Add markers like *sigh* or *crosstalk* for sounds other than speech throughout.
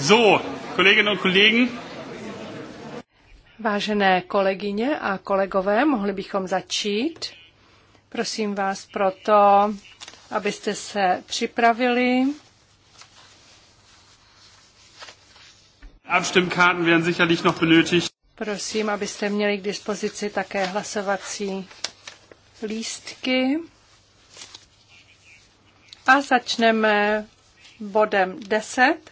So, Kolleginnen und Kollegen. Vážené kolegyně a kolegové, mohli bychom začít. Prosím vás proto, abyste se připravili. Abstimmkarten werden sicherlich noch benötigt. Prosím, abyste měli k dispozici také hlasovací lístky. A začneme bodem 10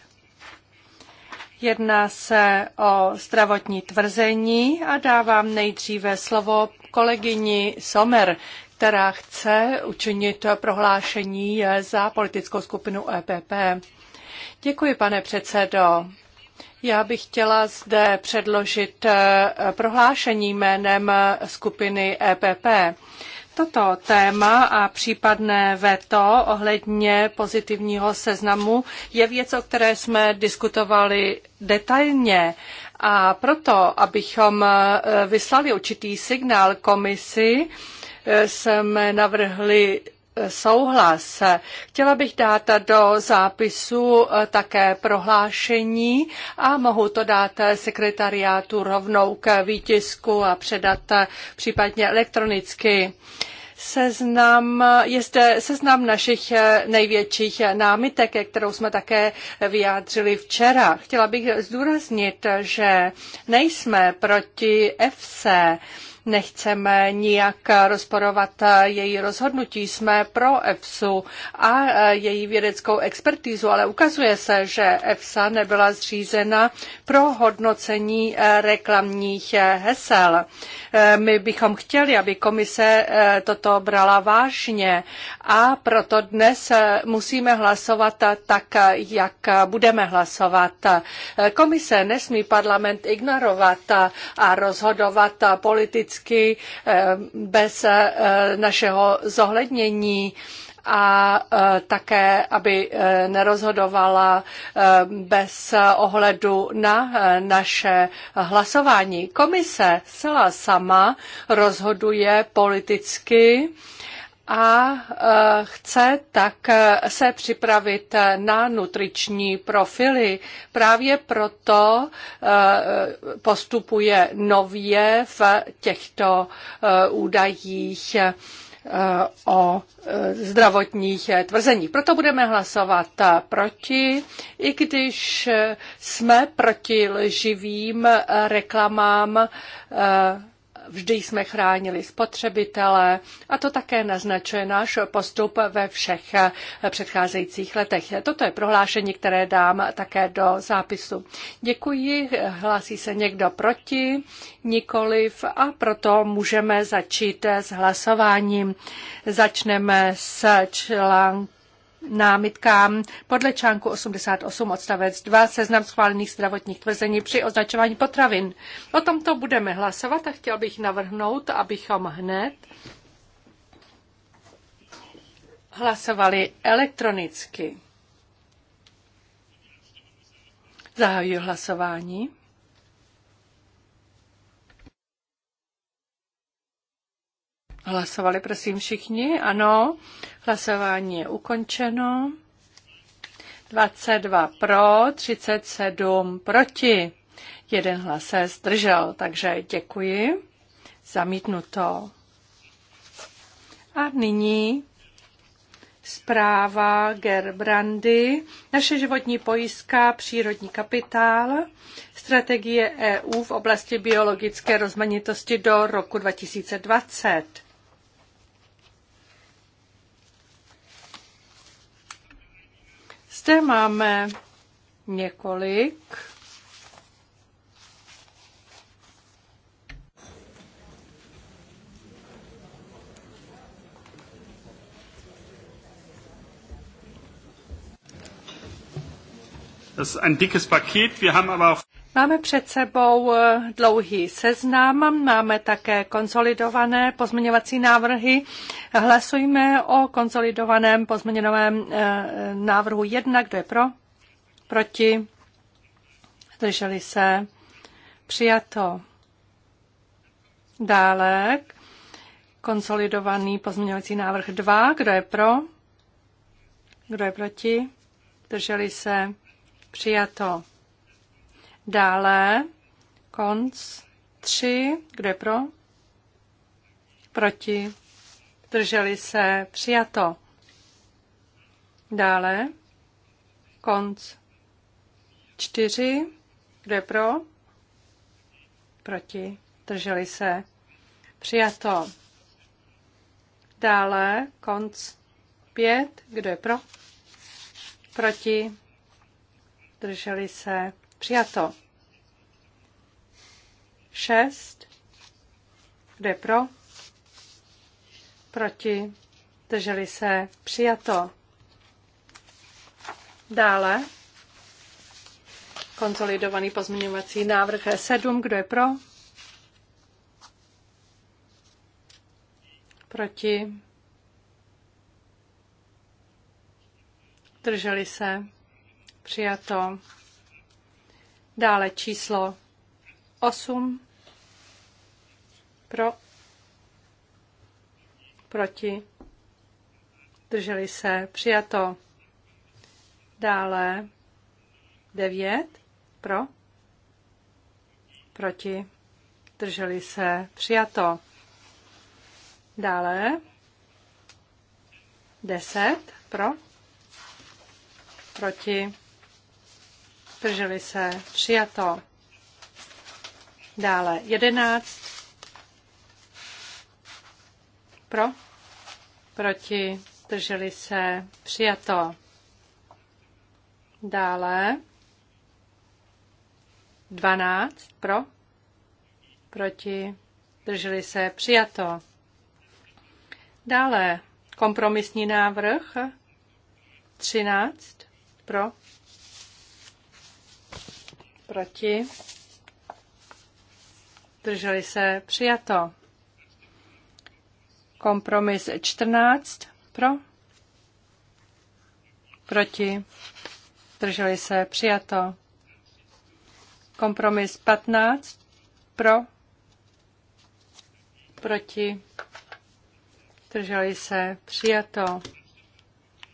Jedná se o zdravotní tvrzení a dávám nejdříve slovo kolegyni Somer, která chce učinit prohlášení za politickou skupinu EPP. Děkuji, pane předsedo. Já bych chtěla zde předložit prohlášení jménem skupiny EPP. Toto téma a případné veto ohledně pozitivního seznamu je věc, o které jsme diskutovali detailně. A proto, abychom e, vyslali určitý signál komisi, e, jsme navrhli e, souhlas. Chtěla bych dát do zápisu také prohlášení a mohu to dát sekretariátu rovnou k výtisku a předat případně elektronicky. Seznam, je zde seznam našich eh, největších eh, námitek, kterou jsme také vyjádřili včera. Chtěla bych zdůraznit, že nejsme proti EFSE, Nechceme nijak rozporovat její rozhodnutí. Jsme pro EFSU a její vědeckou expertízu, ale ukazuje se, že EFSA nebyla zřízena pro hodnocení reklamních hesel. My bychom chtěli, aby komise toto brala vážně a proto dnes musíme hlasovat tak, jak budeme hlasovat. Komise nesmí parlament ignorovat a rozhodovat politicky vždycky eh, bez eh, našeho zohlednění a eh, také, aby nerozhodovala bez ohledu na naše hlasování. Komise zcela sama rozhoduje politicky a e, chce tak e, se připravit na nutriční profily. Právě proto e, postupuje nově v těchto údajích o zdravotních tvrzeních. Proto budeme hlasovat proti, i když jsme proti lživým reklamám Vždy jsme chránili spotřebitele a to také naznačuje náš postup ve všech eh, předcházejících letech. Toto je prohlášení, které dám také do zápisu. Děkuji, hlásí se někdo proti, nikoliv a proto můžeme začít s hlasováním. Začneme s článkem námitkám podle článku 88 odstavec 2 seznam schválených zdravotních tvrzení při označování potravin. O tomto budeme hlasovat a chtěl bych navrhnout, abychom hned hlasovali elektronicky. Zahajuji hlasování. Hlasovali prosím všichni? Ano. Hlasování je ukončeno. 22 pro, 37 proti. Jeden hlas se zdržel, takže děkuji. Zamítnuto. A nyní zpráva Gerbrandy, naše životní pojistka, přírodní kapitál, strategie EU v oblasti biologické rozmanitosti do roku 2020. Zde máme několik Das ist ein dickes Paket. Wir haben aber auch Máme před sebou eh, dlouhý seznam, máme také konsolidované pozměňovací návrhy. Hlasujme o konsolidovaném pozměňovém eh, návrhu 1. Kdo je pro? Proti? Zdrželi se? Přijato. Dále konsolidovaný pozměňovací návrh 2. Kdo je pro? Kdo je proti? Drželi se? Přijato. Dále konc 3, kde pro? Proti. Drželi se přijato. Dále konc 4, kde pro? Proti. Drželi se přijato. Dále konc 5, kde pro? Proti. Drželi se Přijato. šest, Kdo je pro? Proti? Drželi se? Přijato. Dále. Konsolidovaný pozměňovací návrh 7. Kdo je pro? Proti? Drželi se? Přijato. Dále číslo 8 pro, proti, drželi se, přijato. Dále 9 pro, proti, drželi se, přijato. Dále 10 pro, proti, zdrželi se, přijato. Dále jedenáct pro, proti, zdrželi se, přijato. Dále dvanáct pro, proti, zdrželi se, přijato. Dále kompromisní návrh třináct pro, Proti? Drželi se přijato. Kompromis 14 pro? Proti? Drželi se přijato. Kompromis 15 pro? Proti? Drželi se přijato.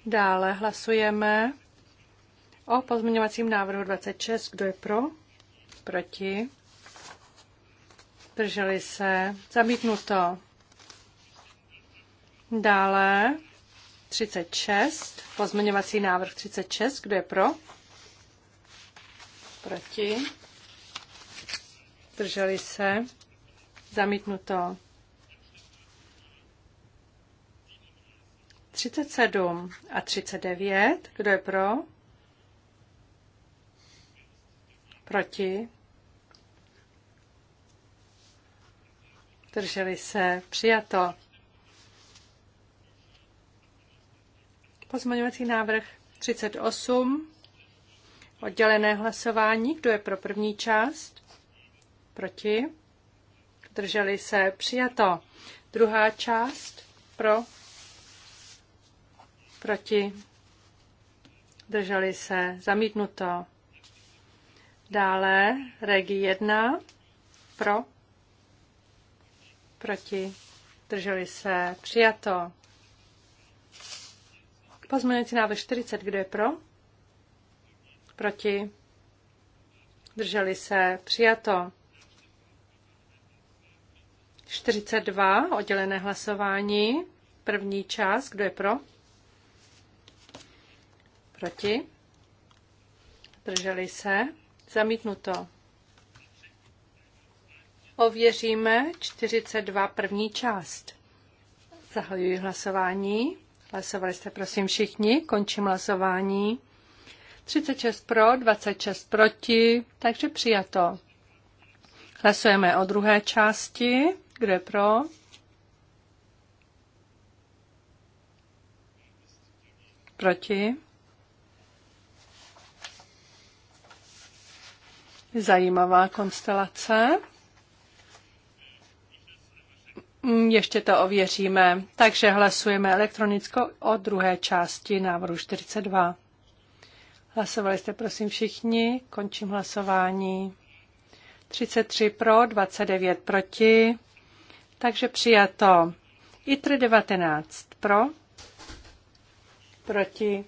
Dále hlasujeme o pozměňovacím návrhu 26. Kdo je pro? Proti? Drželi se? Zamítnuto. Dále 36. Pozměňovací návrh 36. Kdo je pro? Proti? Drželi se? Zamítnuto. 37 a 39. Kdo je pro? Proti? Drželi se. Přijato. Pozmaňovací návrh 38. Oddělené hlasování. Kdo je pro první část? Proti? Drželi se. Přijato. Druhá část. Pro? Proti? Drželi se. Zamítnuto. Dále regi 1 pro, proti, drželi se, přijato. Pozměňující návrh 40, kdo je pro? Proti, drželi se, přijato. 42, oddělené hlasování, první část, kdo je pro? Proti, drželi se, Zamítnuto. Ověříme 42 první část. Zahajuji hlasování. Hlasovali jste prosím všichni. Končím hlasování. 36 pro, 26 proti, takže přijato. Hlasujeme o druhé části. Kdo je pro? Proti? Zajímavá konstelace. Ještě to ověříme. Takže hlasujeme elektronicko o druhé části návrhu 42. Hlasovali jste prosím všichni. Končím hlasování. 33 pro, 29 proti. Takže přijato. ITR 19 pro, proti,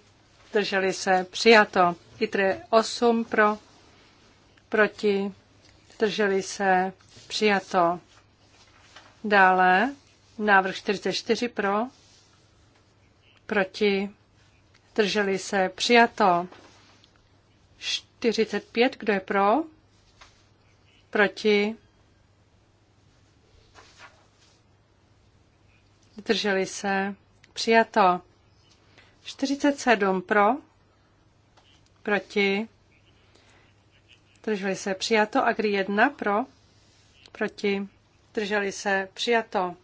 drželi se, přijato. ITR 8 pro, proti, zdrželi se, přijato. Dále návrh 44 pro, proti, zdrželi se, přijato. 45, kdo je pro, proti, zdrželi se, přijato. 47 pro, proti, Drželi se přijato. kdy jedna pro. Proti. Drželi se přijato.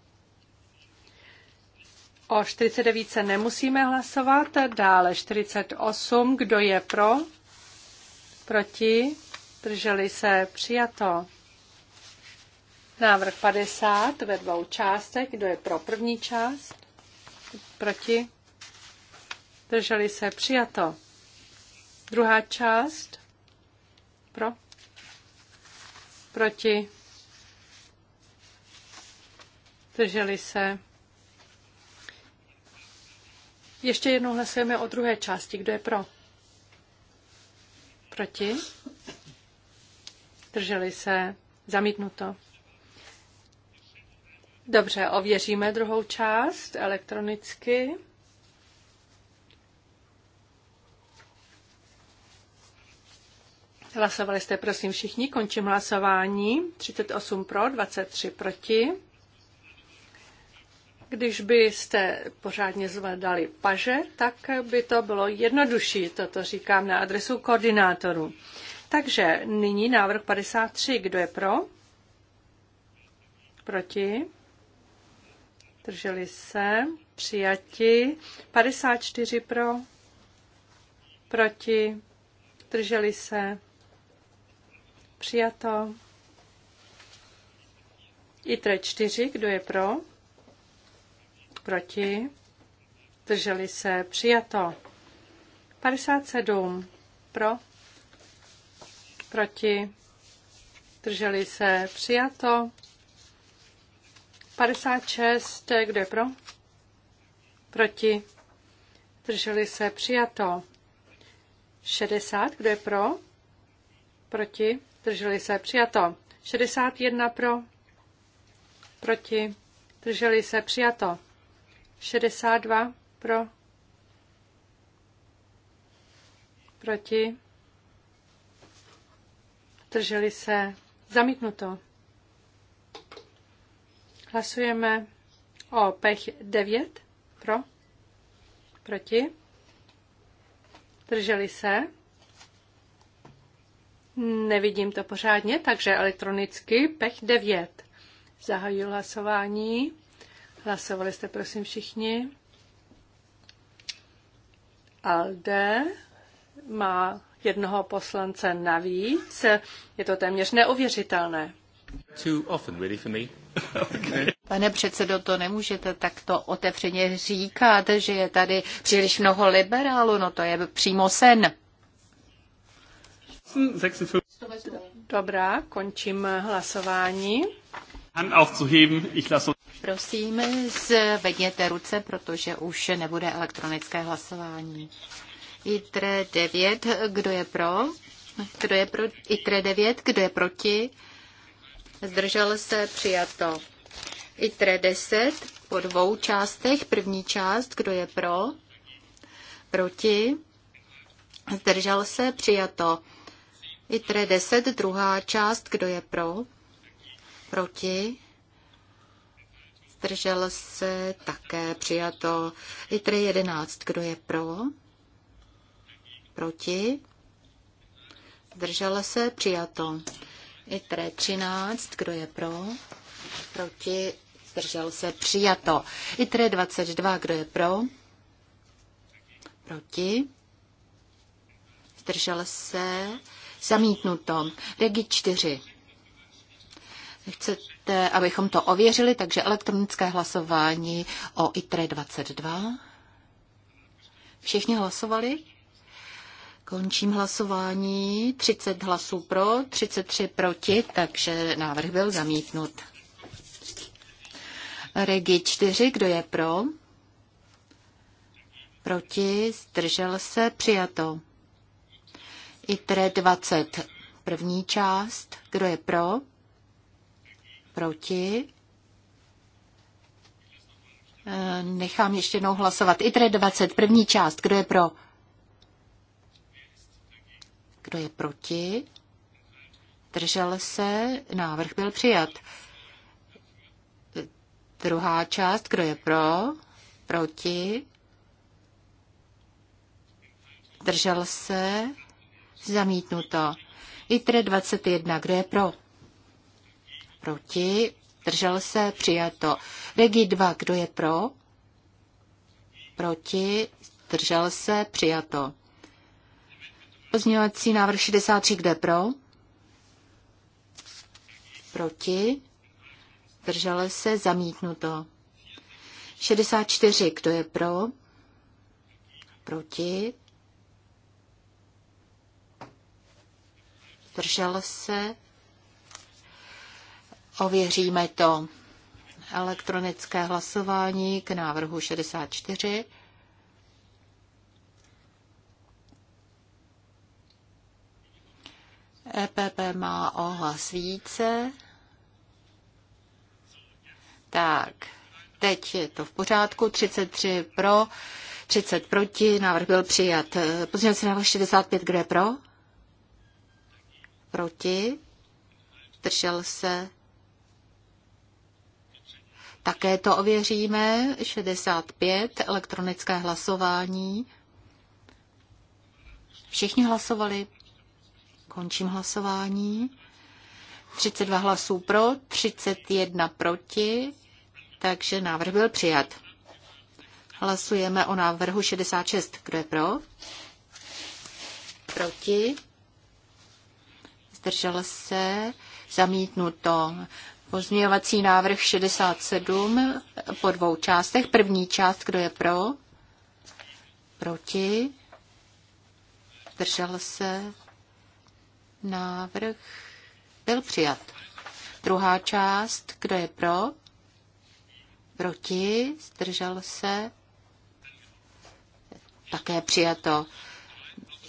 O 49 se nemusíme hlasovat. Dále 48. Kdo je pro? Proti? Drželi se? Přijato. Návrh 50 ve dvou částech. Kdo je pro první část? Proti? Drželi se? Přijato. Druhá část. Pro? Proti? Drželi se? Ještě jednou hlasujeme o druhé části. Kdo je pro? Proti? Drželi se? Zamítnuto. Dobře, ověříme druhou část elektronicky. Hlasovali jste prosím všichni, končím hlasování. 38 pro, 23 proti. Když byste pořádně zvedali paže, tak by to bylo jednodušší, toto říkám na adresu koordinátorů. Takže nyní návrh 53, kdo je pro? Proti? Drželi se? Přijati? 54 pro? Proti? Drželi se? Přijato. tři čtyři, kdo je pro? Proti? Drželi se? Přijato. 57 pro? Proti? Drželi se? Přijato. 56, kdo je pro? Proti? Drželi se? Přijato. 60, kdo je pro? Proti? Drželi se. Přijato. 61 pro. Proti. Drželi se. Přijato. 62 pro. Proti. Drželi se. Zamítnuto. Hlasujeme o pech 9 pro. Proti. Drželi se. Nevidím to pořádně, takže elektronicky PECH 9. Zahajuji hlasování. Hlasovali jste, prosím, všichni. Alde má jednoho poslance navíc. Je to téměř neuvěřitelné. Pane předsedo, to nemůžete takto otevřeně říkat, že je tady příliš mnoho liberálů. No to je přímo sen. Dobrá, končím hlasování. Hand aufzuheben, ich lasse Prosím, zvedněte ruce, protože už nebude elektronické hlasování. ITRE 9, kdo je pro? Kdo je pro? ITRE 9, kdo je proti? Zdržel se, přijato. ITRE 10, po dvou částech. První část, kdo je pro? Proti? Zdržel se, přijato. ITRE 10, druhá část, kdo je pro? Proti? Zdržel se také přijato. ITRE 11, kdo je pro? Proti? Zdržel se přijato. ITRE 13, kdo je pro? Proti? Zdržel se přijato. ITRE 22, kdo je pro? Proti? Zdržel se Zamítnuto. Regi 4. Chcete, abychom to ověřili, takže elektronické hlasování o ITRE 22. Všichni hlasovali? Končím hlasování. 30 hlasů pro, 33 proti, takže návrh byl zamítnut. Regi 4, kdo je pro? Proti, zdržel se, přijato. ITRE 20. První část. Kdo je pro? Proti? E, nechám ještě jednou hlasovat. ITRE 20. První část. Kdo je pro? Kdo je proti? Držel se. Návrh byl přijat. Druhá část. Kdo je pro? Proti? Držel se. Zamítnuto. ITRE 21. Kdo je pro? Proti. Držel se. Přijato. Regi 2. Kdo je pro? Proti. Držel se. Přijato. Pozměňovací návrh 63. Kdo je pro? Proti. Držel se. Zamítnuto. 64. Kdo je pro? Proti. držel se. Ověříme to. Elektronické hlasování k návrhu 64. EPP má ohlas více. Tak, teď je to v pořádku. 33 pro, 30 proti. Návrh byl přijat. Pozměňovací návrh 65, kdo je pro? proti, držel se. Také to ověříme. 65, elektronické hlasování. Všichni hlasovali. Končím hlasování. 32 hlasů pro, 31 proti, takže návrh byl přijat. Hlasujeme o návrhu 66. Kdo je pro? Proti? zdržel se, zamítnuto. Pozměňovací návrh 67 po dvou částech. První část, kdo je pro? Proti? Zdržel se? Návrh byl přijat. Druhá část, kdo je pro? Proti? Zdržel se? Také přijato.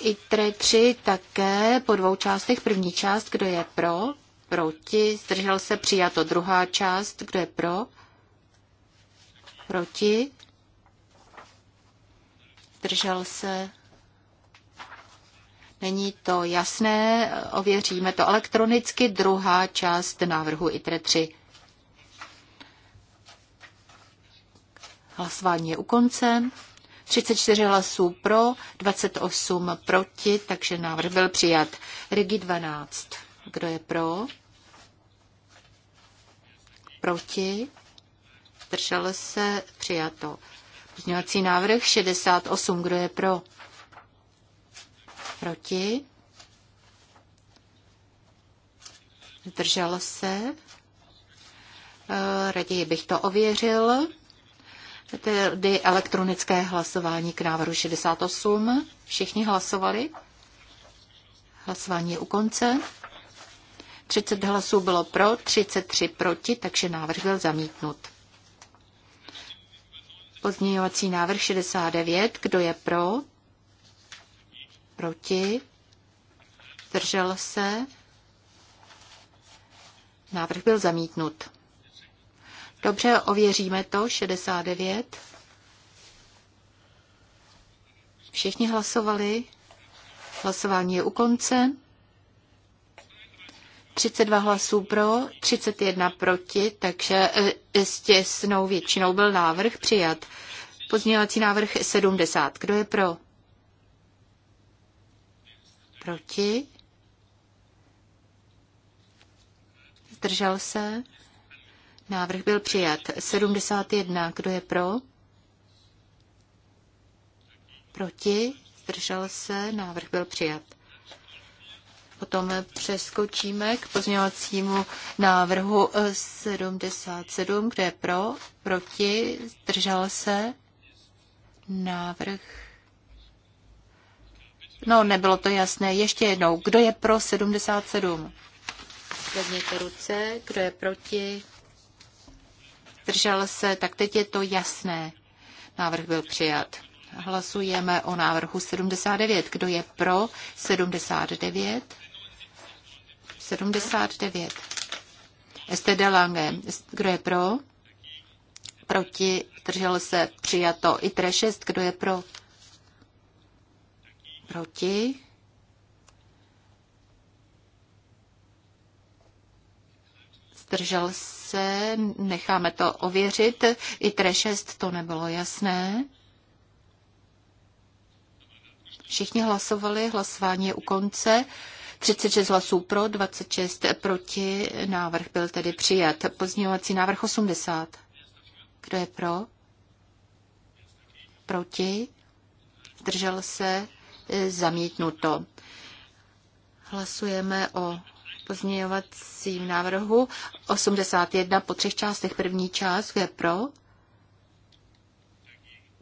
ITRE 3 také po dvou částech. První část, kdo je pro, proti, zdržel se přijato. Druhá část, kdo je pro, proti, zdržel se. Není to jasné, ověříme to elektronicky. Druhá část návrhu ITRE 3. Hlasování je u konce. 34 hlasů pro, 28 proti, takže návrh byl přijat. Regi 12. Kdo je pro? Proti? Držel se? Přijato. Pozměňovací návrh 68. Kdo je pro? Proti? Držel se? Eh, raději bych to ověřil tedy elektronické hlasování k návrhu 68. Všichni hlasovali. Hlasování je u konce. 30 hlasů bylo pro, 33 proti, takže návrh byl zamítnut. Pozměňovací návrh 69. Kdo je pro? Proti? Držel se? Návrh byl zamítnut. Dobře, ověříme to. 69. Všichni hlasovali. Hlasování je u konce. 32 hlasů pro, 31 proti, takže eh, s těsnou většinou byl návrh přijat. Pozměňovací návrh 70. Kdo je pro? Proti? Zdržel se? Návrh byl přijat. 71. Kdo je pro? Proti? Zdržel se? Návrh byl přijat. Potom přeskočíme k pozměňovacímu návrhu 77, eh, kde je pro, proti, zdržel se, návrh. No, nebylo to jasné. Ještě jednou, kdo je pro 77? Zvedněte ruce, kdo je proti, zdržel se, tak teď je to jasné. Návrh byl přijat. Hlasujeme o návrhu 79. Kdo je pro 79? 79. Este de Lange. Kdo je pro? Proti. Držel se přijato. I 6. Kdo je pro? Proti. zdržel se, necháme to ověřit. I tre 6 to nebylo jasné. Všichni hlasovali, hlasování je u konce. 36 hlasů pro, 26 proti, návrh byl tedy přijat. Pozměňovací návrh 80. Kdo je pro? Proti? Zdržel se? Zamítnuto. Hlasujeme o pozměňovacím návrhu 81 po třech částech. První část, kde je pro,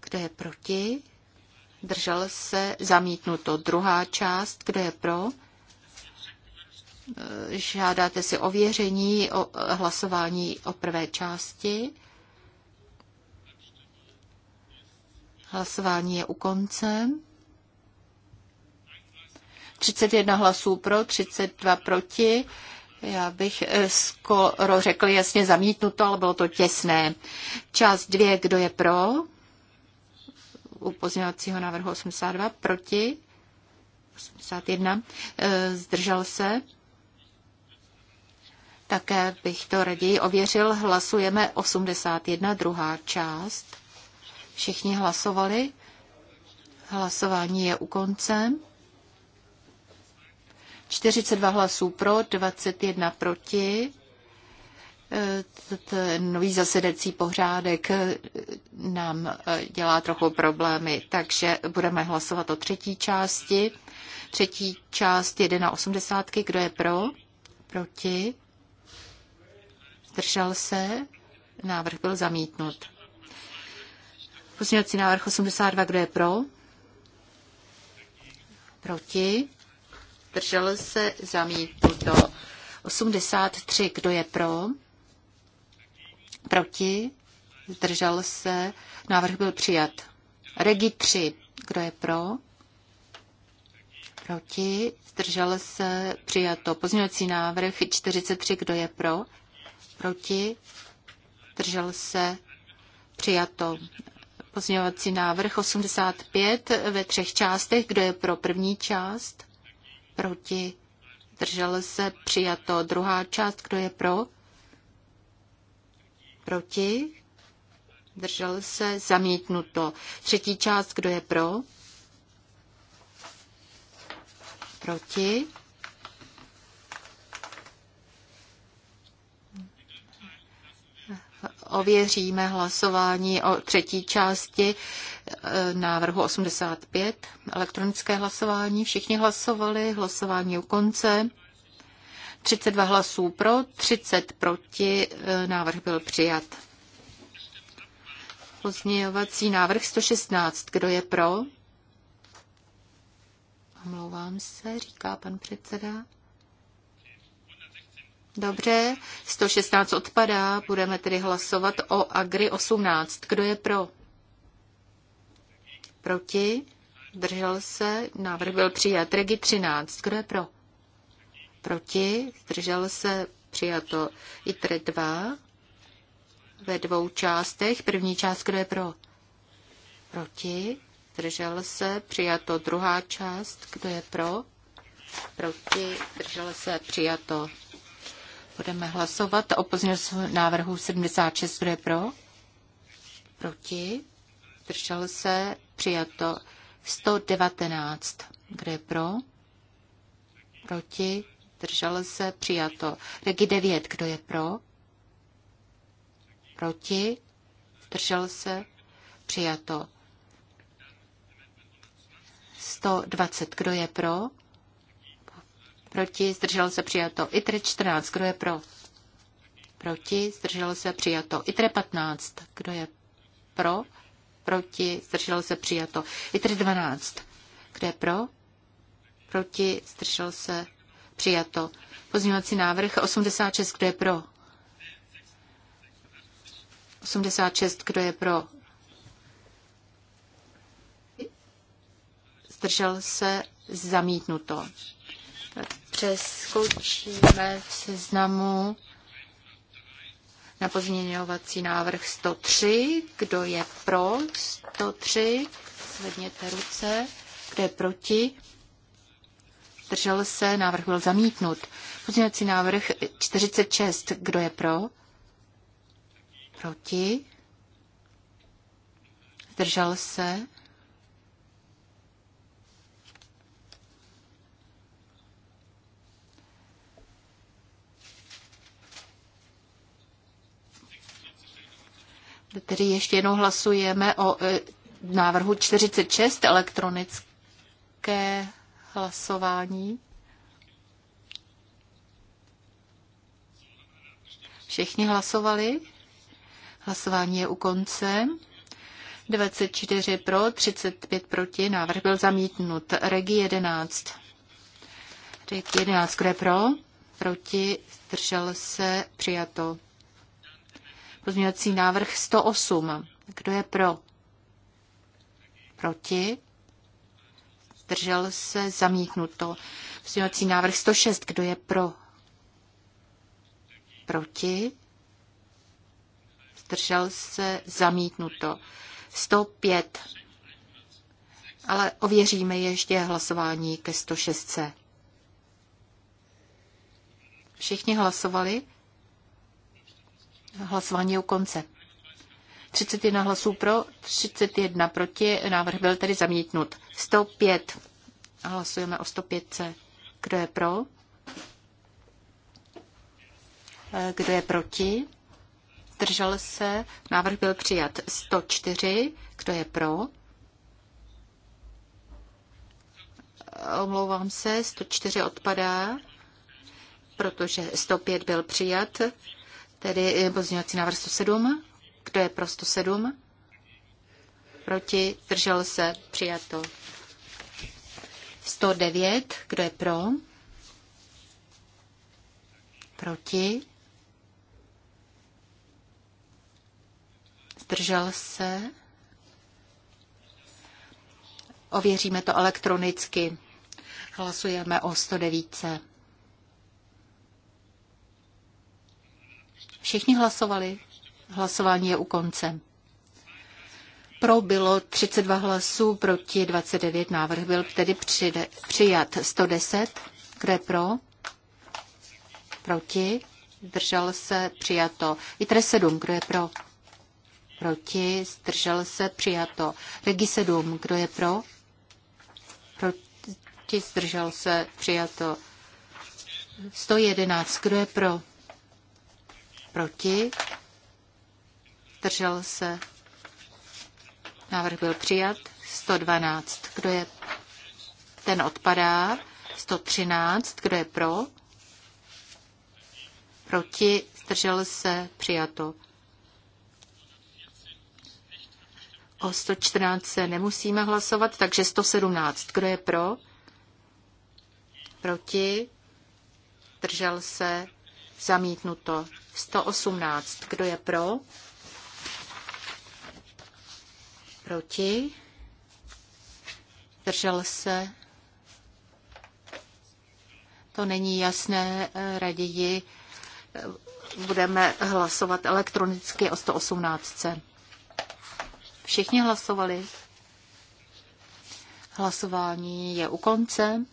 kde je proti, držel se, zamítnuto. Druhá část, kde je pro, žádáte si ověření o hlasování o prvé části. Hlasování je u konce. 31 hlasů pro, 32 proti. Já bych eh, skoro řekl jasně zamítnuto, ale bylo to těsné. Část dvě, kdo je pro? U pozměňovacího návrhu 82 proti. 81. Eh, zdržel se. Také bych to raději ověřil. Hlasujeme 81, druhá část. Všichni hlasovali. Hlasování je u konce. 42 hlasů pro, 21 proti. E, ten nový zasedací pořádek e, nám e, dělá trochu problémy, takže budeme hlasovat o třetí části. Třetí část 1 na osmdesátky, Kdo je pro? Proti? Zdržel se? Návrh byl zamítnut. Pozměňovací návrh 82. Kdo je pro? Proti? zdržel se, zamítnuto. 83, kdo je pro? Proti, zdržel se, návrh byl přijat. Regi 3, kdo je pro? Proti, zdržel se, přijato. Pozměňovací návrh 43, kdo je pro? Proti, zdržel se, přijato. Pozměňovací návrh 85 ve třech částech, kdo je pro první část? proti, držel se, přijato. Druhá část, kdo je pro, proti, držel se, zamítnuto. Třetí část, kdo je pro, proti, Ověříme hlasování o třetí části e, návrhu 85. Elektronické hlasování. Všichni hlasovali. Hlasování u konce. 32 hlasů pro, 30 proti. E, návrh byl přijat. Pozměňovací návrh 116. Kdo je pro? Omlouvám se, říká pan předseda. Dobře, 116 odpadá, budeme tedy hlasovat o Agri 18. Kdo je pro? Proti? Držel se? Návrh byl přijat. Regi 13. Kdo je pro? Proti? Držel se? Přijato. ITRE 2 ve dvou částech. První část, kdo je pro? Proti? Držel se? Přijato. Druhá část, kdo je pro? Proti? Držel se? Přijato. Budeme hlasovat o pozměňovacím návrhu 76. Kdo je pro? Proti? Držel se? Přijato. 119. Kdo je pro? Proti? Držel se? Přijato. Regi 9. Kdo je pro? Proti? Držel se? Přijato. 120. Kdo je pro? Proti zdržel se přijato. ITRE 14. Kdo je pro? Proti zdržel se přijato. ITRE 15. Kdo je pro? Proti zdržel se přijato. ITRE 12. Kdo je pro? Proti zdržel se přijato. Pozměňovací návrh 86. Kdo je pro? 86. Kdo je pro? Zdržel se zamítnuto přeskočíme v seznamu na pozměňovací návrh 103. Kdo je pro 103? Zvedněte ruce. Kdo je proti? Držel se, návrh byl zamítnut. Pozměňovací návrh 46. Kdo je pro? Proti? Zdržel se? Tedy ještě jednou hlasujeme o e, návrhu 46 elektronické hlasování. Všichni hlasovali. Hlasování je u konce. 24 pro, 35 proti. Návrh byl zamítnut. Regi 11. Regi 11, kde pro? Proti, zdržel se, přijato. Pozměňovací návrh 108. Kdo je pro? Proti? Držel se zamítnuto. Pozměňovací návrh 106. Kdo je pro? Proti? Držel se zamítnuto. 105. Ale ověříme ještě hlasování ke 106. Všichni hlasovali? Hlasování je u konce. 31 hlasů pro, 31 proti, návrh byl tedy zamítnut. 105. Hlasujeme o 105. Kdo je pro? Eh, kdo je proti? Držel se. Návrh byl přijat. 104. Kdo je pro? Omlouvám se, 104 odpadá, protože 105 byl přijat. Tedy pozměňovací návrh 107. Kdo je pro 107? Proti? Držel se? Přijato. 109. Kdo je pro? Proti? Zdržel se? Ověříme to elektronicky. Hlasujeme o 109. Všichni hlasovali. Hlasování je u konce. Pro bylo 32 hlasů, proti 29. Návrh byl tedy přijat 110. Kde pro? Proti? Zdržel se přijato. ITRE 7. Kdo je pro? Proti? Zdržel se přijato. REGI 7. Kdo je pro? Proti? Zdržel se přijato. 111. Kdo je pro? Proti? Držel se? Návrh byl přijat. 112. Kdo je? Ten odpadá. 113. Kdo je pro? Proti? Zdržel se? Přijato. O 114 se nemusíme hlasovat, takže 117. Kdo je pro? Proti? Držel se? Zamítnuto. 118. Kdo je pro? Proti? Držel se? To není jasné. Raději eh, budeme hlasovat elektronicky o 118. Všichni hlasovali. Hlasování je u konce.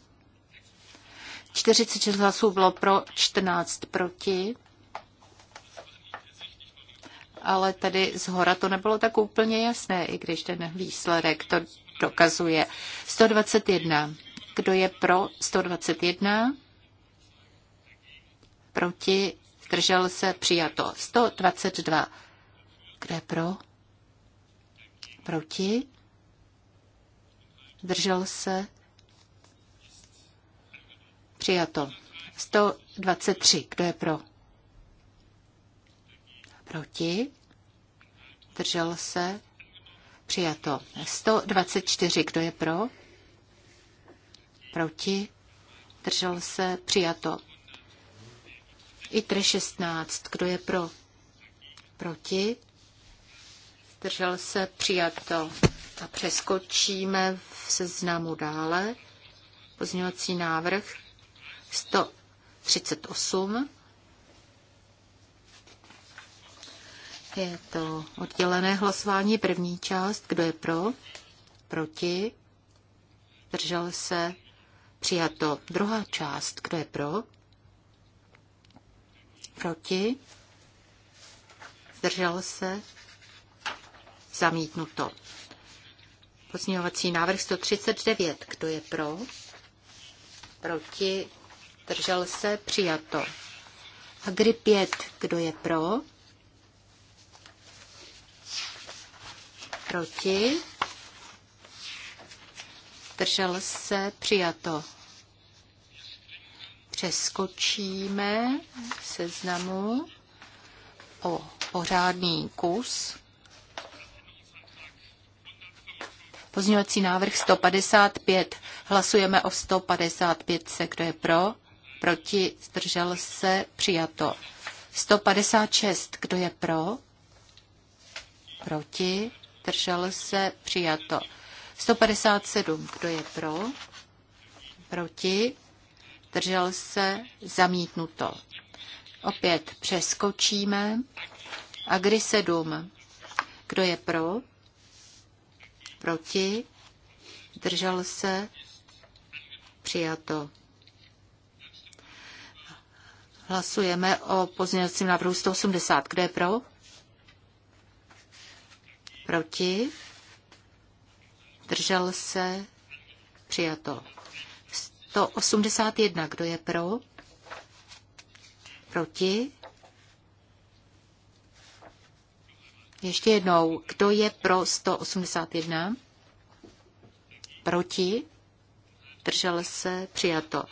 46 hlasů bylo pro, 14 proti. Ale tady z hora to nebylo tak úplně jasné, i když ten výsledek to dokazuje. 121. Kdo je pro 121? Proti? Zdržel se? Přijato. 122. Kdo je pro? Proti? Zdržel se? Přijato. 123. Kdo je pro? Proti? Držel se? Přijato. 124. Kdo je pro? Proti? Držel se? Přijato. ITRE 16. Kdo je pro? Proti? Držel se? Přijato. A přeskočíme v seznamu dále. Pozměňovací návrh 138. Je to oddělené hlasování, první část. Kdo je pro? Proti? Držel se? Přijato. Druhá část. Kdo je pro? Proti? Zdržel se? Zamítnuto. Pozměňovací návrh 139. Kdo je pro? Proti? zdržel se, přijato. A kdy pět, kdo je pro? Proti? Zdržel se, přijato. Přeskočíme seznamu o pořádný kus. Pozňovací návrh 155. Hlasujeme o 155. Se, kdo je pro? proti, zdržel se, přijato. 156, kdo je pro, proti, zdržel se, přijato. 157, kdo je pro, proti, zdržel se, zamítnuto. Opět přeskočíme. Agri 7, kdo je pro, proti, zdržel se, přijato. Hlasujeme o pozměňovacím návrhu 180. Kdo je pro? Proti? Držel se? Přijato. 181. Kdo je pro? Proti? Ještě jednou. Kdo je pro 181? Proti? Držel se? Přijato.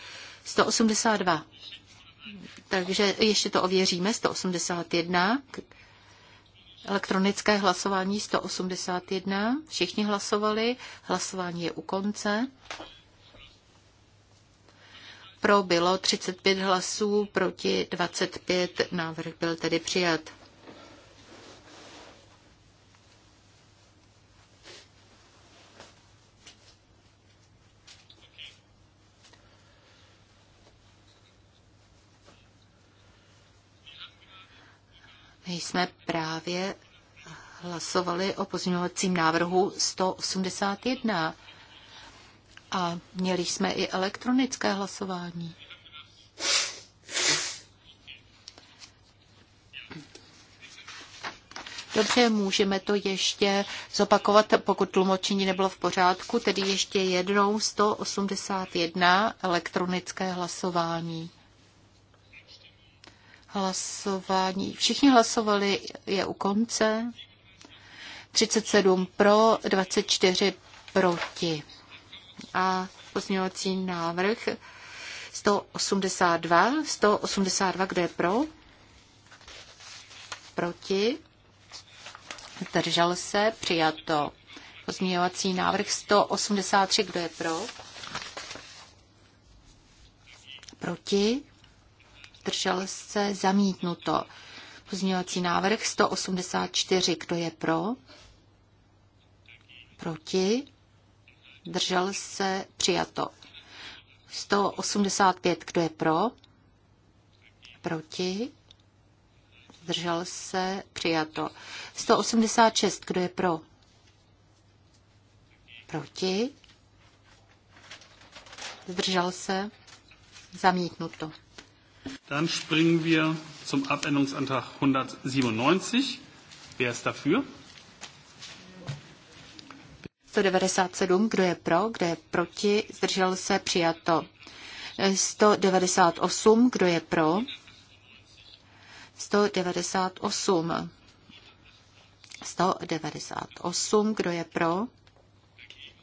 182. Takže ještě to ověříme. 181. Elektronické hlasování 181. Všichni hlasovali. Hlasování je u konce. Pro bylo 35 hlasů, proti 25. Návrh byl tedy přijat. My jsme právě hlasovali o pozměňovacím návrhu 181 a měli jsme i elektronické hlasování. Dobře, můžeme to ještě zopakovat, pokud tlumočení nebylo v pořádku, tedy ještě jednou 181 elektronické hlasování. Hlasování. Všichni hlasovali, je u konce. 37 pro, 24 proti. A pozměňovací návrh 182. 182, kde je pro? Proti. Držel se, přijato. Pozměňovací návrh 183, kdo je pro? Proti? zdržel se, zamítnuto. Pozměňovací návrh 184, kdo je pro? Proti? Držel se, přijato. 185, kdo je pro? Proti? Zdržel se, přijato. 186, kdo je pro? Proti? Zdržel se? Zamítnuto. Dann springen wir zum Abänderungsantrag 197. Wer ist dafür? 197. Kdo je pro? Kdo je proti? Zdržel se? Přijato. 198. Kdo je pro? 198. 198. Kdo je pro?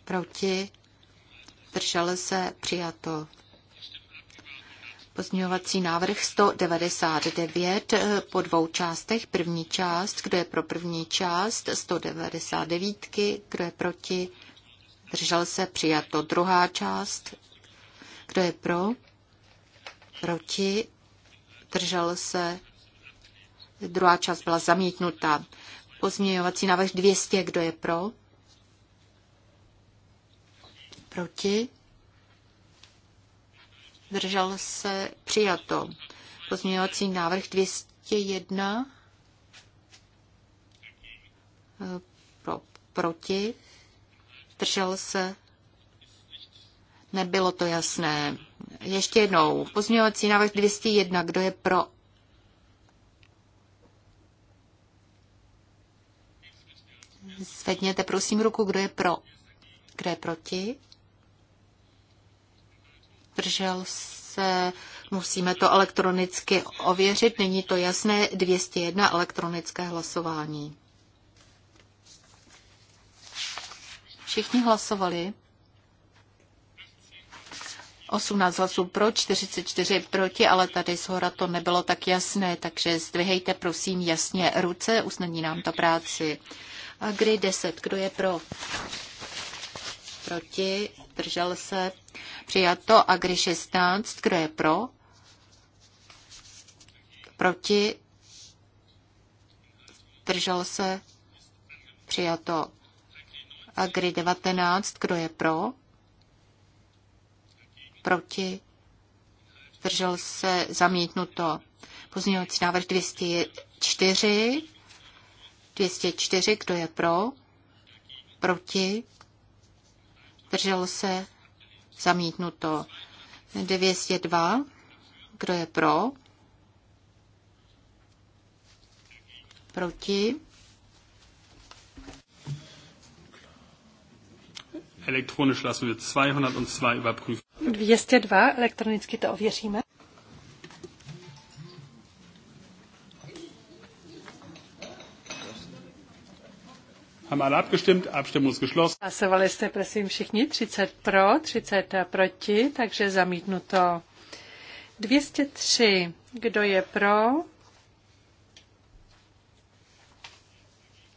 Proti? Zdržel se? Přijato. Pozměňovací návrh 199 eh, po dvou částech. První část, kdo je pro první část, 199, kdo je proti, držel se, přijato. Druhá část, kdo je pro, proti, držel se, druhá část byla zamítnuta. Pozměňovací návrh 200, kdo je pro, proti, zdržel se, přijato. Pozměňovací návrh 201 pro, proti, zdržel se, nebylo to jasné. Ještě jednou, pozměňovací návrh 201, kdo je pro Zvedněte prosím ruku, kdo je pro. Kdo je proti? zdržel se, musíme to elektronicky ověřit, není to jasné, 201 elektronické hlasování. Všichni hlasovali. 18 hlasů pro, 44 proti, ale tady z hora to nebylo tak jasné, takže zdvihejte prosím jasně ruce, usnadní nám to práci. A kdy 10, kdo je pro? Proti, držel se, Přijato a Agri 16, kdo je pro? Proti? Držel se? Přijato A kdy 19, kdo je pro? Proti? Držel se? Zamítnuto. Pozměňovací návrh 204. 204, kdo je pro? Proti? Držel se? Zamítnuto. 202. Kdo je pro? Proti? Elektronisch lassen wir 202 überprüfen. 202, elektronicky to ověříme. Haben alle abgestimmt? Abstimmung ist geschlossen. Hlasovali jste prosím všichni 30 pro, 30 proti, takže zamítnuto. 203. Kdo je pro?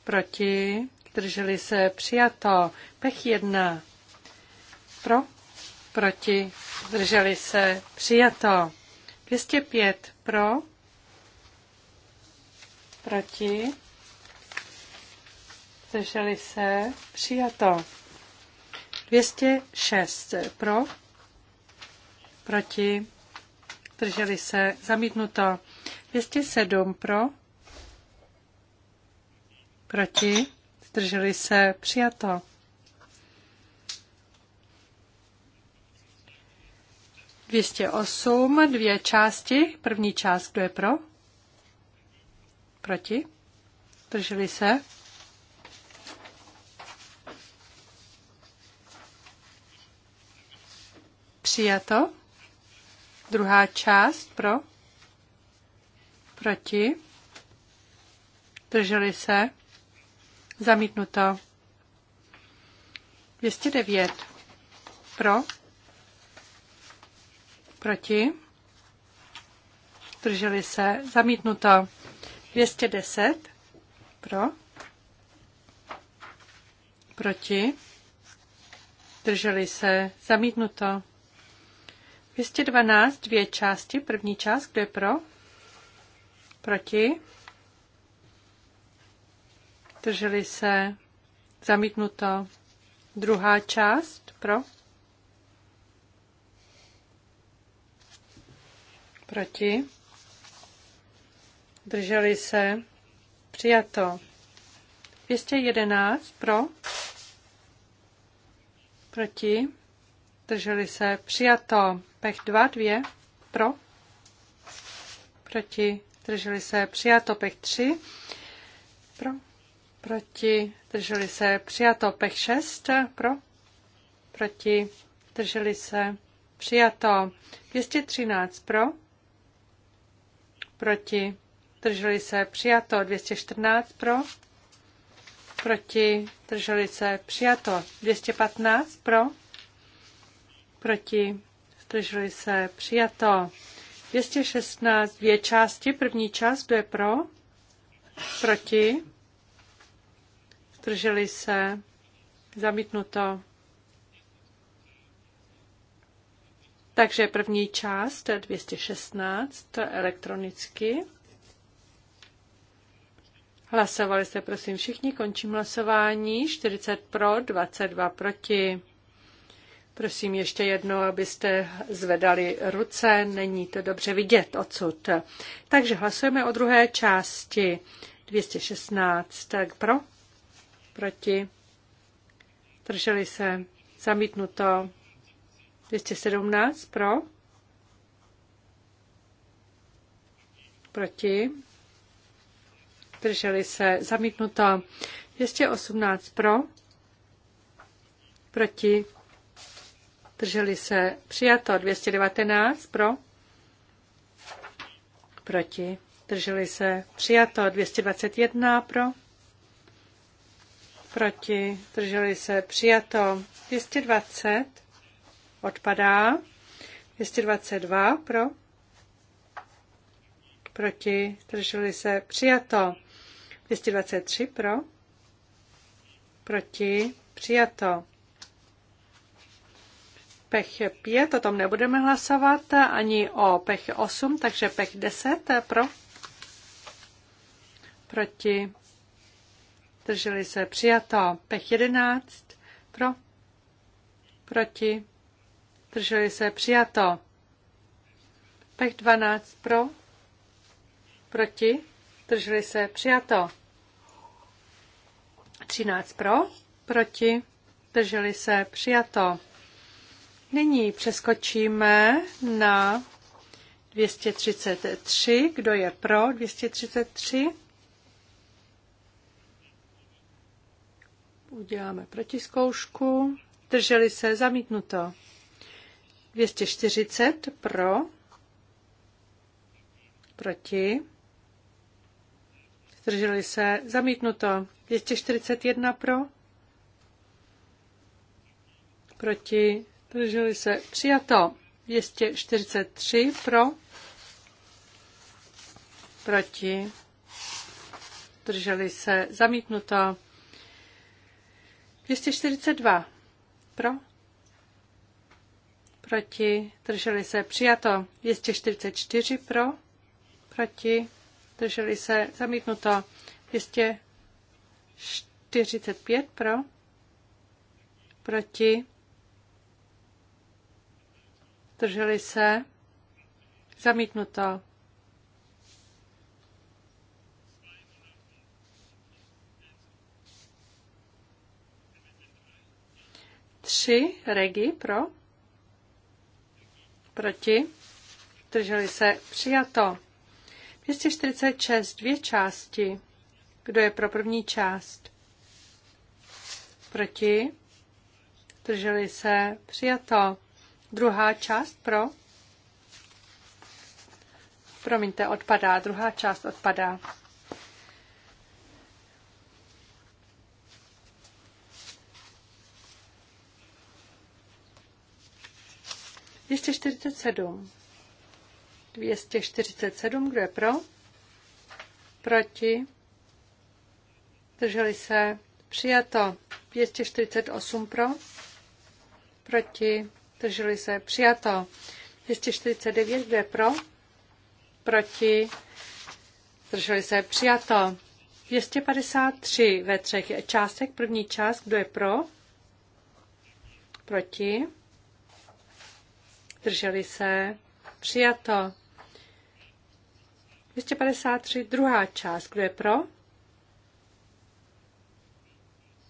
Proti? Drželi se přijato. Pech 1. Pro? Proti? Drželi se přijato. 205 pro? Proti? zdrželi se, přijato. 206 pro, proti, zdrželi se, zamítnuto. 207 pro, proti, zdrželi se, přijato. 208, dvě části. První část, kdo je pro? Proti? Drželi se? Přijato. Druhá část pro. Proti. Drželi se. Zamítnuto. 209. Pro. Proti. Drželi se. Zamítnuto. 210. Pro. Proti. Drželi se. Zamítnuto. 212, dvě části. První část, kdo je pro? Proti? Drželi se? Zamítnuto. Druhá část, pro? Proti? Drželi se? Přijato. 211 pro? Proti? Drželi se. Přijato. Pech 2, 2. Pro. Proti. Drželi se. Přijato. Pech 3. Pro. Proti. Drželi se. Přijato. Pech 6. Pro. Proti. Drželi se. Přijato. 213 pro. Proti. Drželi se. Přijato. 214 pro. Proti. Drželi se. Přijato. 215 pro proti, zdrželi se, přijato. 216, dvě části, první část, kdo je pro, proti, zdrželi se, zamítnuto. Takže první část 216 elektronicky. Hlasovali jste prosím všichni, končím hlasování. 40 pro, 22 proti. Prosím ještě jednou, abyste zvedali ruce, není to dobře vidět odsud. Takže hlasujeme o druhé části 216. Tak pro, proti, drželi se, zamítnuto 217 pro, proti, drželi se, zamítnuto 218 pro, proti, Drželi se. Přijato 219 pro. Proti. Drželi se. Přijato 221 pro. Proti. Drželi se. Přijato 220. Odpadá. 222 pro. Proti. Drželi se. Přijato 223 pro. Proti. Přijato pech 5, o tom nebudeme hlasovat, ani o pech 8, takže pech 10 pro, proti, drželi se přijato, pech 11 pro, proti, drželi se přijato, pech 12 pro, proti, drželi se přijato, 13 pro, proti, drželi se přijato. Nyní přeskočíme na 233. Kdo je pro 233? Uděláme protiskoušku. Drželi se zamítnuto. 240 pro, proti, Drželi se, zamítnuto. 241 pro, proti, Drželi se. Přijato. 243 pro. Proti. Drželi se. Zamítnuto. 242 pro. Proti. Drželi se. Přijato. 244 pro. Proti. Drželi se. Zamítnuto. 245 pro. Proti Zdrželi se? Zamítnuto. Tři regi pro. Proti. Zdrželi se. Přijato. 246. Dvě části. Kdo je pro první část? Proti. Drželi se. Přijato. Druhá část pro? Promiňte, odpadá. Druhá část odpadá. Ještě 47. 247, kdo je pro? Proti? Drželi se? Přijato. 248 pro? Proti? Drželi se přijato. 249, kdo je pro? Proti? Drželi se přijato. 253 ve třech částek, První část, kdo je pro? Proti? Drželi se přijato. 253 druhá část, kdo je pro?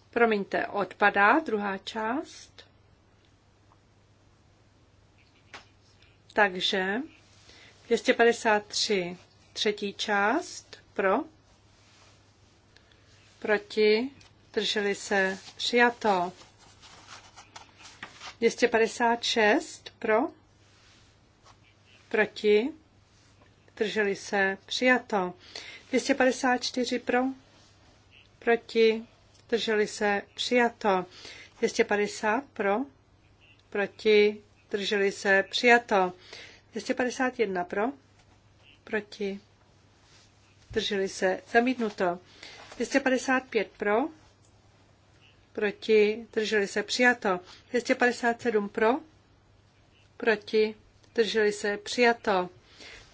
Promiňte, odpadá druhá část. Takže 253 třetí část pro, proti, drželi se, přijato. 256 pro, proti, drželi se, přijato. 254 pro, proti, drželi se, přijato. 250 pro, proti, zdrželi se, přijato. 251 pro, proti, zdrželi se, zamítnuto. 255 pro, proti, zdrželi se, přijato. 257 pro, proti, zdrželi se, přijato.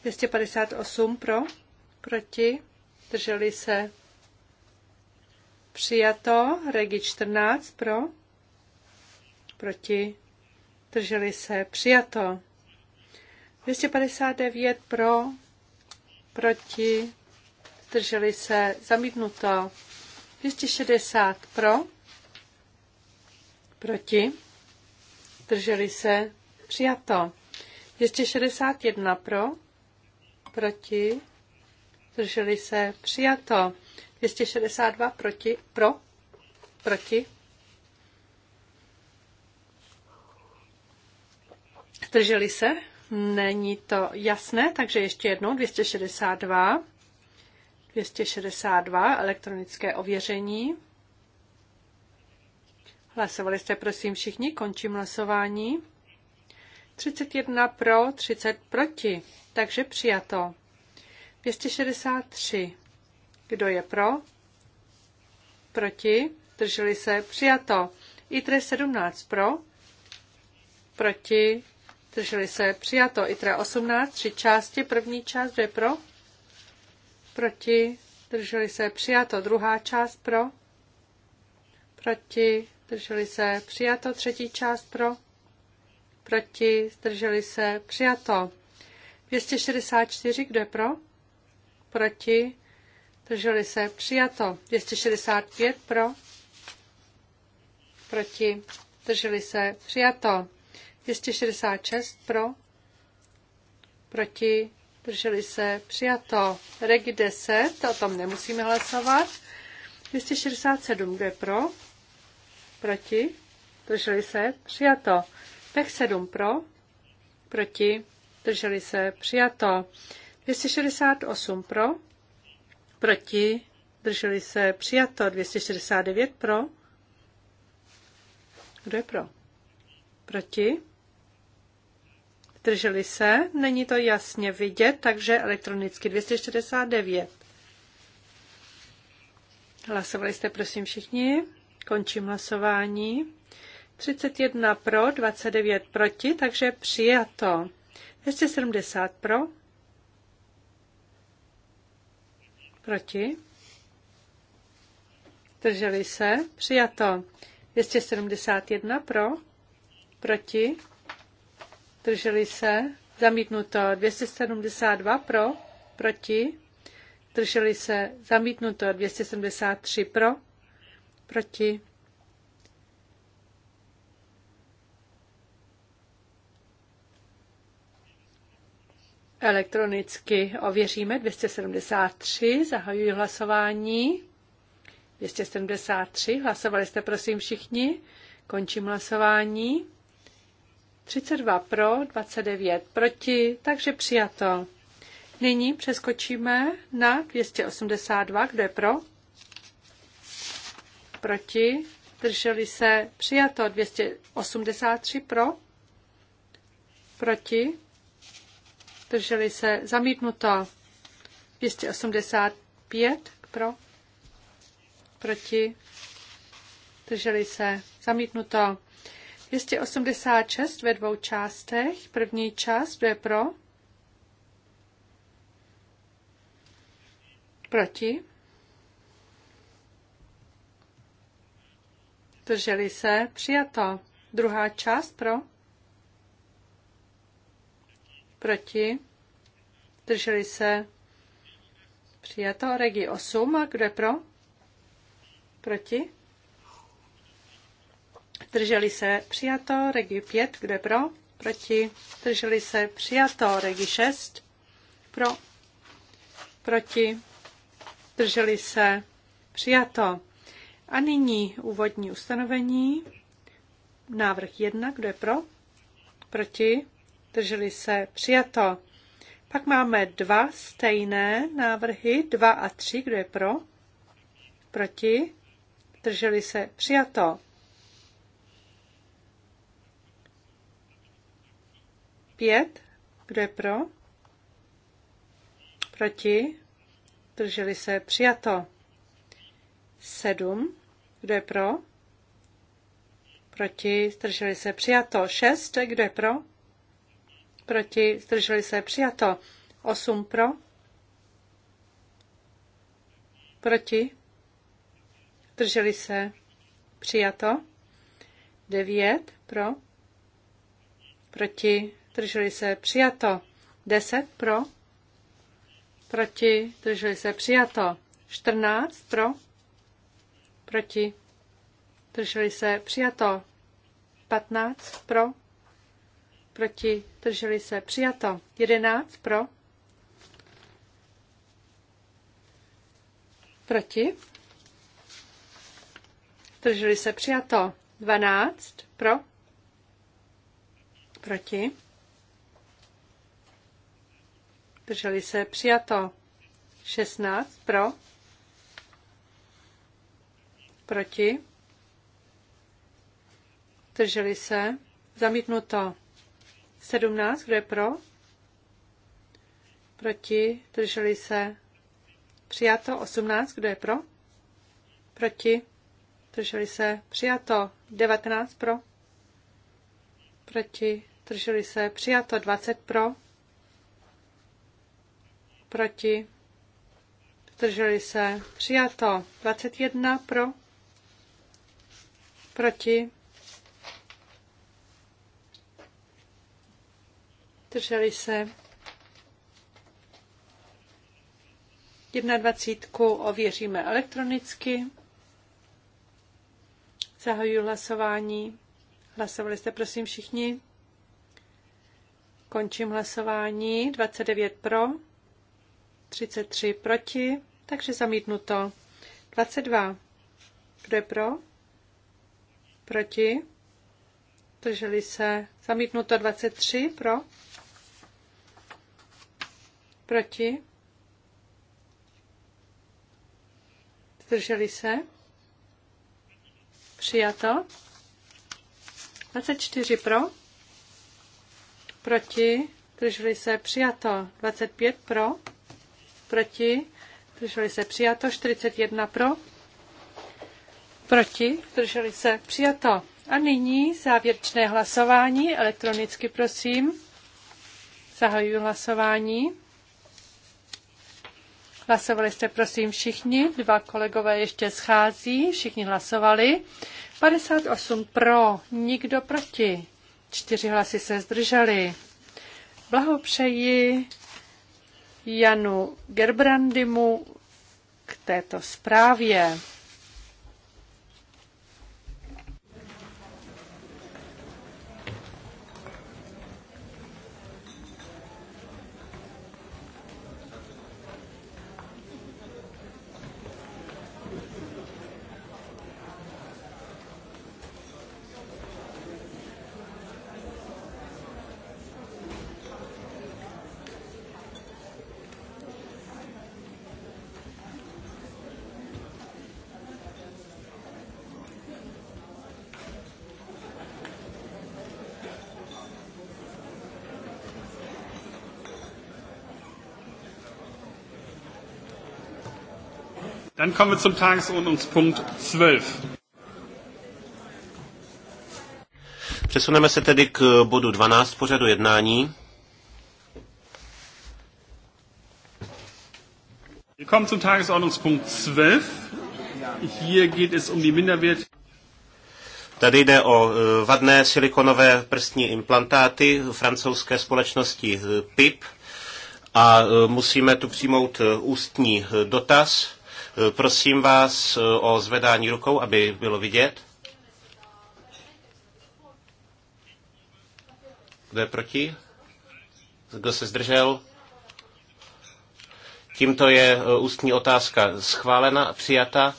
258 pro, proti, zdrželi se, přijato. Regi 14 pro, proti, zdrželi se. Přijato. 259 pro. Proti. zdrželi se. Zamítnuto. 260 pro. Proti. zdrželi se. Přijato. 261 pro. Proti. zdrželi se. Přijato. 262 proti. Pro. Proti Zdrželi se? Není to jasné, takže ještě jednou 262. 262 elektronické ověření. Hlasovali jste prosím všichni, končím hlasování. 31 pro, 30 proti, takže přijato. 263. Kdo je pro? Proti? Drželi se? Přijato. ITRE 17 pro? Proti? Drželi se přijato. ITRA 18, tři části. První část, Dvě pro? Proti. Drželi se přijato. Druhá část pro? Proti. Drželi se přijato. Třetí část pro? Proti. Zdrželi se přijato. 264, kdo je pro? Proti. Drželi se přijato. 265 pro? Proti. Drželi se přijato. 266 pro, proti, drželi se, přijato. Reg 10, o tom nemusíme hlasovat. 267, kdo je pro, proti, drželi se, přijato. pek 7 pro, proti, drželi se, přijato. 268 pro, proti, drželi se, přijato. 269 pro, kdo je pro? Proti? Drželi se? Není to jasně vidět, takže elektronicky 249. Hlasovali jste, prosím, všichni. Končím hlasování. 31 pro, 29 proti, takže přijato. 270 pro, proti, drželi se, přijato. 271 pro, proti, Drželi se? Zamítnuto. 272 pro? Proti? Drželi se? Zamítnuto. 273 pro? Proti? Elektronicky ověříme 273, zahajuji hlasování. 273, hlasovali jste prosím všichni, končím hlasování. 32 pro, 29 proti, takže přijato. Nyní přeskočíme na 282, kdo je pro? Proti, drželi se, přijato 283 pro, proti, drželi se, zamítnuto 285 pro, proti, drželi se, zamítnuto 286 ve dvou částech. První část, kdo je pro? Proti? Drželi se? Přijato. Druhá část pro? Proti? Drželi se? Přijato. Regi 8. Kdo je pro? Proti? Drželi se přijato, regi 5, kde pro, proti, drželi se přijato, regi 6, pro, proti, drželi se přijato. A nyní úvodní ustanovení, návrh 1, kdo je pro, proti, drželi se přijato. Pak máme dva stejné návrhy, 2 a 3, kdo je pro, proti, drželi se přijato. Pět. Kdo je pro? Proti? Drželi se. Přijato. Sedm. Kdo je pro? Proti? Zdrželi se. Přijato. Šest. Kdo je pro? Proti? Zdrželi se. Přijato. Osm pro? Proti? Zdrželi se. Přijato. Devět pro? Proti? drželi se přijato. 10 pro, proti, drželi se přijato. 14 pro, proti, drželi se přijato. 15 pro, proti, drželi se přijato. 11 pro, proti, drželi se přijato. 12 pro, proti, zdrželi se, přijato. 16 pro, proti, zdrželi se, zamítnuto. 17, kdo je pro, proti, zdrželi se, přijato. 18, kdo je pro, proti, zdrželi se, přijato. 19 pro, proti, zdrželi se, přijato. 20 pro, proti, zdrželi se, přijato. 21 pro, proti, zdrželi se. 21 ověříme elektronicky. Zahajuji hlasování. Hlasovali jste, prosím, všichni. Končím hlasování. 29 pro. 33 proti, takže zamítnuto. 22. Kdo je pro? Proti? Drželi se. Zamítnuto 23 pro? Proti? Zdrželi se? Přijato. 24 pro? Proti? Drželi se? Přijato. 25 pro? proti, zdrželi se přijato, 41 pro, proti, zdrželi se přijato. A nyní závěrečné hlasování, elektronicky prosím. Zahajuji hlasování. Hlasovali jste prosím všichni, dva kolegové ještě schází, všichni hlasovali. 58 pro, nikdo proti. Čtyři hlasy se zdrželi. Blahopřeji Janu Gerbrandimu k této zprávě. Dann kommen wir zum Tagesordnungspunkt 12. Přesuneme se tedy k bodu 12 pořadu jednání. Wir kommen zum Tagesordnungspunkt 12. Hier geht es um die Minderwert. Tady jde o e, vadné silikonové prstní implantáty francouzské společnosti PIP e, a e, musíme tu přijmout ústní dotaz Prosím vás eh, o zvedání rukou, aby bylo vidět. Kdo je proti? Kdo se zdržel? Tímto je eh, ústní otázka schválena, přijata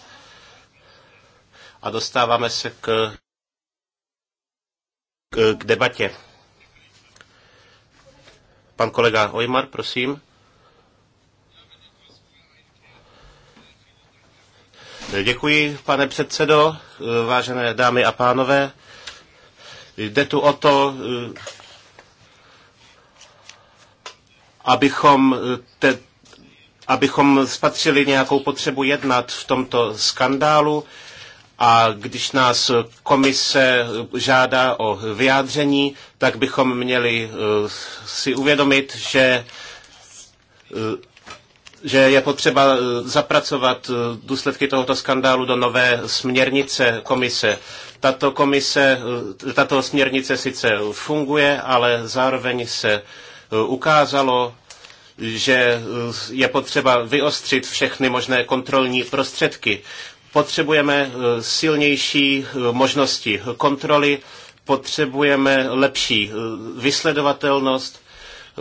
a dostáváme se k, k, k debatě. Pan kolega Ojmar, prosím. Děkuji, pane předsedo, vážené dámy a pánové. Jde tu o to, abychom, te, abychom spatřili nějakou potřebu jednat v tomto skandálu a když nás komise žádá o vyjádření, tak bychom měli eh, si uvědomit, že eh, že je potřeba eh, zapracovat eh, důsledky tohoto skandálu do nové směrnice komise. Tato, komise, eh, tato směrnice sice funguje, ale zároveň se ukázalo, že je potřeba vyostřit všechny možné kontrolní prostředky. Potřebujeme silnější možnosti kontroly, potřebujeme lepší vysledovatelnost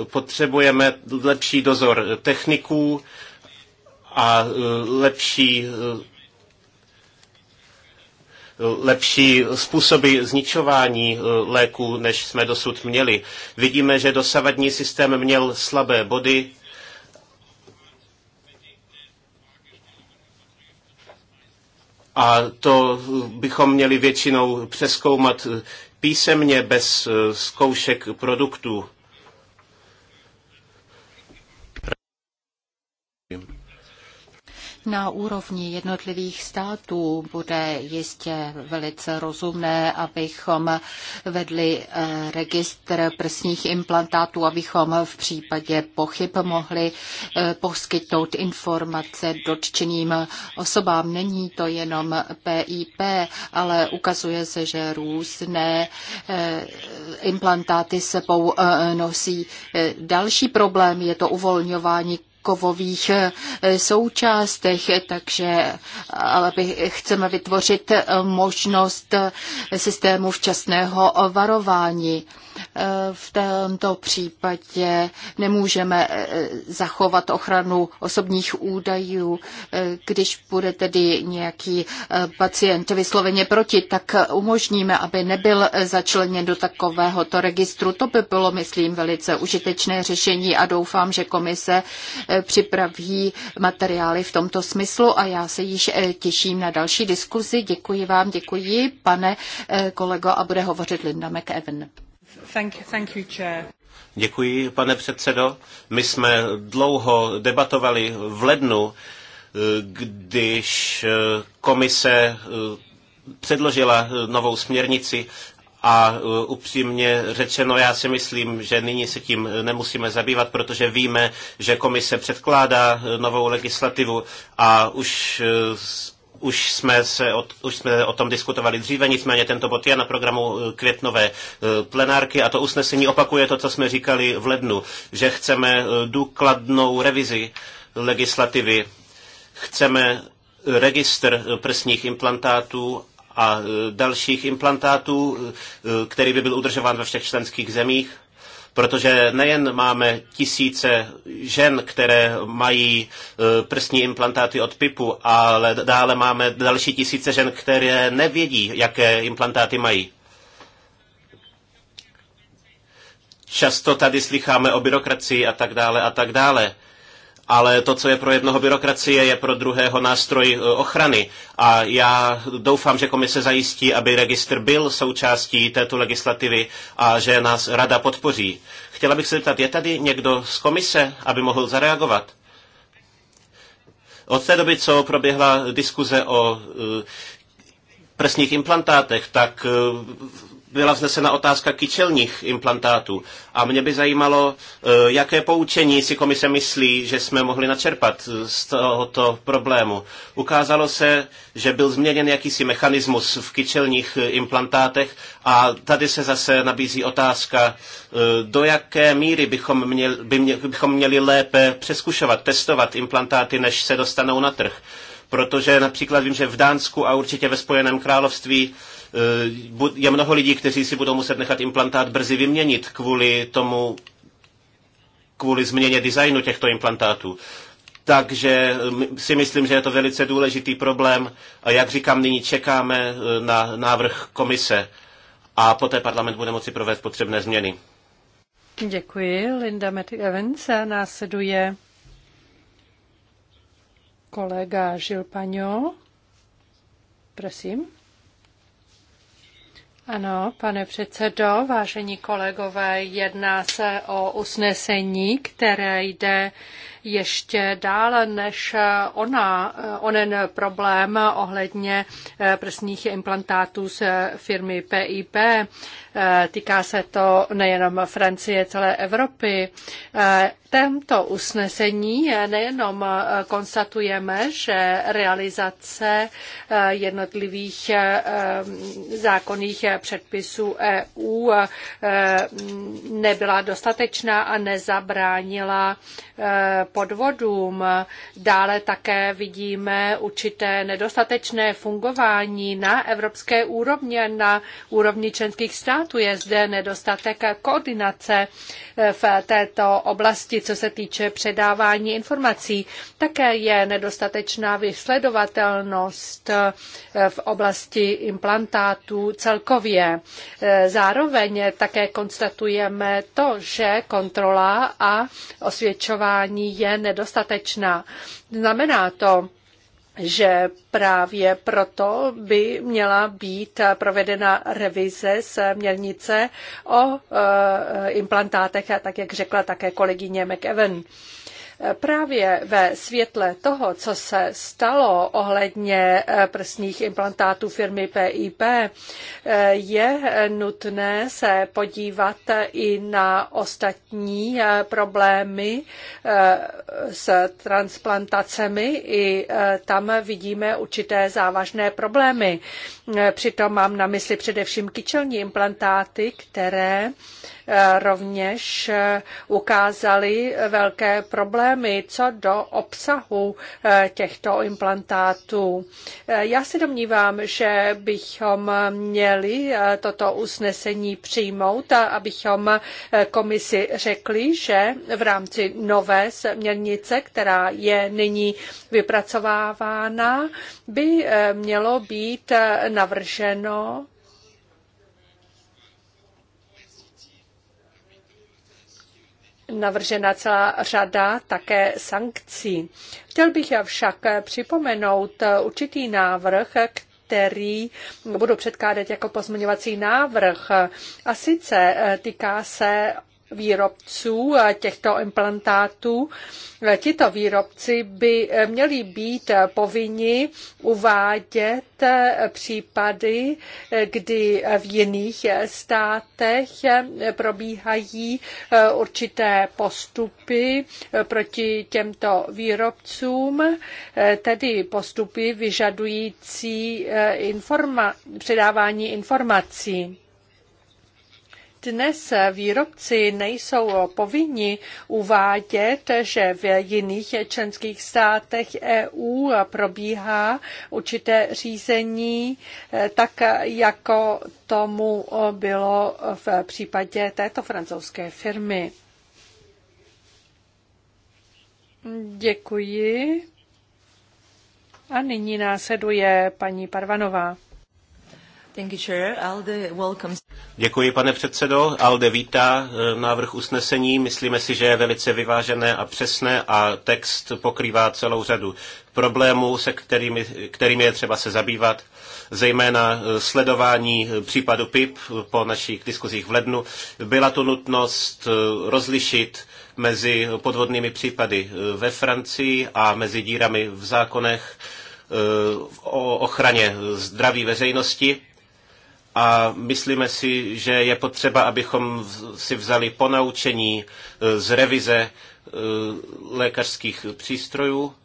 Potřebujeme lepší dozor techniků a e, lepší e, lepší způsoby zničování e, léků, než jsme dosud měli. Vidíme, že dosavadní systém měl slabé body, A to bychom měli většinou přeskoumat písemně bez zkoušek produktů. na úrovni jednotlivých států bude jistě velice rozumné, abychom vedli eh, registr prsních implantátů, abychom v případě pochyb mohli eh, poskytnout informace dotčeným osobám. Není to jenom PIP, ale ukazuje se, že různé eh, implantáty sebou nosí další problém, je to uvolňování kovových eh, součástech, takže ale by, chceme vytvořit eh, možnost eh, systému včasného varování. E, v tomto případě nemůžeme e, zachovat ochranu osobních údajů. E, když bude tedy nějaký pacient vysloveně proti, tak umožníme, aby nebyl začleněn do takovéhoto registru. To by bylo, myslím, velice užitečné řešení a doufám, že komise připraví materiály v tomto smyslu a já se již těším na další diskuzi. Děkuji vám, děkuji, pane kolego, a bude hovořit Linda McEwen. Děkuji, pane předsedo. My jsme dlouho debatovali v lednu, eh, když eh, komise eh, předložila novou směrnici a upřímně řečeno, já si myslím, že nyní se tím nemusíme zabývat, protože víme, že komise předkládá novou legislativu a už už jsme, se o, už jsme o tom diskutovali dříve, nicméně tento bod je na programu eh, květnové eh, plenárky a to usnesení opakuje to, co jsme říkali v lednu, že chceme eh, důkladnou revizi legislativy, chceme registr prsních implantátů a dalších implantátů, který by byl udržován ve všech členských zemích Protože nejen máme tisíce žen, které mají e, prsní implantáty od PIPu, ale dále máme další tisíce žen, které nevědí, jaké implantáty mají. Často tady slycháme o byrokracii a tak dále a tak dále ale to, co je pro jednoho byrokracie, je pro druhého nástroj e, ochrany. A já doufám, že komise zajistí, aby registr byl součástí této legislativy a že nás rada podpoří. Chtěla bych se zeptat, je tady někdo z komise, aby mohl zareagovat? Od té doby, co proběhla diskuze o e, prsních implantátech, tak e, byla vznesena otázka kyčelních implantátů. A mě by zajímalo, e, jaké poučení si komise myslí, že jsme mohli načerpat z tohoto problému. Ukázalo se, že byl změněn jakýsi mechanismus v kyčelních implantátech a tady se zase nabízí otázka, e, do jaké míry bychom měli, by mě, bychom měli lépe přeskušovat, testovat implantáty, než se dostanou na trh. Protože například vím, že v Dánsku a určitě ve Spojeném království Eh, je mnoho lidí, kteří si budou muset nechat implantát brzy vyměnit kvůli tomu, kvůli změně designu těchto implantátů. Takže si myslím, že je to velice důležitý problém a jak říkám, nyní čekáme eh, na návrh komise a poté parlament bude moci provést potřebné změny. Děkuji. Linda a následuje kolega Žilpaňo. Prosím. Ano, pane předsedo, vážení kolegové, jedná se o usnesení, které jde ještě dále než ona, onen problém ohledně eh, prsních implantátů z firmy PIP. Eh, týká se to nejenom Francie, celé Evropy. Eh, tento usnesení nejenom konstatujeme, že realizace jednotlivých mm, zákonných předpisů EU mm, nebyla dostatečná a nezabránila podvodům. Dále také vidíme určité nedostatečné fungování na evropské úrovni a na úrovni členských států. Je zde nedostatek koordinace eh, v této oblasti, co se týče předávání informací. Také je nedostatečná vysledovatelnost eh, v oblasti implantátů celkově. Eh, zároveň také konstatujeme to, že kontrola a osvědčování je nedostatečná. Znamená to, že právě proto by měla být provedena revize směrnice o e, implantátech, tak jak řekla také kolegyně McEwen. Právě ve světle toho, co se stalo ohledně eh, prsních implantátů firmy PIP, eh, je nutné se podívat i na ostatní eh, problémy s transplantacemi. I tam vidíme určité závažné problémy. Přitom mám na mysli především kyčelní implantáty, které rovněž ukázaly velké problémy problémy co do obsahu eh, těchto implantátů. Eh, já se domnívám, že bychom měli eh, toto usnesení přijmout a abychom komisi řekli, že v rámci nové směrnice, která je nyní vypracovávána, by mělo být navrženo navržena celá řada také sankcí. Chtěl bych však připomenout určitý návrh, který budu předkládat jako pozměňovací návrh. A sice e, týká se výrobců eh, těchto implantátů. Eh, tito výrobci by eh, měli být povinni uvádět případy, kdy v jiných státech probíhají určité postupy proti těmto výrobcům, tedy postupy vyžadující informa- předávání informací. Dnes výrobci nejsou povinni uvádět, že v jiných členských státech EU probíhá určité řízení, eh, tak jako tomu bylo v případě této francouzské firmy. Děkuji. A nyní následuje paní Parvanová. Děkuji, pane předsedo. Alde vítá e, návrh usnesení. Myslíme si, že je velice vyvážené a přesné a text pokrývá celou řadu problémů, se kterými, kterými je třeba se zabývat, zejména e, sledování e, případu PIP po našich diskuzích v lednu. Byla tu nutnost rozlišit mezi podvodnými případy ve Francii a mezi dírami v zákonech o ochraně zdraví veřejnosti a myslíme si, že je potřeba, abychom si vzali ponaučení e, z revize e, lékařských přístrojů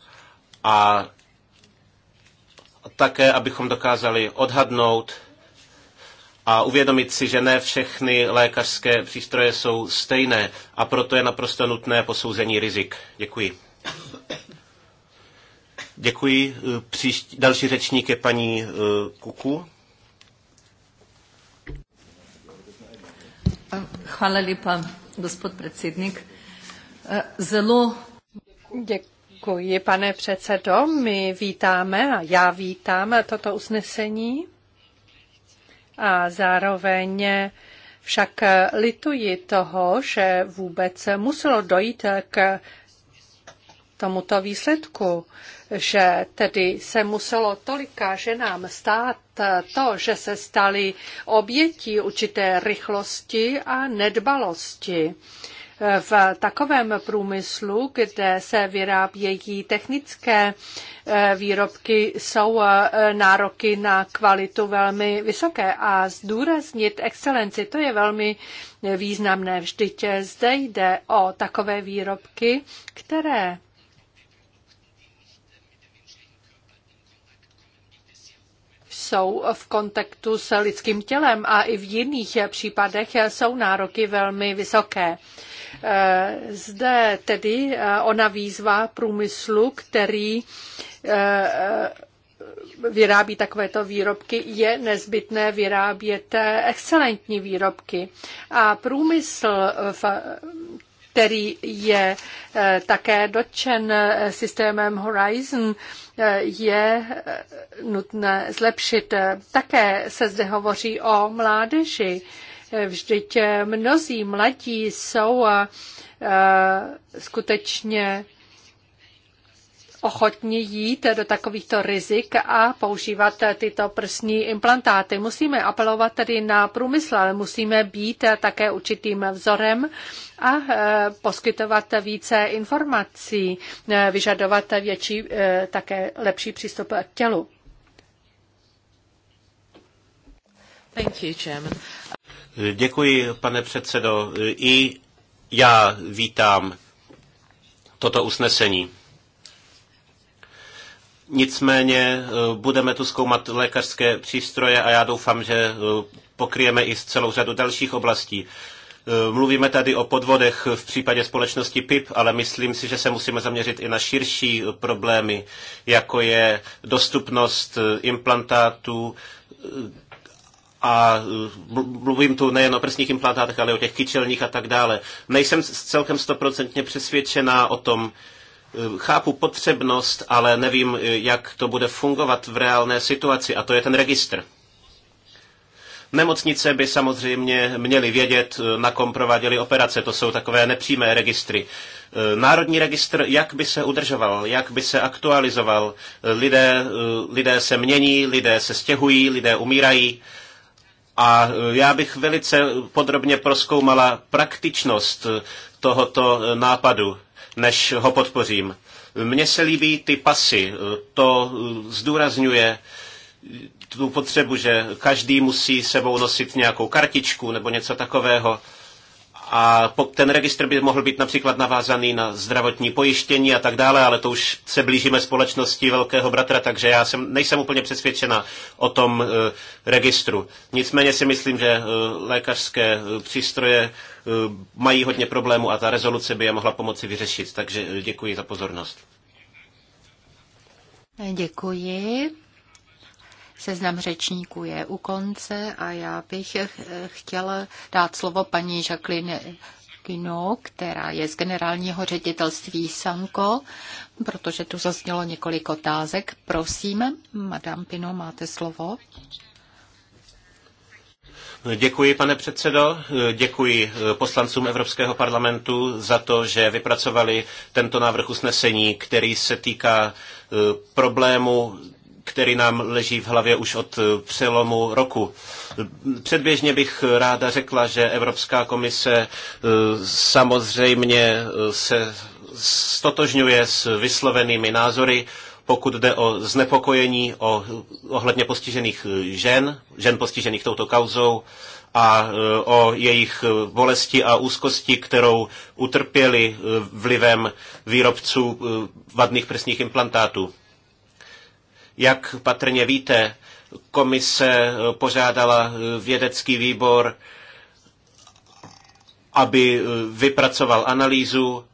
a také, abychom dokázali odhadnout a uvědomit si, že ne všechny lékařské přístroje jsou stejné a proto je naprosto nutné posouzení rizik. Děkuji. *coughs* Děkuji. E, příští, další řečník je paní Kuku. Hvala lepa, gospod predsednik. Eh, zelo... Děkuji, pane předsedo. My vítáme a já vítám toto usnesení a zároveň však lituji toho, že vůbec muselo dojít k tomuto výsledku že tedy se muselo tolika ženám stát to, že se staly obětí určité rychlosti a nedbalosti v takovém průmyslu, kde se vyrábějí technické eh, výrobky, jsou eh, nároky na kvalitu velmi vysoké a zdůraznit excelenci, to je velmi významné. Vždyť zde jde o takové výrobky, které jsou v kontaktu s lidským tělem a i v jiných případech jsou nároky velmi vysoké. E, zde tedy e, ona výzva průmyslu, který e, vyrábí takovéto výrobky, je nezbytné vyrábět excelentní výrobky. A průmysl který je také dotčen systémem Horizon, je nutné zlepšit. Také se zde hovoří o mládeži. Vždyť mnozí mladí jsou eh, skutečně ochotni jít do takovýchto rizik a používat tyto prsní implantáty. Musíme apelovat tedy na průmysl, ale musíme být také určitým vzorem a e, poskytovat více informací, e, vyžadovat větší, e, také lepší přístup k tělu. Thank you, Chairman. Děkuji, pane předsedo. I já vítám toto usnesení. Nicméně eh, budeme tu zkoumat lékařské přístroje a já doufám, že eh, pokryjeme i z celou řadu dalších oblastí. Eh, mluvíme tady o podvodech v případě společnosti PIP, ale myslím si, že se musíme zaměřit i na širší problémy, jako je dostupnost implantátů a mluvím tu nejen o prsních implantátech, ale o těch kyčelních a tak dále. Nejsem celkem stoprocentně přesvědčená o tom, Eh, chápu potřebnost, ale nevím, eh, jak to bude fungovat v reálné situaci, a to je ten registr. Nemocnice by samozřejmě měly vědět, eh, na kom prováděly operace. To jsou takové nepřímé registry. Národní registr, jak by se udržoval, jak by se aktualizoval. Lidé, lidé se mění, lidé se stěhují, lidé umírají. A já bych velice podrobně proskoumala praktičnost tohoto nápadu než ho podpořím. Mně se líbí ty pasy. To zdůrazňuje tu potřebu, že každý musí sebou nosit nějakou kartičku nebo něco takového. A ten registr by mohl být například navázaný na zdravotní pojištění a tak dále, ale to už se blížíme společnosti Velkého bratra, takže já jsem, nejsem úplně přesvědčena o tom eh, registru. Nicméně si myslím, že eh, lékařské eh, přístroje mají hodně problémů a ta rezoluce by je mohla pomoci vyřešit. Takže děkuji za pozornost. Děkuji. Seznam řečníků je u konce a já bych chtěla dát slovo paní Jacqueline Kino, která je z generálního ředitelství Sanko, protože tu zaznělo několik otázek. Prosím, Madame Pino, máte slovo. Děkuji, pane předsedo. Děkuji eh, poslancům Evropského parlamentu za to, že vypracovali tento návrh usnesení, který se týká eh, problému který nám leží v hlavě už od eh, přelomu roku. Předběžně bych ráda řekla, že Evropská komise eh, samozřejmě eh, se stotožňuje s vyslovenými názory, pokud jde o znepokojení o, ohledně postižených žen, žen postižených touto kauzou a o jejich bolesti a úzkosti, kterou utrpěli vlivem výrobců vadných prsních implantátů. Jak patrně víte, komise eh, požádala eh, vědecký výbor, aby eh, vypracoval analýzu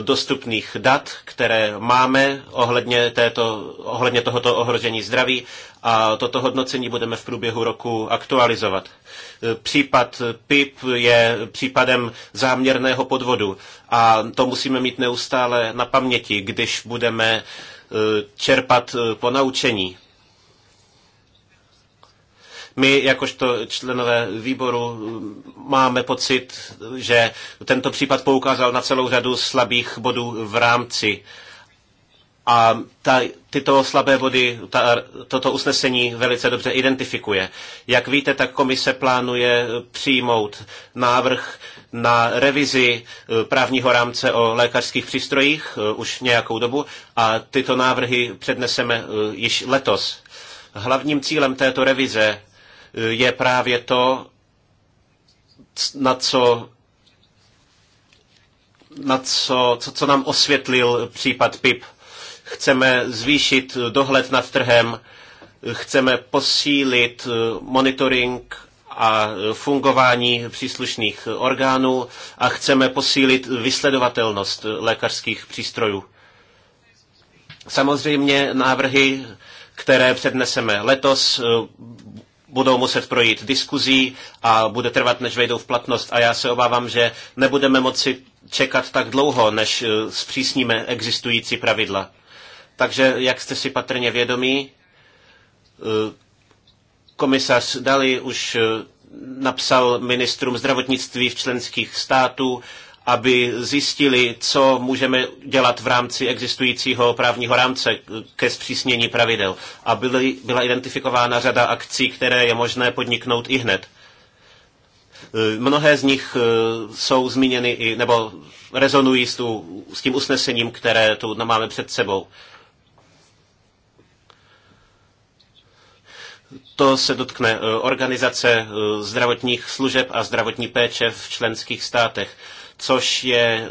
dostupných dat, které máme ohledně, této, ohledně tohoto ohrožení zdraví a toto hodnocení budeme v průběhu roku aktualizovat. Případ PIP je případem záměrného podvodu a to musíme mít neustále na paměti, když budeme uh, Eh, čerpat eh, po naučení. My, jakožto členové výboru, máme pocit, že tento případ poukázal na celou řadu slabých bodů v rámci uh, a ta, tyto slabé vody ta, toto usnesení velice dobře identifikuje. Jak víte, tak komise plánuje přijmout návrh na revizi e, právního rámce o lékařských přístrojích e, už nějakou dobu a tyto návrhy předneseme e, již letos. Hlavním cílem této revize je právě to, na co na co, co, co nám osvětlil případ PIP chceme zvýšit dohled nad trhem, chceme posílit eh, monitoring a eh, fungování příslušných orgánů a chceme posílit vysledovatelnost lékařských přístrojů. Samozřejmě návrhy, které předneseme letos, eh, budou muset projít diskuzí a bude trvat, než vejdou v platnost. A já se obávám, že nebudeme moci čekat tak dlouho, než zpřísníme existující pravidla. Takže, jak jste si patrně vědomí, eh, komisař Dali už eh, napsal ministrům zdravotnictví v členských států, aby zjistili, co můžeme dělat v rámci existujícího právního rámce eh, ke zpřísnění pravidel. A byly, byla identifikována řada akcí, které je možné podniknout i hned. Mnohé z nich jsou zmíněny i, nebo rezonují s, tu, s tím usnesením, které tu máme před sebou. To se dotkne e, organizace e, zdravotních služeb a zdravotní péče v členských státech, což je e,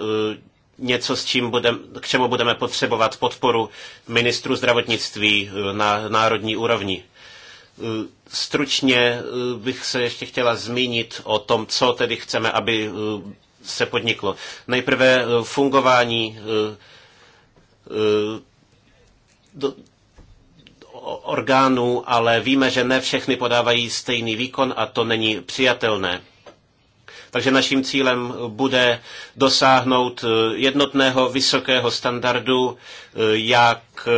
něco, s čím budem, k čemu budeme potřebovat podporu ministru zdravotnictví na národní úrovni. Stručně bych se ještě chtěla zmínit o tom, co tedy chceme, aby se podniklo. Nejprve fungování orgánů, ale víme, že ne všechny podávají stejný výkon a to není přijatelné. Takže naším cílem bude dosáhnout eh, jednotného vysokého standardu, eh, jak eh,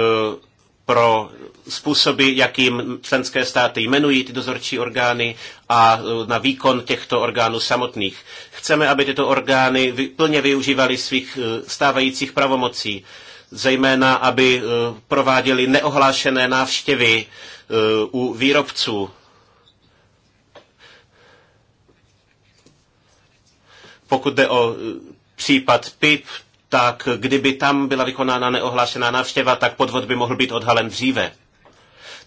pro způsoby, jakým členské státy jmenují ty dozorčí orgány a na výkon těchto orgánů samotných. Chceme, aby tyto orgány plně využívaly svých stávajících pravomocí zejména aby eh, prováděli neohlášené návštěvy eh, u výrobců. Pokud jde o eh, případ PIP, tak kdyby tam byla vykonána neohlášená návštěva, tak podvod by mohl být odhalen dříve.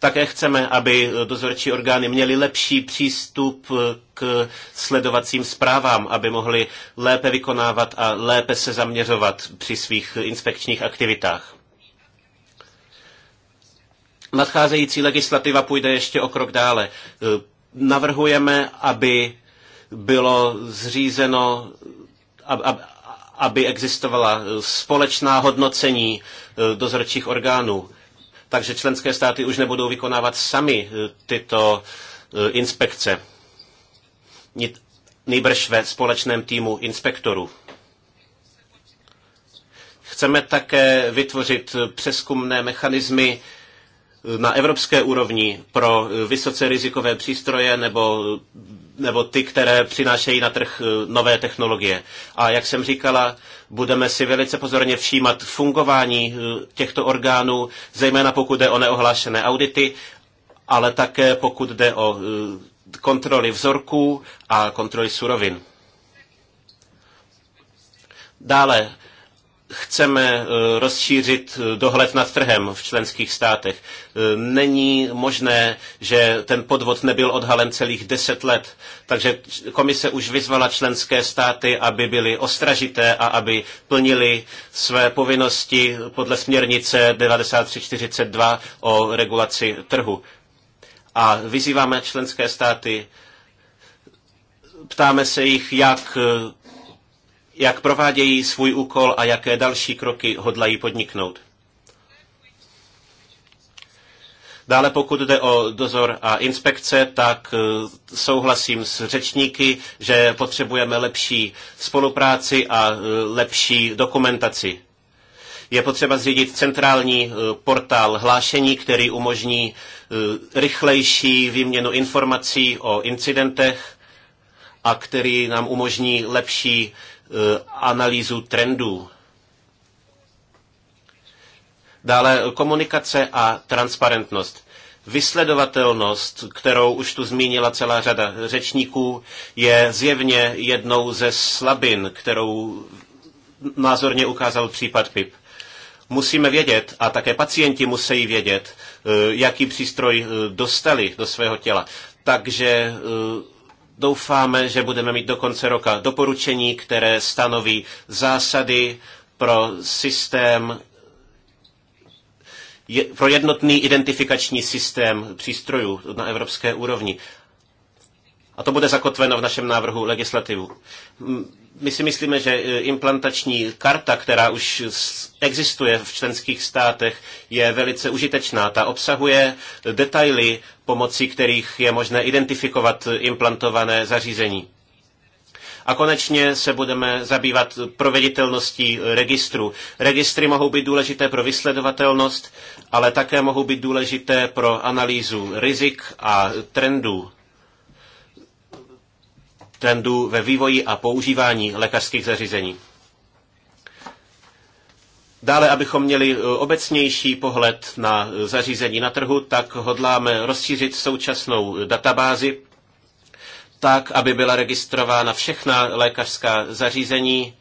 Také chceme, aby dozorčí orgány měly lepší přístup k sledovacím zprávám, aby mohly lépe vykonávat a lépe se zaměřovat při svých inspekčních aktivitách. Nadcházející legislativa půjde ještě o krok dále. Navrhujeme, aby bylo zřízeno, aby existovala společná hodnocení dozorčích orgánů takže členské státy už nebudou vykonávat sami eh, tyto eh, inspekce. Nýbrž ve společném týmu inspektorů. Chceme také vytvořit eh, přeskumné mechanismy na evropské úrovni pro vysoce rizikové přístroje nebo nebo ty, které přinášejí na trh eh, nové technologie. A jak jsem říkala, budeme si velice pozorně všímat fungování eh, těchto orgánů, zejména pokud jde o neohlášené audity, ale také pokud jde o eh, kontroly vzorků a kontroly surovin. Dále, chceme eh, rozšířit eh, dohled nad trhem v členských státech. Eh, není možné, že ten podvod nebyl odhalen celých deset let, takže komise už vyzvala členské státy, aby byly ostražité a aby plnili své povinnosti podle směrnice 9342 o regulaci trhu. A vyzýváme členské státy, ptáme se jich, jak jak provádějí svůj úkol a jaké další kroky hodlají podniknout. Dále pokud jde o dozor a inspekce, tak e, souhlasím s řečníky, že potřebujeme lepší spolupráci a e, lepší dokumentaci. Je potřeba zřídit centrální e, portál hlášení, který umožní rychlejší výměnu informací o incidentech a který nám umožní lepší Eh, analýzu trendů. Dále komunikace a transparentnost. Vysledovatelnost, kterou už tu zmínila celá řada řečníků, je zjevně jednou ze slabin, kterou názorně ukázal případ PIP. Musíme vědět, a také pacienti musí vědět, eh, jaký přístroj eh, dostali do svého těla. Takže Doufáme, že budeme mít do konce roka doporučení, které stanoví zásady pro systém pro jednotný identifikační systém přístrojů na evropské úrovni. A to bude zakotveno v našem návrhu legislativu. My si myslíme, že e, implantační karta, která už existuje v členských státech, je velice užitečná. Ta obsahuje detaily, pomocí kterých je možné identifikovat implantované zařízení. A konečně se budeme zabývat proveditelností registru. Registry mohou být důležité pro vysledovatelnost, ale také mohou být důležité pro analýzu rizik a trendů trendů ve vývoji a používání lékařských zařízení. Dále, abychom měli e, obecnější pohled na e, zařízení na trhu, tak hodláme rozšířit současnou e, databázi tak, aby byla registrována všechna lékařská zařízení,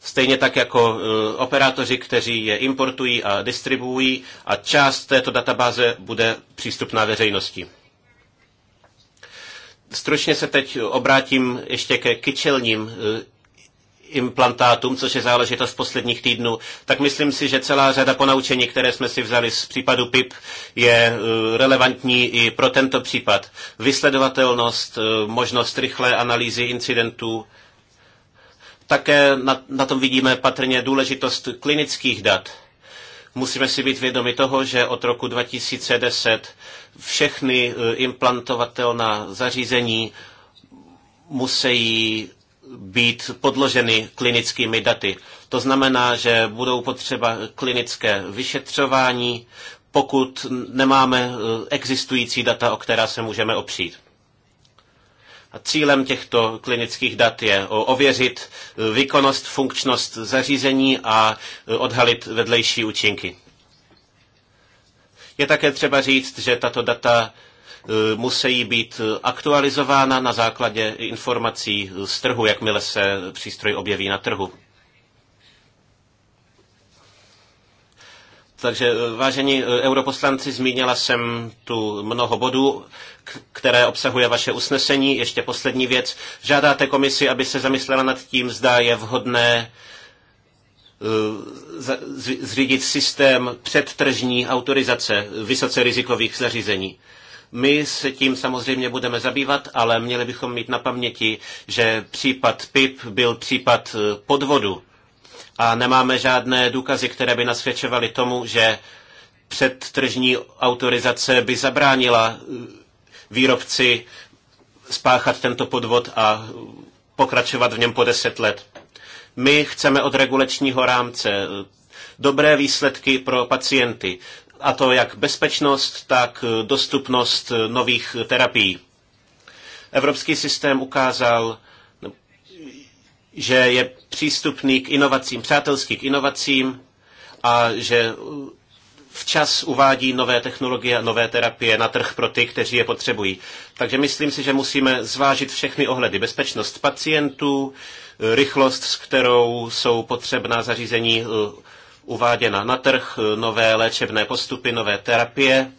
stejně tak jako operátoři, kteří je importují a distribuují a část této databáze bude přístupná veřejnosti. Stručně se teď obrátím ještě ke kyčelním eh, implantátům, což je záležitost posledních týdnů, tak myslím si, že celá řada ponaučení, které jsme si vzali z případu PIP, je eh, relevantní i pro tento případ. Vysledovatelnost, eh, možnost rychlé analýzy incidentů, také na, na tom vidíme patrně důležitost klinických dat – Musíme si být vědomi toho, že od roku 2010 všechny e, implantovatelná zařízení musí být podloženy klinickými daty. To znamená, že budou potřeba klinické vyšetřování, pokud nemáme e, existující data, o která se můžeme opřít. A cílem těchto klinických dat je ověřit eh, výkonnost, funkčnost zařízení a eh, odhalit vedlejší účinky. Je také třeba říct, že tato data eh, musí být aktualizována na základě informací z trhu, jakmile se přístroj objeví na trhu. Takže eh, vážení eh, europoslanci, zmínila jsem tu mnoho bodů, které obsahuje vaše usnesení. Ještě poslední věc. Žádáte komisi, aby se zamyslela nad tím, zda je vhodné eh, zřídit systém předtržní autorizace vysoce rizikových zařízení. My se tím samozřejmě budeme zabývat, ale měli bychom mít na paměti, že případ PIP byl případ podvodu a nemáme žádné důkazy, které by nasvědčovaly tomu, že předtržní autorizace by zabránila eh, výrobci spáchat tento podvod a pokračovat v něm po deset let. My chceme od regulačního rámce eh, dobré výsledky pro pacienty, a to jak bezpečnost, tak eh, dostupnost nových terapií. Evropský systém ukázal, že je přístupný k inovacím, přátelský k inovacím a že včas uvádí nové technologie a nové terapie na trh pro ty, kteří je potřebují. Takže myslím si, že musíme zvážit všechny ohledy. Bezpečnost pacientů, rychlost, s kterou jsou potřebná zařízení eh, uváděna na trh, nové léčebné postupy, nové terapie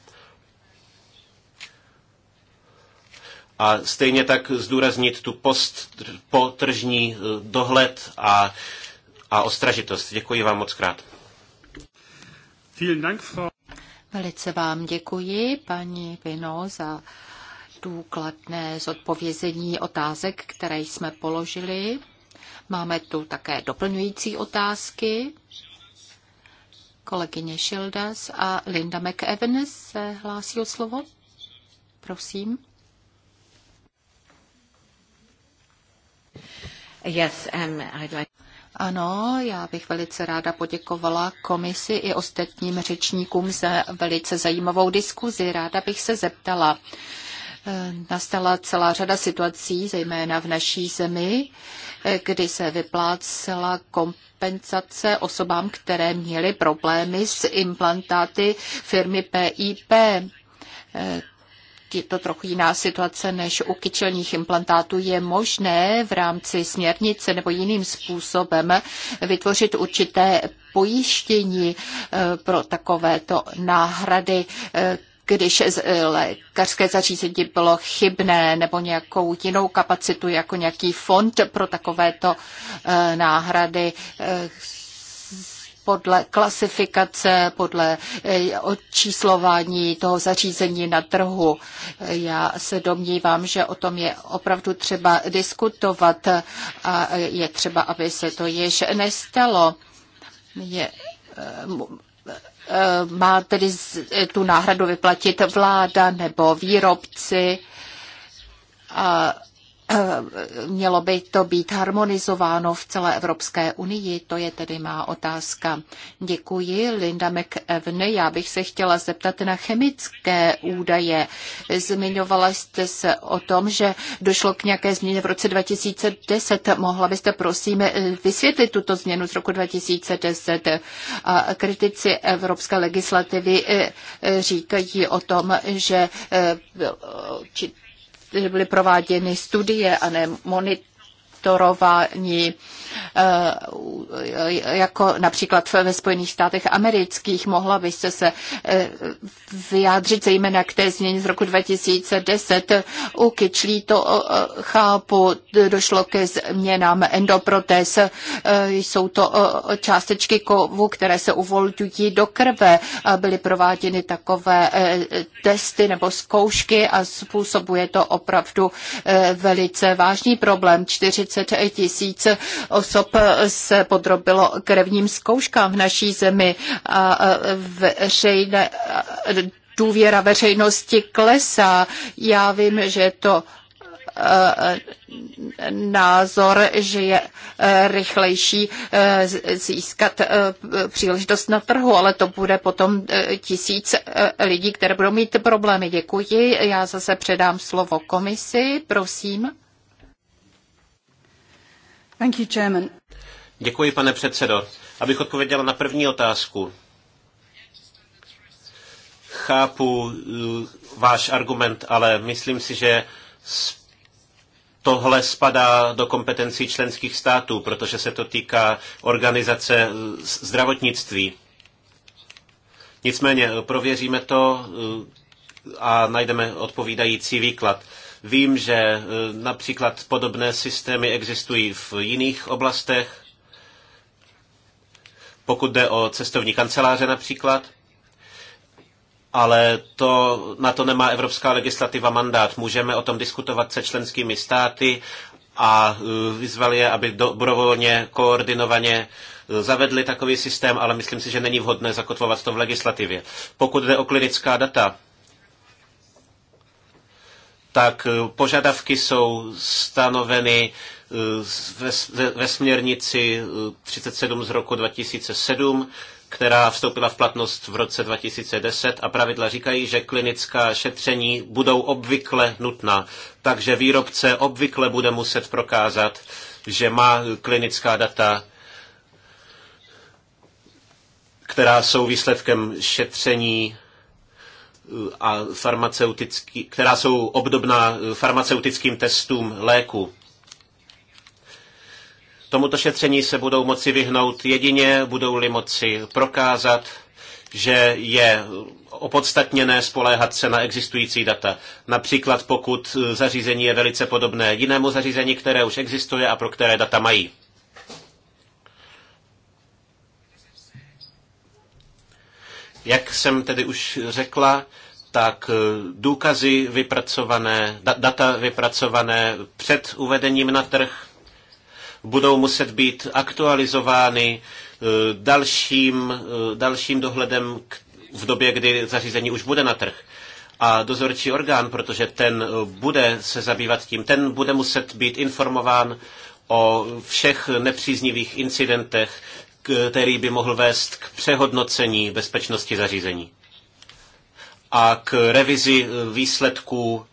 a stejně tak zdůraznit tu post, potržní eh, dohled a, a ostražitost. Děkuji vám moc krát. Velice vám děkuji, paní Vino, za důkladné zodpovězení otázek, které jsme položili. Máme tu také doplňující otázky. Kolegyně Šildas a Linda McEwen se hlásí o slovo. Prosím. Yes, um, I'd like... Ano, já bych velice ráda poděkovala komisi i ostatním řečníkům za velice zajímavou diskuzi. Ráda bych se zeptala. Eh, nastala celá řada situací, zejména v naší zemi, eh, kdy se vyplácela kompenzace osobám, které měly problémy s implantáty firmy PIP je to trochu jiná situace než u kyčelních implantátů. Je možné v rámci směrnice nebo jiným způsobem vytvořit určité pojištění eh, pro takovéto náhrady, eh, když eh, lékařské zařízení bylo chybné nebo nějakou jinou kapacitu, jako nějaký fond pro takovéto náhrady podle klasifikace, podle eh, odčíslování toho zařízení na trhu. Já se domnívám, že o tom je opravdu třeba diskutovat a je třeba, aby se to již nestalo. Je, eh, eh, má tedy tu náhradu vyplatit vláda nebo výrobci. A Eh, mělo by to být harmonizováno v celé Evropské unii, to je tedy má otázka. Děkuji, Linda McEvn, Já bych se chtěla zeptat na chemické údaje. Zmiňovala jste se o tom, že došlo k nějaké změně v roce 2010. Mohla byste prosím vysvětlit tuto změnu z roku 2010? A kritici evropské legislativy eh, říkají o tom, že eh, byly prováděny studie a ne monitorování Eh, jako například ve Spojených státech amerických. Mohla byste se eh, vyjádřit zejména k té změně z roku 2010. U kyčlí to eh, chápu, došlo ke změnám endoprotéz. Jsou to částečky kovu, které se uvolňují do krve. Byly prováděny takové testy nebo zkoušky a způsobuje to opravdu velice vážný problém. 40 tisíc osob se podrobilo krevním zkouškám v naší zemi a veřejné, důvěra veřejnosti klesá. Já vím, že je to názor, že je rychlejší získat příležitost na trhu, ale to bude potom tisíc lidí, které budou mít problémy. Děkuji. Já zase předám slovo komisi, prosím. Thank you, Chairman. Děkuji, pane předsedo. Abych odpověděla na první otázku. Chápu eh, váš argument, ale myslím si, že tohle spadá do kompetencí členských států, protože se to týká organizace eh, zdravotnictví. Nicméně eh, prověříme to a najdeme odpovídající výklad. Vím, že e, například podobné systémy existují v jiných oblastech, pokud jde o cestovní kanceláře například, ale to, na to nemá evropská legislativa mandát. Můžeme o tom diskutovat se členskými státy a e, vyzvali je, aby dobrovolně, koordinovaně e, zavedli takový systém, ale myslím si, že není vhodné zakotvovat to v legislativě. Pokud jde o klinická data, tak eh, požadavky jsou stanoveny eh, ve, ve směrnici 37 eh, z roku 2007, která vstoupila v platnost v roce 2010 a pravidla říkají, že klinická šetření budou obvykle nutná. Takže výrobce obvykle bude muset prokázat, že má klinická data, která jsou výsledkem šetření a farmaceutický, která jsou obdobná eh, farmaceutickým testům léku. Tomuto šetření se budou moci vyhnout jedině, budou-li moci prokázat, že je opodstatněné spoléhat se na existující data. Například pokud eh, zařízení je velice podobné jinému zařízení, které už existuje a pro které data mají. Jak jsem tedy už řekla, tak eh, důkazy vypracované, data vypracované před uvedením na trh budou muset být aktualizovány eh, dalším, eh, dalším dohledem v době, kdy zařízení už bude na trh. A dozorčí orgán, protože ten bude se zabývat tím, ten bude muset být informován o všech nepříznivých incidentech, který by mohl vést k přehodnocení bezpečnosti zařízení a k revizi eh, výsledků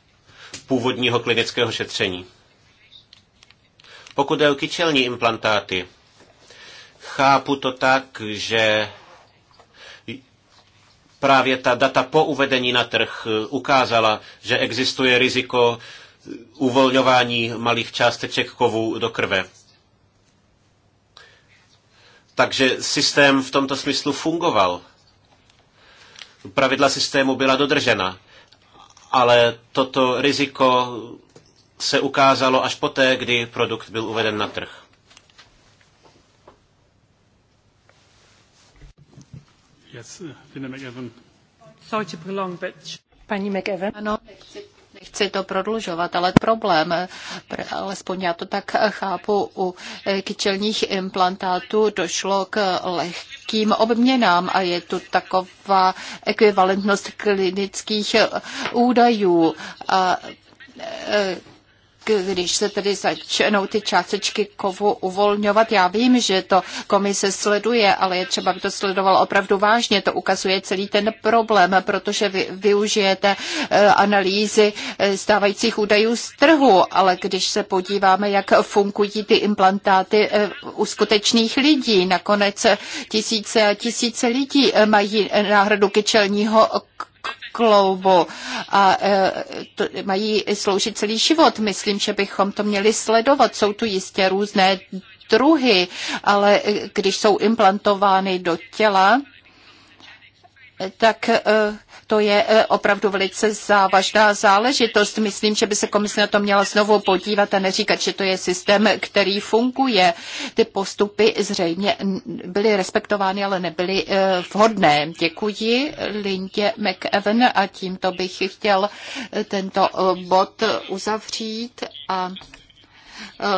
původního klinického šetření. Pokud je o kyčelní implantáty, chápu to tak, že právě ta data po uvedení na trh eh, ukázala, že existuje riziko eh, uvolňování malých částeček kovů do krve. Takže systém v tomto smyslu fungoval. Pravidla systému byla dodržena. Ale toto riziko se ukázalo až poté, kdy produkt byl uveden na trh. Yes, Paní McEwen. Ano, nechci to prodlužovat, ale problém, alespoň já to tak chápu, u kyčelních implantátů došlo k lehkým obměnám a je tu taková ekvivalentnost klinických údajů. A e, když se tedy začnou ty částečky kovu uvolňovat. Já vím, že to komise sleduje, ale je třeba, aby to sledoval opravdu vážně. To ukazuje celý ten problém, protože vy využijete eh, analýzy eh, stávajících údajů z trhu, ale když se podíváme, jak fungují ty implantáty eh, u skutečných lidí, nakonec tisíce a tisíce lidí mají náhradu kyčelního kloubu a e, to mají sloužit celý život. Myslím, že bychom to měli sledovat. Jsou tu jistě různé druhy, ale e, když jsou implantovány do těla, e, tak uh, to je eh, opravdu velice závažná záležitost. Myslím, že by se komise na to měla znovu podívat a neříkat, že to je systém, který funguje. Ty postupy zřejmě byly respektovány, ale nebyly eh, vhodné. Děkuji Lindě McEwen a tímto bych chtěl eh, tento bod uzavřít a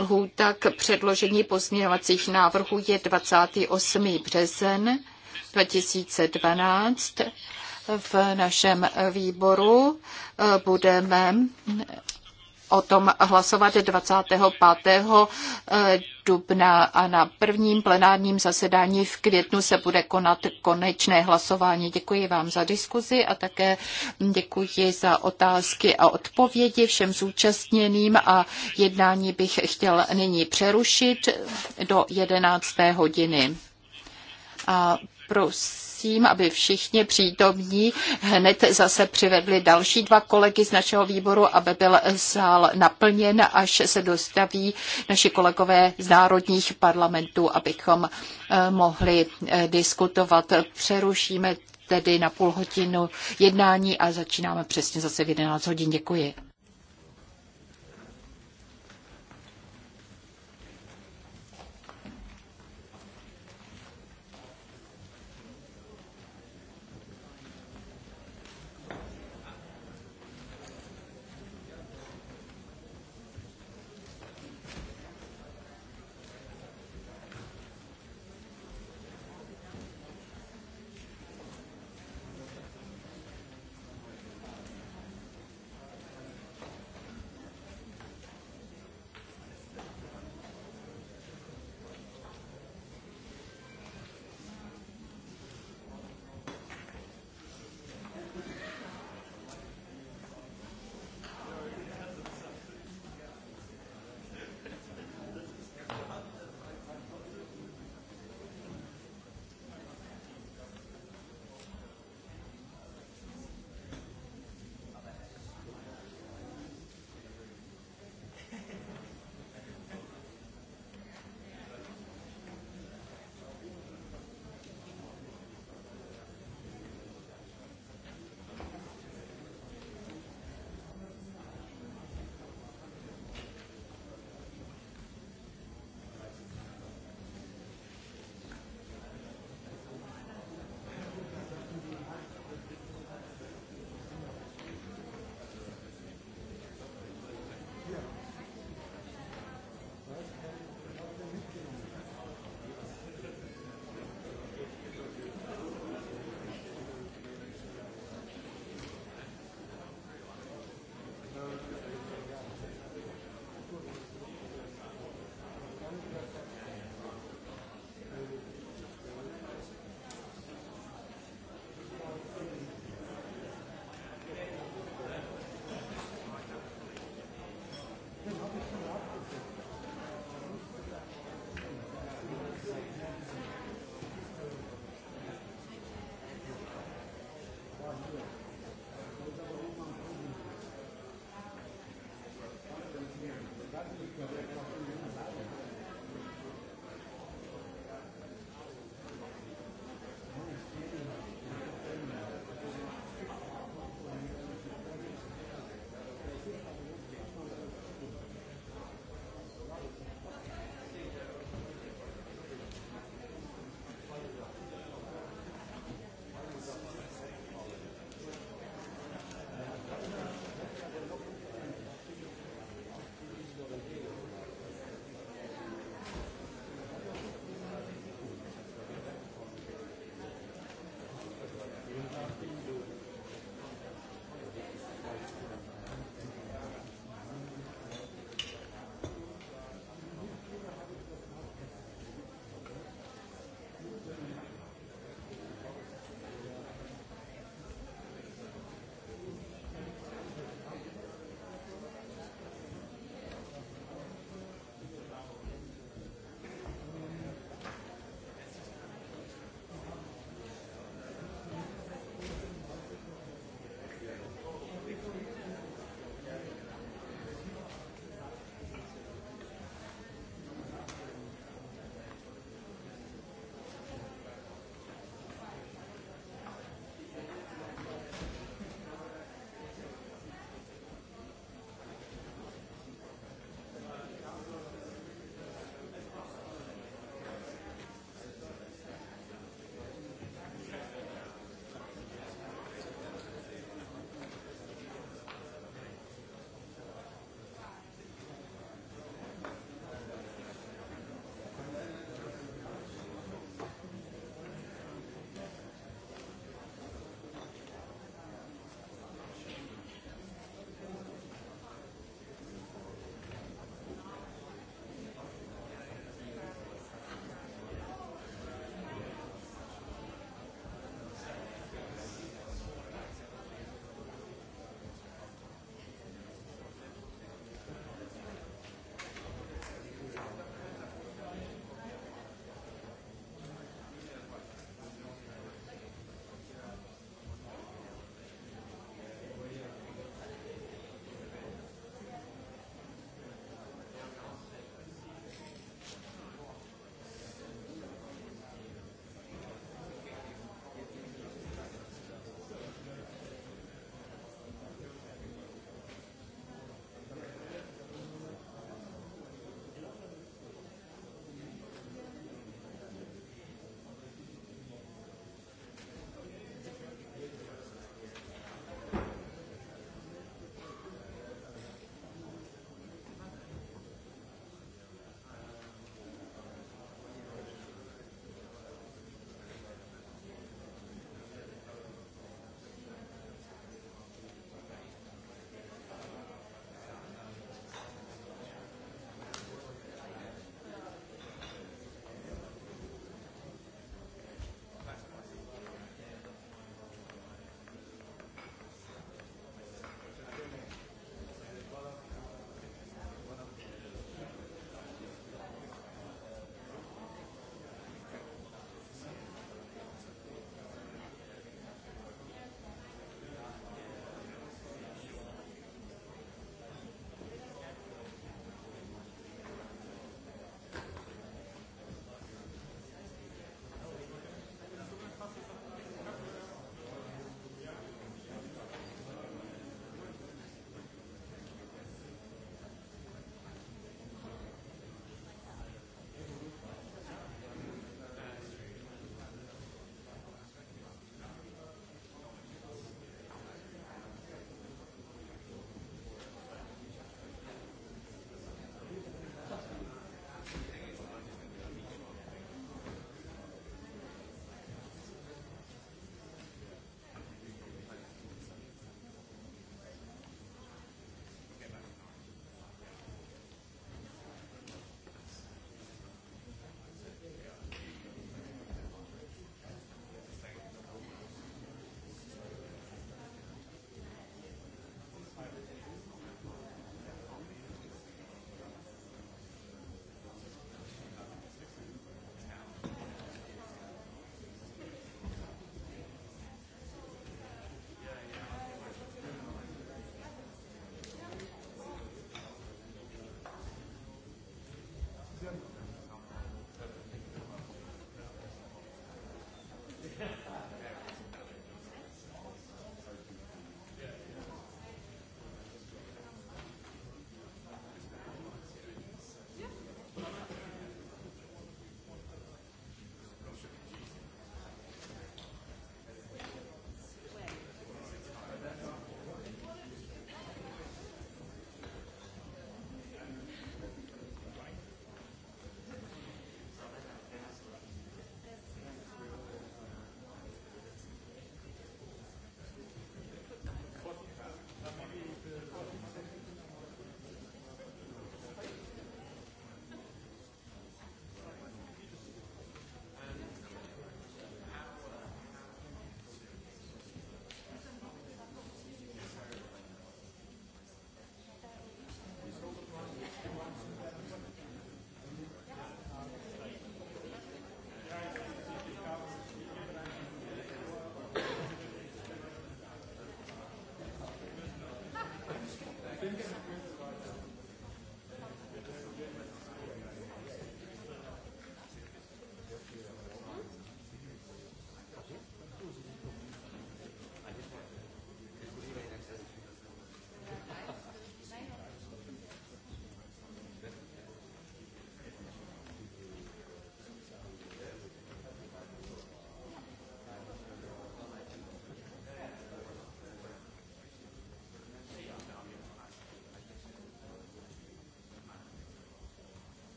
Lhůta k předložení pozměňovacích návrhů je 28. březen 2012 v našem výboru eh, budeme o tom hlasovat 25. Eh, dubna a na prvním plenárním zasedání v květnu se bude konat konečné hlasování. Děkuji vám za diskuzi a také děkuji za otázky a odpovědi všem zúčastněným a jednání bych chtěl nyní přerušit do 11. hodiny. A prosím, prosím, aby všichni přítomní hned zase přivedli další dva kolegy z našeho výboru, aby byl sál naplněn, až se dostaví naši kolegové z národních parlamentů, abychom eh, mohli eh, diskutovat. Přerušíme tedy na půl hodinu jednání a začínáme přesně zase v 11 hodin. Děkuji.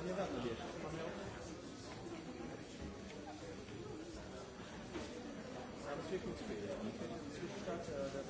Ja, das wird funktionieren. Zwischenstand, äh, das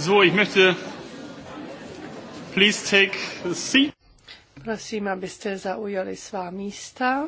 So, ich möchte please take a seat. Prosím, abyste zaujali svá místa.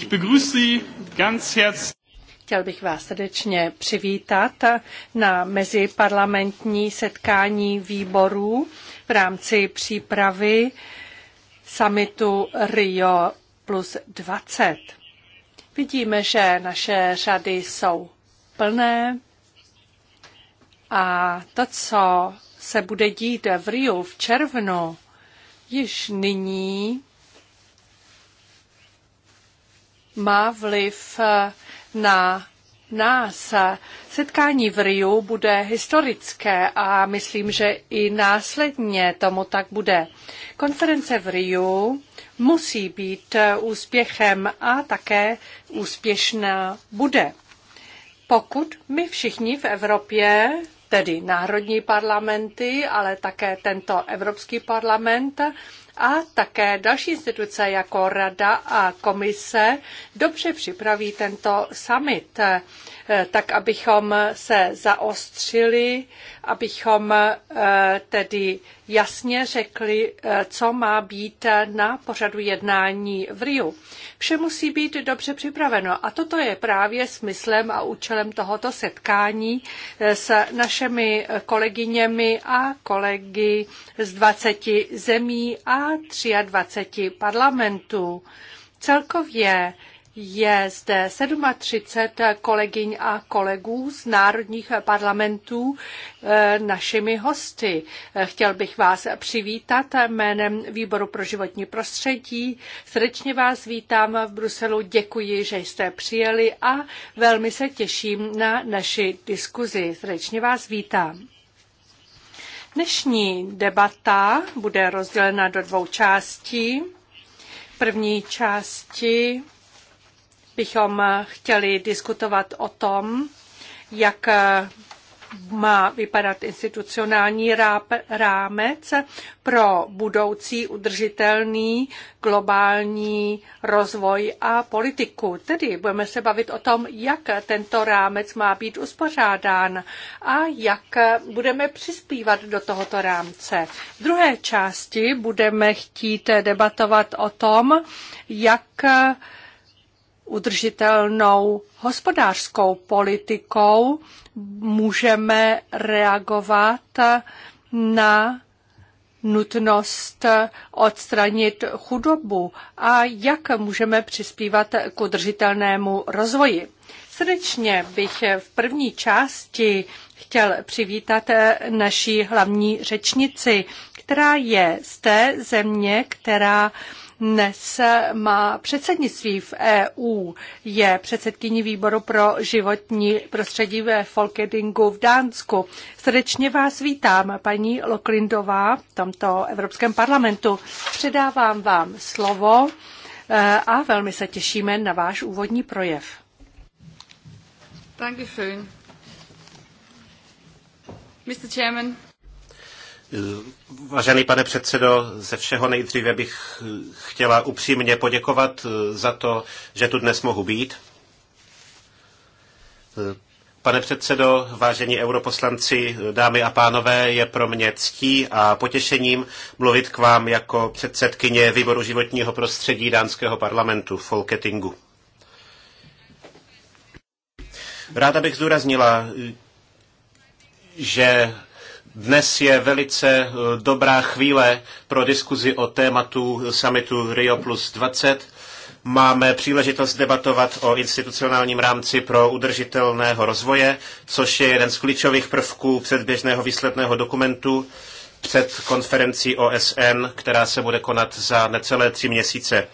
Ich begrüße Sie ganz herzlich. Chtěl bych vás srdečně přivítat na meziparlamentní setkání výborů v rámci přípravy summitu Rio plus 20. Vidíme, že naše řady jsou plné a to, co se bude dít v Riu v červnu, již nyní má vliv eh, na nás. Setkání v Riu bude historické a myslím, že i následně tomu tak bude. Konference v Riu musí být eh, úspěchem a také úspěšná bude. Pokud my všichni v Evropě tedy národní parlamenty, ale také tento Evropský parlament a také další instituce jako Rada a Komise dobře připraví tento summit tak abychom se zaostřili, abychom eh, tedy jasně řekli, eh, co má být na pořadu jednání v Riu. Vše musí být dobře připraveno a toto je právě smyslem a účelem tohoto setkání eh, s našimi kolegyněmi a kolegy z 20 zemí a 23 parlamentů. Celkově je zde 37 kolegyň a kolegů z národních parlamentů eh, našimi hosty. Eh, chtěl bych vás přivítat jménem Výboru pro životní prostředí. Srdečně vás vítám v Bruselu, děkuji, že jste přijeli a velmi se těším na naši diskuzi. Srdečně vás vítám. Dnešní debata bude rozdělena do dvou částí. první části bychom chtěli diskutovat o tom, jak má vypadat institucionální rámec pro budoucí udržitelný globální rozvoj a politiku. Tedy budeme se bavit o tom, jak tento rámec má být uspořádán a jak budeme přispívat do tohoto rámce. V druhé části budeme chtít debatovat o tom, jak udržitelnou hospodářskou politikou můžeme reagovat na nutnost odstranit chudobu a jak můžeme přispívat k udržitelnému rozvoji. Srdečně bych v první části chtěl přivítat naší hlavní řečnici, která je z té země, která dnes má předsednictví v EU. Je předsedkyní výboru pro životní prostředí ve Folkedingu v Dánsku. Srdečně vás vítám, paní Loklindová, v tomto Evropském parlamentu. Předávám vám slovo eh, a velmi se těšíme na váš úvodní projev. Dankeschön. Mr. Chairman, Vážený pane předsedo, ze všeho nejdříve bych chtěla upřímně poděkovat za to, že tu dnes mohu být. Pane předsedo, vážení europoslanci, dámy a pánové, je pro mě ctí a potěšením mluvit k vám jako předsedkyně Výboru životního prostředí dánského parlamentu Folketingu. Ráda bych zdůraznila, že dnes je velice eh, dobrá chvíle pro diskuzi o tématu summitu Rio plus 20. Máme příležitost debatovat o institucionálním rámci pro udržitelného rozvoje, což je jeden z klíčových prvků předběžného výsledného dokumentu před konferencí OSN, která se bude konat za necelé tři měsíce.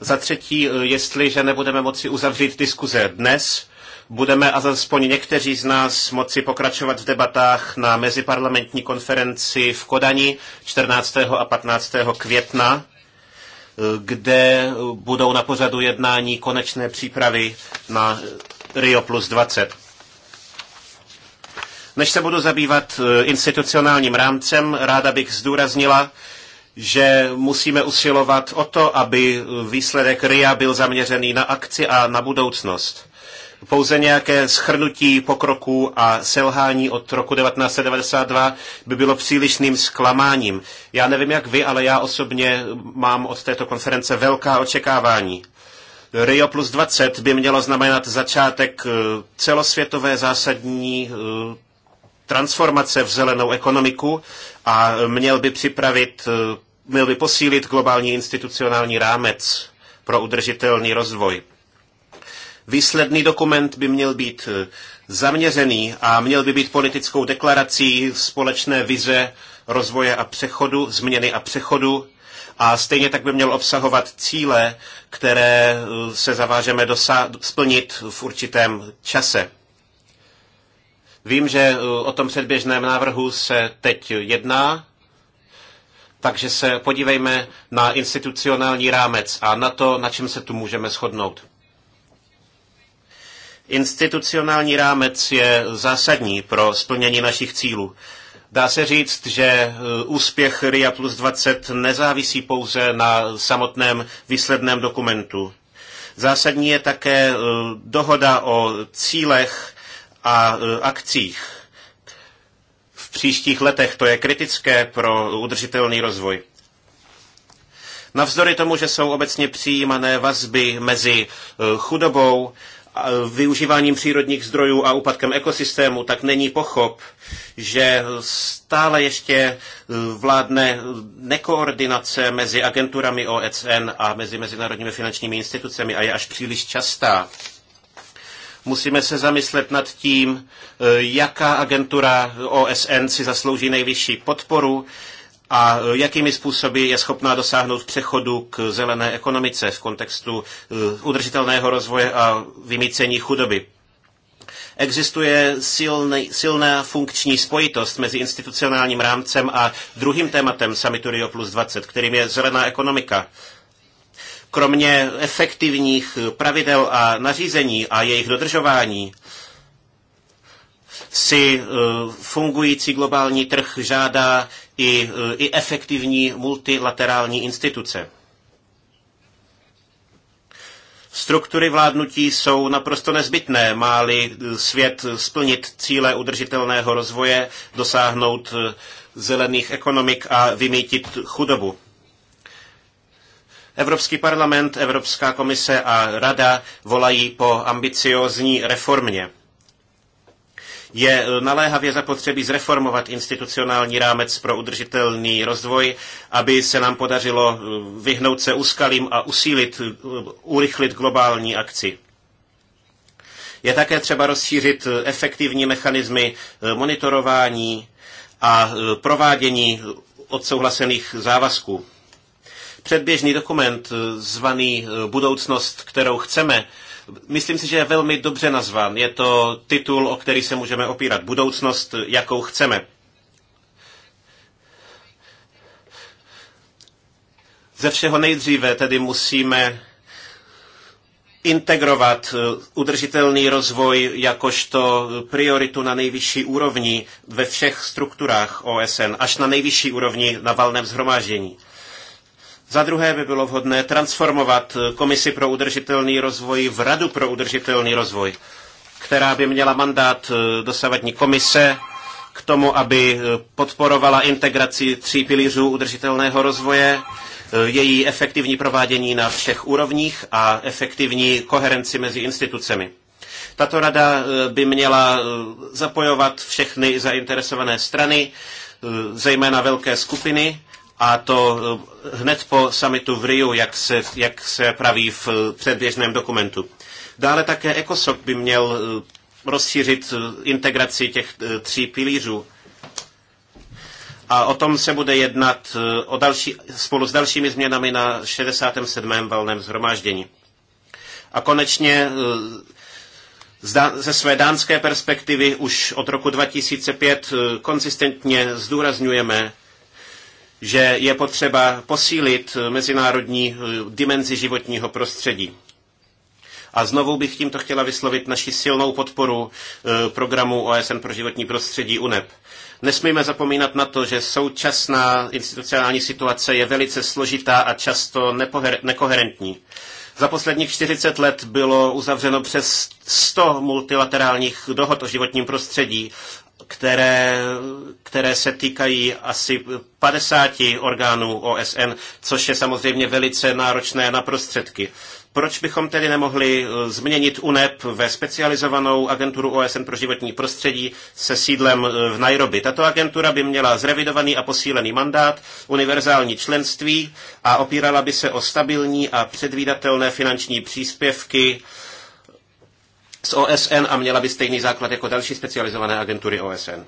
Za třetí, eh, jestliže nebudeme moci uzavřít diskuze dnes, budeme alespoň někteří z nás moci pokračovat v debatách na meziparlamentní konferenci v Kodani 14. a 15. května kde budou na pořadu jednání konečné přípravy na Rio plus 20. Než se budu zabývat eh, institucionálním rámcem, ráda bych zdůraznila, že musíme usilovat o to, aby výsledek RIA byl zaměřený na akci a na budoucnost. Pouze nějaké schrnutí pokroků a selhání od roku 1992 by bylo přílišným zklamáním. Já nevím jak vy, ale já osobně mám od této konference velká očekávání. Rio plus 20 by mělo znamenat začátek eh, celosvětové zásadní eh, transformace v zelenou ekonomiku a měl by připravit, eh, měl by posílit globální institucionální rámec pro udržitelný rozvoj. Výsledný dokument by měl být eh, zaměřený a měl by být politickou deklarací společné vize rozvoje a přechodu, změny a přechodu a stejně tak by měl obsahovat cíle, které eh, se zavážeme dosa- splnit v určitém čase. Vím, že eh, o tom předběžném návrhu se teď jedná, takže se podívejme na institucionální rámec a na to, na čem se tu můžeme shodnout. Institucionální rámec je zásadní pro splnění našich cílů. Dá se říct, že e, úspěch RIA plus 20 nezávisí pouze na samotném výsledném dokumentu. Zásadní je také e, dohoda o cílech a e, akcích. V příštích letech to je kritické pro udržitelný rozvoj. Navzdory tomu, že jsou obecně přijímané vazby mezi chudobou, využíváním přírodních zdrojů a úpadkem ekosystému, tak není pochop, že stále ještě e, vládne nekoordinace mezi agenturami OSN a mezi mezinárodními finančními institucemi a je až příliš častá. Musíme se zamyslet nad tím, e, jaká agentura OSN si zaslouží nejvyšší podporu, a e, jakými způsoby je schopná dosáhnout přechodu k zelené ekonomice v kontextu e, udržitelného rozvoje a vymícení chudoby. Existuje silný, silná funkční spojitost mezi institucionálním rámcem a druhým tématem summitu Rio plus 20, kterým je zelená ekonomika. Kromě efektivních pravidel a nařízení a jejich dodržování, si eh, fungující globální trh žádá i, eh, i efektivní multilaterální instituce. Struktury vládnutí jsou naprosto nezbytné, má-li eh, svět splnit cíle udržitelného rozvoje, dosáhnout zelených ekonomik a vymítit chudobu. Evropský parlament, Evropská komise a Rada volají po ambiciózní reformě. Je eh, naléhavě zapotřebí zreformovat institucionální rámec pro udržitelný rozvoj, aby se nám podařilo eh, vyhnout se úskalím a usílit, eh, urychlit globální akci. Je také třeba rozšířit efektivní mechanismy monitorování a provádění odsouhlasených závazků. Předběžný dokument zvaný Budoucnost, kterou chceme, myslím si, že je velmi dobře nazván. Je to titul, o který se můžeme opírat. Budoucnost, jakou chceme. Ze všeho nejdříve tedy musíme integrovat eh, udržitelný rozvoj jakožto prioritu na nejvyšší úrovni ve všech strukturách OSN, až na nejvyšší úrovni na valném zhromáždění. Za druhé by bylo vhodné transformovat Komisi pro udržitelný rozvoj v Radu pro udržitelný rozvoj, která by měla mandát eh, dosavadní komise k tomu, aby eh, podporovala integraci tří pilířů udržitelného rozvoje, eh, její efektivní provádění na všech úrovních a efektivní koherenci mezi institucemi. Tato rada by měla zapojovat všechny zainteresované strany, zejména velké skupiny, a to eh, hned po summitu v Riu, jak se, jak se praví v eh, předběžném dokumentu. Dále také ECOSOC by měl eh, rozšířit integraci těch tří pilířů. A o tom se bude jednat o další, spolu s dalšími změnami na 67. valném zhromáždění. A konečně ze své dánské perspektivy už od roku 2005 konzistentně zdůrazňujeme, že je potřeba posílit mezinárodní eh, dimenzi životního prostředí. A znovu bych tímto chtěla vyslovit naši silnou podporu eh, programu OSN pro životní prostředí UNEP. Nesmíme zapomínat na to, že současná institucionální situace je velice složitá a často nekoherentní. Za posledních 40 let bylo uzavřeno přes 100 multilaterálních dohod o životním prostředí které, které se týkají asi 50 orgánů OSN, což je samozřejmě velice náročné na prostředky. Proč bychom tedy nemohli eh, změnit UNEP ve specializovanou agenturu OSN pro životní prostředí se sídlem eh, v Nairobi? Tato agentura by měla zrevidovaný a posílený mandát, univerzální členství a opírala by se o stabilní a předvídatelné finanční příspěvky z OSN a měla by stejný základ jako další specializované agentury OSN.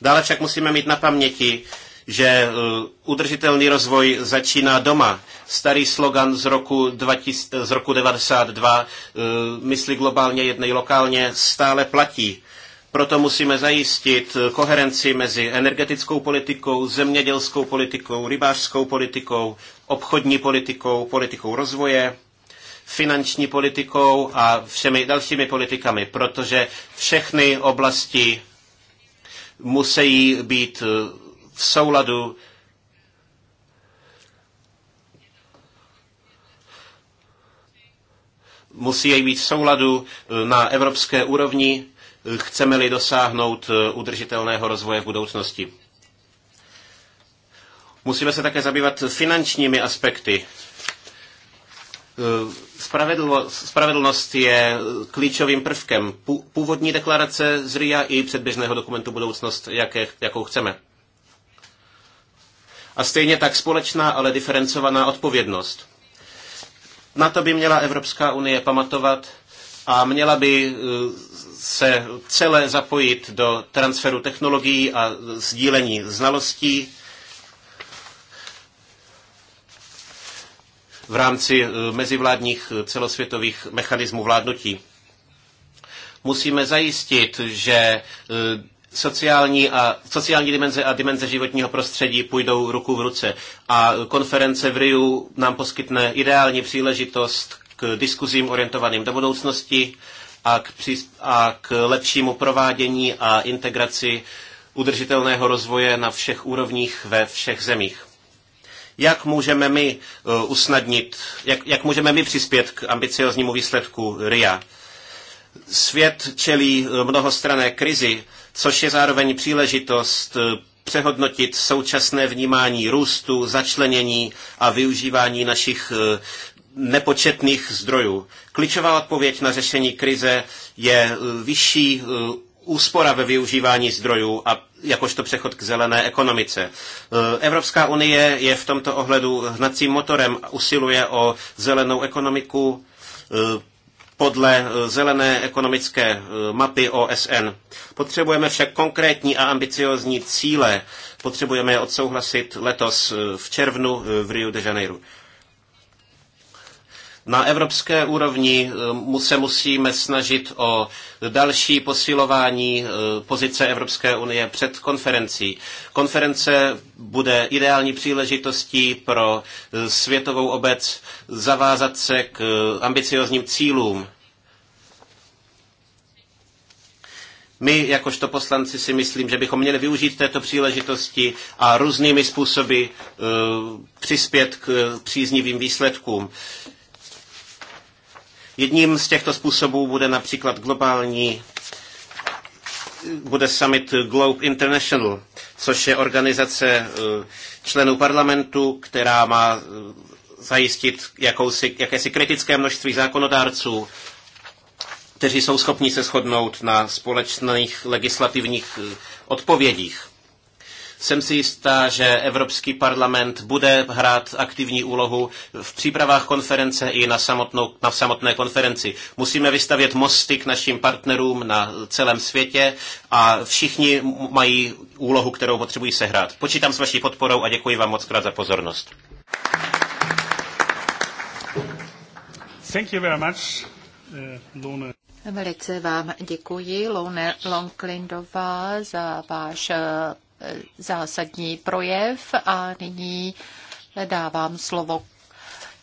Dále však musíme mít na paměti, že e, udržitelný rozvoj začíná doma. Starý slogan z roku, 2000, z roku 92, e, mysli globálně, jednej lokálně, stále platí. Proto musíme zajistit e, koherenci mezi energetickou politikou, zemědělskou politikou, rybářskou politikou, obchodní politikou, politikou rozvoje finanční politikou a všemi dalšími politikami, protože všechny oblasti musí být eh, v souladu musí jej být v souladu eh, na evropské úrovni, eh, chceme-li dosáhnout udržitelného rozvoje v budoucnosti. Musíme se také zabývat finančními aspekty Eh, spravedlnost, spravedlnost je klíčovým prvkem původní deklarace z RIA i předběžného dokumentu budoucnost, je, jakou chceme. A stejně tak společná, ale diferencovaná odpovědnost. Na to by měla Evropská unie pamatovat a měla by eh, se celé zapojit do transferu technologií a sdílení znalostí v rámci eh, mezivládních eh, celosvětových mechanismů vládnutí. Musíme zajistit, že eh, sociální, a, sociální dimenze a dimenze životního prostředí půjdou ruku v ruce. A konference v Riu nám poskytne ideální příležitost k diskuzím orientovaným do budoucnosti a k, při, a k lepšímu provádění a integraci udržitelného rozvoje na všech úrovních ve všech zemích. Jak můžeme my eh, usnadnit, jak, jak můžeme my přispět k ambicioznímu výsledku RIA? Svět čelí eh, mnohostrané krizi, což je zároveň příležitost eh, přehodnotit současné vnímání růstu, začlenění a využívání našich nepočetných zdrojů. Klíčová odpověď na řešení krize je vyšší úspora ve využívání zdrojů a jakožto přechod k zelené ekonomice. E, Evropská unie je v tomto ohledu hnacím motorem, a usiluje o zelenou ekonomiku e, podle e, zelené ekonomické mapy OSN. Potřebujeme však konkrétní a ambiciozní cíle. Potřebujeme je odsouhlasit letos v červnu v Rio de Janeiro. Na evropské úrovni eh, se musíme snažit o další posilování eh, pozice Evropské unie před konferencí. Konference bude ideální příležitostí pro eh, světovou obec zavázat se k ambiciozním cílům My, jakožto poslanci, si myslím, že bychom měli využít této příležitosti a různými způsoby uh, přispět k příznivým výsledkům. Jedním z těchto způsobů bude například globální bude summit Globe International, což je organizace eh, členů parlamentu, která má eh, zajistit jakousi, jakési kritické množství zákonodárců, kteří jsou schopni se shodnout na společných legislativních eh, odpovědích. Jsem si jistá, že Evropský parlament bude hrát aktivní úlohu v přípravách konference i na, samotnou, na samotné konferenci. Musíme vystavět mosty k našim partnerům na celém světě a všichni mají úlohu, kterou potřebují sehrát. Počítám s vaší podporou a děkuji vám moc krát za pozornost. Thank you very much, eh, Lone. Velice vám děkuji, Lone Longlindová, za váš eh, zásadní projev a nyní dávám slovo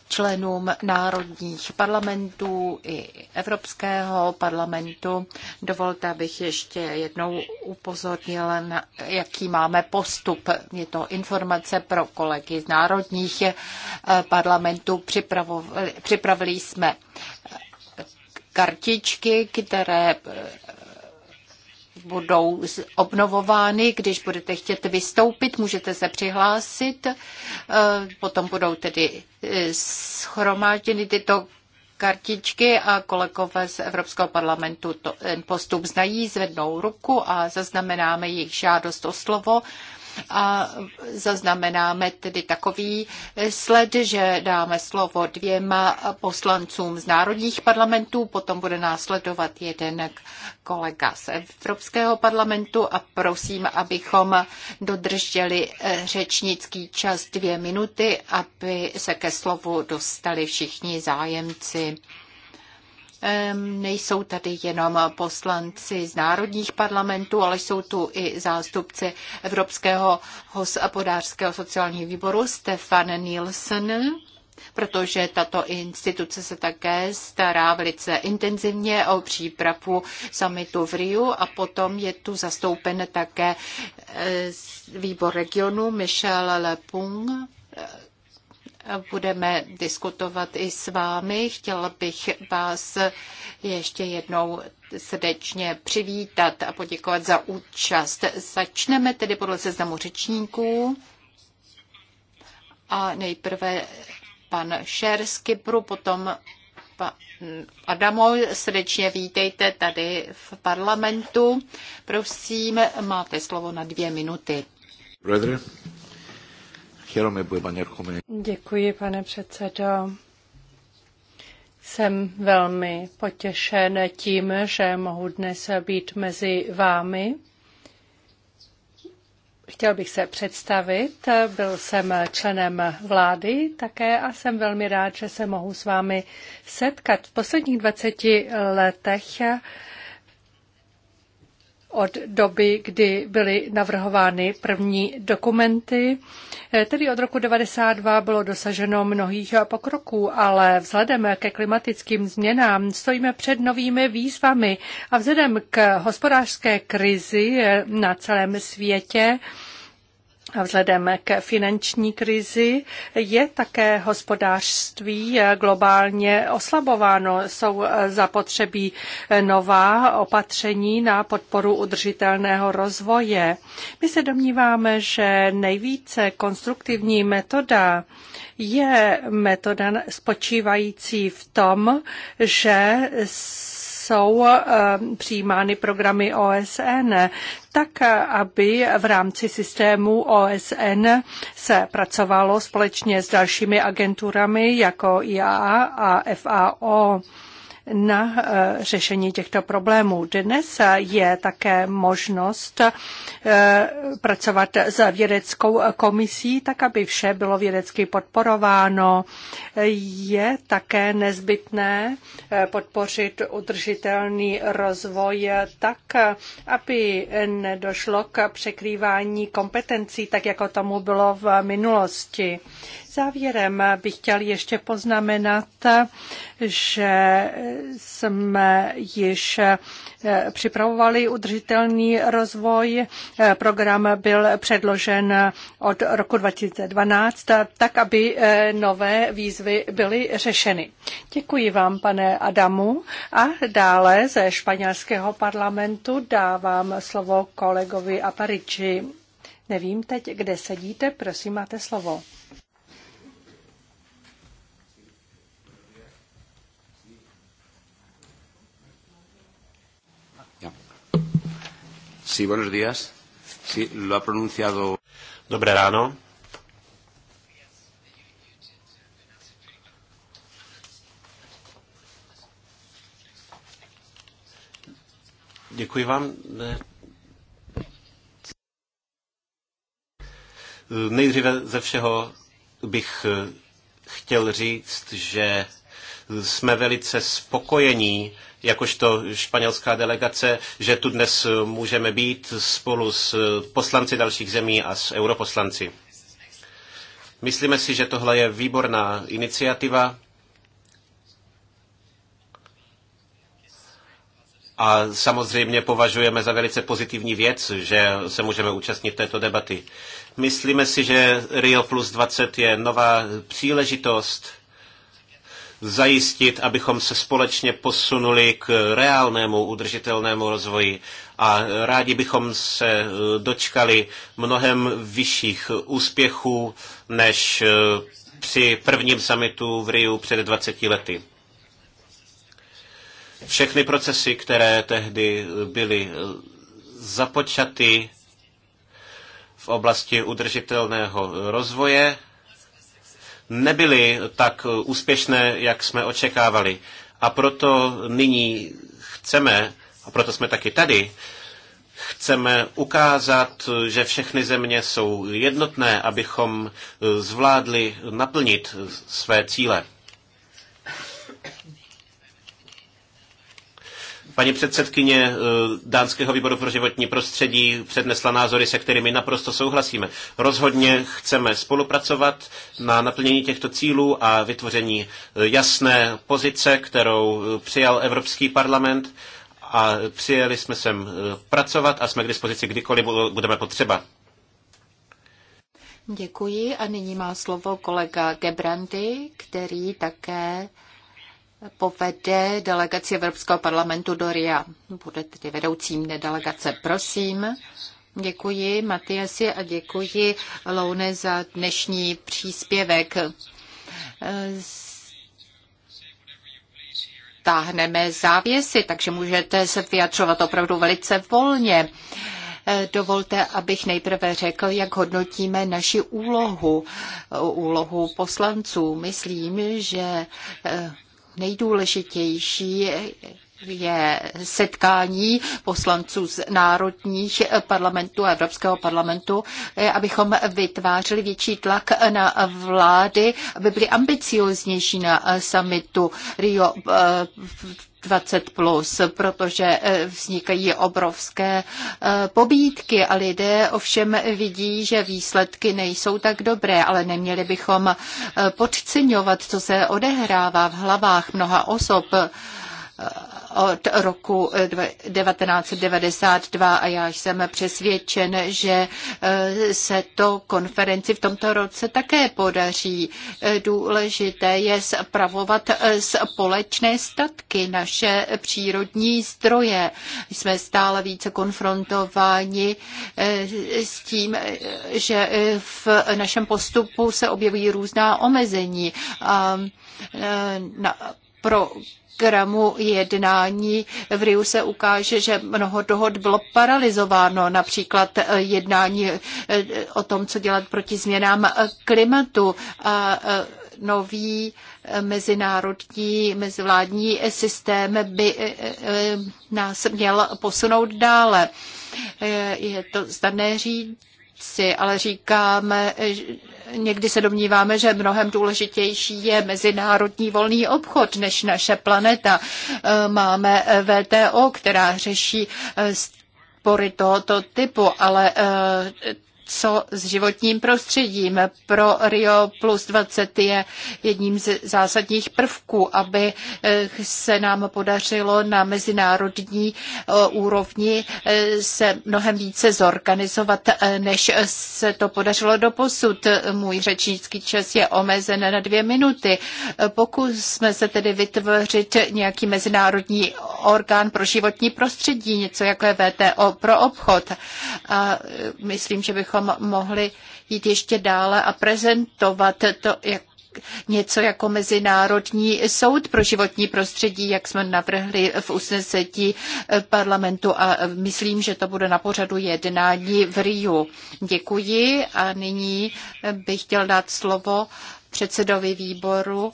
členům národních parlamentů i Evropského parlamentu. Dovolte, abych ještě jednou upozornil, na jaký máme postup. Je to informace pro kolegy z národních eh, parlamentů. Připravili, připravili jsme kartičky, které eh, budou obnovovány. Když budete chtět vystoupit, můžete se přihlásit. Eh, potom budou tedy eh, schromážděny tyto kartičky a kolegové z Evropského parlamentu ten postup znají, zvednou ruku a zaznamenáme jejich žádost o slovo a zaznamenáme tedy takový sled, že dáme slovo dvěma poslancům z národních parlamentů, potom bude následovat jeden kolega z Evropského parlamentu a prosím, abychom dodrželi eh, řečnický čas dvě minuty, aby se ke slovu dostali všichni zájemci. Nejsou tady jenom poslanci z národních parlamentů, ale jsou tu i zástupci Evropského hospodářského sociálního výboru Stefan Nielsen protože tato instituce se také stará velice intenzivně o přípravu summitu v Riu a potom je tu zastoupen také eh, výbor regionu Michel Lepung, eh, budeme diskutovat i s vámi. Chtěla bych vás ještě jednou srdečně přivítat a poděkovat za účast. Začneme tedy podle seznamu řečníků. A nejprve pan Šer z Kypru, potom pan Adamo, srdečně vítejte tady v parlamentu. Prosím, máte slovo na dvě minuty. Brethren, Děkuji, pane předsedo. Jsem velmi potěšen tím, že mohu dnes být mezi vámi. Chtěl bych se představit. Byl jsem členem vlády také a jsem velmi rád, že se mohu s vámi setkat. V posledních 20 letech od doby, kdy byly navrhovány první dokumenty. Eh, tedy od roku 92, bylo dosaženo mnohých pokroků, ale vzhledem ke klimatickým změnám stojíme před novými výzvami a vzhledem k hospodářské krizi eh, na celém světě Vzhledem k finanční krizi je také hospodářství eh, globálně oslabováno. Jsou eh, zapotřebí eh, nová opatření na podporu udržitelného rozvoje. My se domníváme, že nejvíce konstruktivní metoda je metoda spočívající v tom, že jsou eh, přijímány programy OSN, tak eh, aby v rámci systému OSN se pracovalo společně s dalšími agenturami jako IAA a FAO na eh, řešení těchto problémů. Dnes je také možnost eh, pracovat s vědeckou komisí, tak aby vše bylo vědecky podporováno. Je také nezbytné eh, podpořit udržitelný rozvoj tak, aby nedošlo k překrývání kompetencí, tak jako tomu bylo v minulosti. Závěrem bych chtěl ještě poznamenat, že jsme již eh, připravovali udržitelný rozvoj. Eh, program byl předložen od roku 2012, tak aby eh, nové výzvy byly řešeny. Děkuji vám, pane Adamu. A dále ze španělského parlamentu dávám slovo kolegovi Aparici. Nevím teď, kde sedíte, prosím, máte slovo. Sí, buenos días. Sí, lo ha pronunciado. Dobré ráno. Děkuji vám. Ne. Nejdříve ze všeho bych chtěl říct, že jsme velice spokojení jakožto španělská delegace, že tu dnes eh, můžeme být spolu s eh, poslanci dalších zemí a s europoslanci. Myslíme si, že tohle je výborná iniciativa a samozřejmě považujeme za velice pozitivní věc, že se můžeme účastnit této debaty. Myslíme si, že Rio plus 20 je nová příležitost zajistit, abychom se společně posunuli k reálnému udržitelnému rozvoji a rádi bychom se e, dočkali mnohem vyšších úspěchů než e, při prvním samitu v Riu před 20 lety. Všechny procesy, které tehdy byly e, započaty v oblasti udržitelného rozvoje, nebyly tak úspěšné, jak jsme očekávali. A proto nyní chceme, a proto jsme taky tady, chceme ukázat, že všechny země jsou jednotné, abychom zvládli naplnit své cíle. Paní předsedkyně eh, Dánského výboru pro životní prostředí přednesla názory, se kterými naprosto souhlasíme. Rozhodně chceme spolupracovat na naplnění těchto cílů a vytvoření eh, jasné pozice, kterou eh, přijal Evropský parlament a přijeli jsme sem pracovat a jsme k dispozici kdykoliv budeme potřeba. Děkuji a nyní má slovo kolega Gebrandy, který také povede delegaci Evropského parlamentu do RIA. Bude tedy vedoucím delegace. Prosím. Děkuji Matiasi a děkuji Loune za dnešní příspěvek. Táhneme závěsy, takže můžete se vyjadřovat opravdu velice volně. Dovolte, abych nejprve řekl, jak hodnotíme naši úlohu, úlohu poslanců. Myslím, že nejdůležitější je setkání poslanců z národních parlamentů a Evropského parlamentu, eh, abychom vytvářeli větší tlak na vlády, aby byly ambicioznější na eh, summitu Rio eh, 20 plus, protože eh, vznikají obrovské eh, pobídky a lidé ovšem vidí, že výsledky nejsou tak dobré, ale neměli bychom eh, podceňovat, co se odehrává v hlavách mnoha osob od roku 1992 a já jsem přesvědčen, že e, se to konferenci v tomto roce také podaří. E, důležité je spravovat e, společné statky, naše přírodní zdroje. Jsme stále více konfrontováni s tím, že v našem postupu se objevují různá omezení. A pro programu jednání v Riu se ukáže, že mnoho dohod bylo paralizováno, například eh, jednání eh, o tom, co dělat proti změnám eh, klimatu a nový mezinárodní, mezivládní systém by nás měl posunout dále. Je to zdané říci, ale říkáme, Někdy se domníváme, že mnohem důležitější je mezinárodní volný obchod než naše planeta. E, máme VTO, která řeší e, spory tohoto typu, ale e, co s životním prostředím. Pro Rio plus 20 je jedním z zásadních prvků, aby eh, se nám podařilo na mezinárodní eh, úrovni eh, se mnohem více zorganizovat, než se to podařilo do posud. Můj řečnický čas je omezen na dvě minuty. Pokusme se tedy vytvořit nějaký mezinárodní orgán pro životní prostředí, něco jako je VTO pro obchod. A myslím, že bychom bychom mohli jít ještě dále a prezentovat to jak, něco jako Mezinárodní soud pro životní prostředí, jak jsme navrhli v usnesení parlamentu a myslím, že to bude na pořadu jednání v Riu. Děkuji a nyní bych chtěl dát slovo předsedovi výboru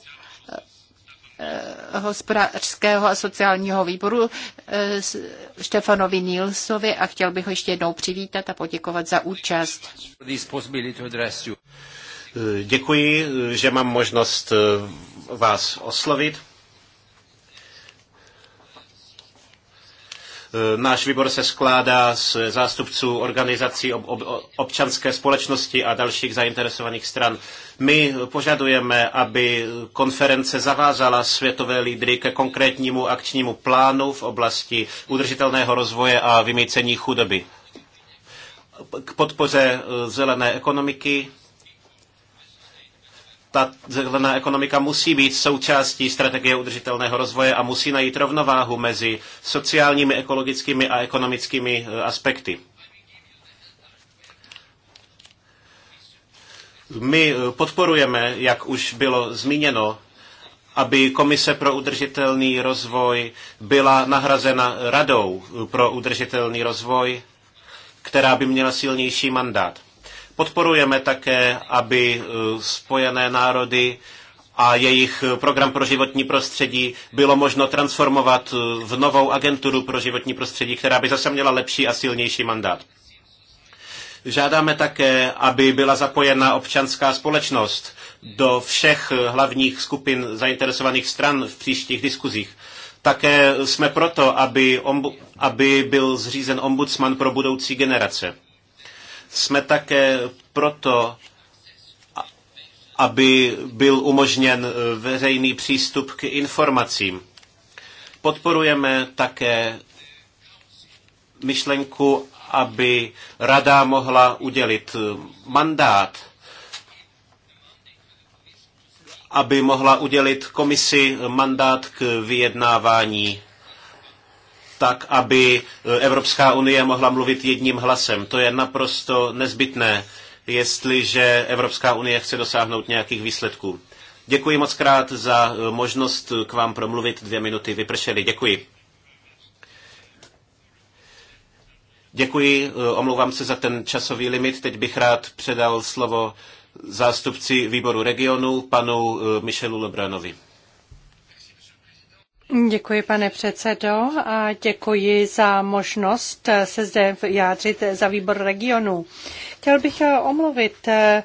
Eh, hospodářského a sociálního výboru eh, Štefanovi Nilsovi a chtěl bych ho ještě jednou přivítat a poděkovat za účast. Děkuji, že mám možnost eh, vás oslovit. Eh, náš výbor se skládá z zástupců organizací ob, ob, občanské společnosti a dalších zainteresovaných stran. My požadujeme, aby konference zavázala světové lídry ke konkrétnímu akčnímu plánu v oblasti udržitelného rozvoje a vymýcení chudoby. K podpoře eh, zelené ekonomiky ta zelená ekonomika musí být součástí strategie udržitelného rozvoje a musí najít rovnováhu mezi sociálními, ekologickými a ekonomickými e, aspekty. My e, podporujeme, jak už bylo zmíněno, aby Komise pro udržitelný rozvoj byla nahrazena Radou pro udržitelný rozvoj, která by měla silnější mandát. Podporujeme také, aby e, spojené národy a jejich program pro životní prostředí bylo možno transformovat e, v novou agenturu pro životní prostředí, která by zase měla lepší a silnější mandát. Žádáme také, aby byla zapojena občanská společnost do všech e, hlavních skupin zainteresovaných stran v příštích diskuzích. Také jsme proto, aby, ombu, aby byl zřízen ombudsman pro budoucí generace. Jsme také proto, aby byl umožněn eh, veřejný přístup k informacím. Podporujeme také myšlenku, aby rada mohla udělit eh, mandát, aby mohla udělit komisi mandát k vyjednávání tak, aby e, Evropská unie mohla mluvit jedním hlasem. To je naprosto nezbytné, jestliže Evropská unie chce dosáhnout nějakých výsledků. Děkuji moc krát za e, možnost e, k vám promluvit. Dvě minuty vypršely. Děkuji. Děkuji, omlouvám se za ten časový limit. Teď bych rád předal slovo zástupci výboru regionu, panu Michelu Lebranovi. Děkuji, pane předsedo, a děkuji za možnost se zde vyjádřit za výbor regionu. Chtěl bych eh, omluvit eh,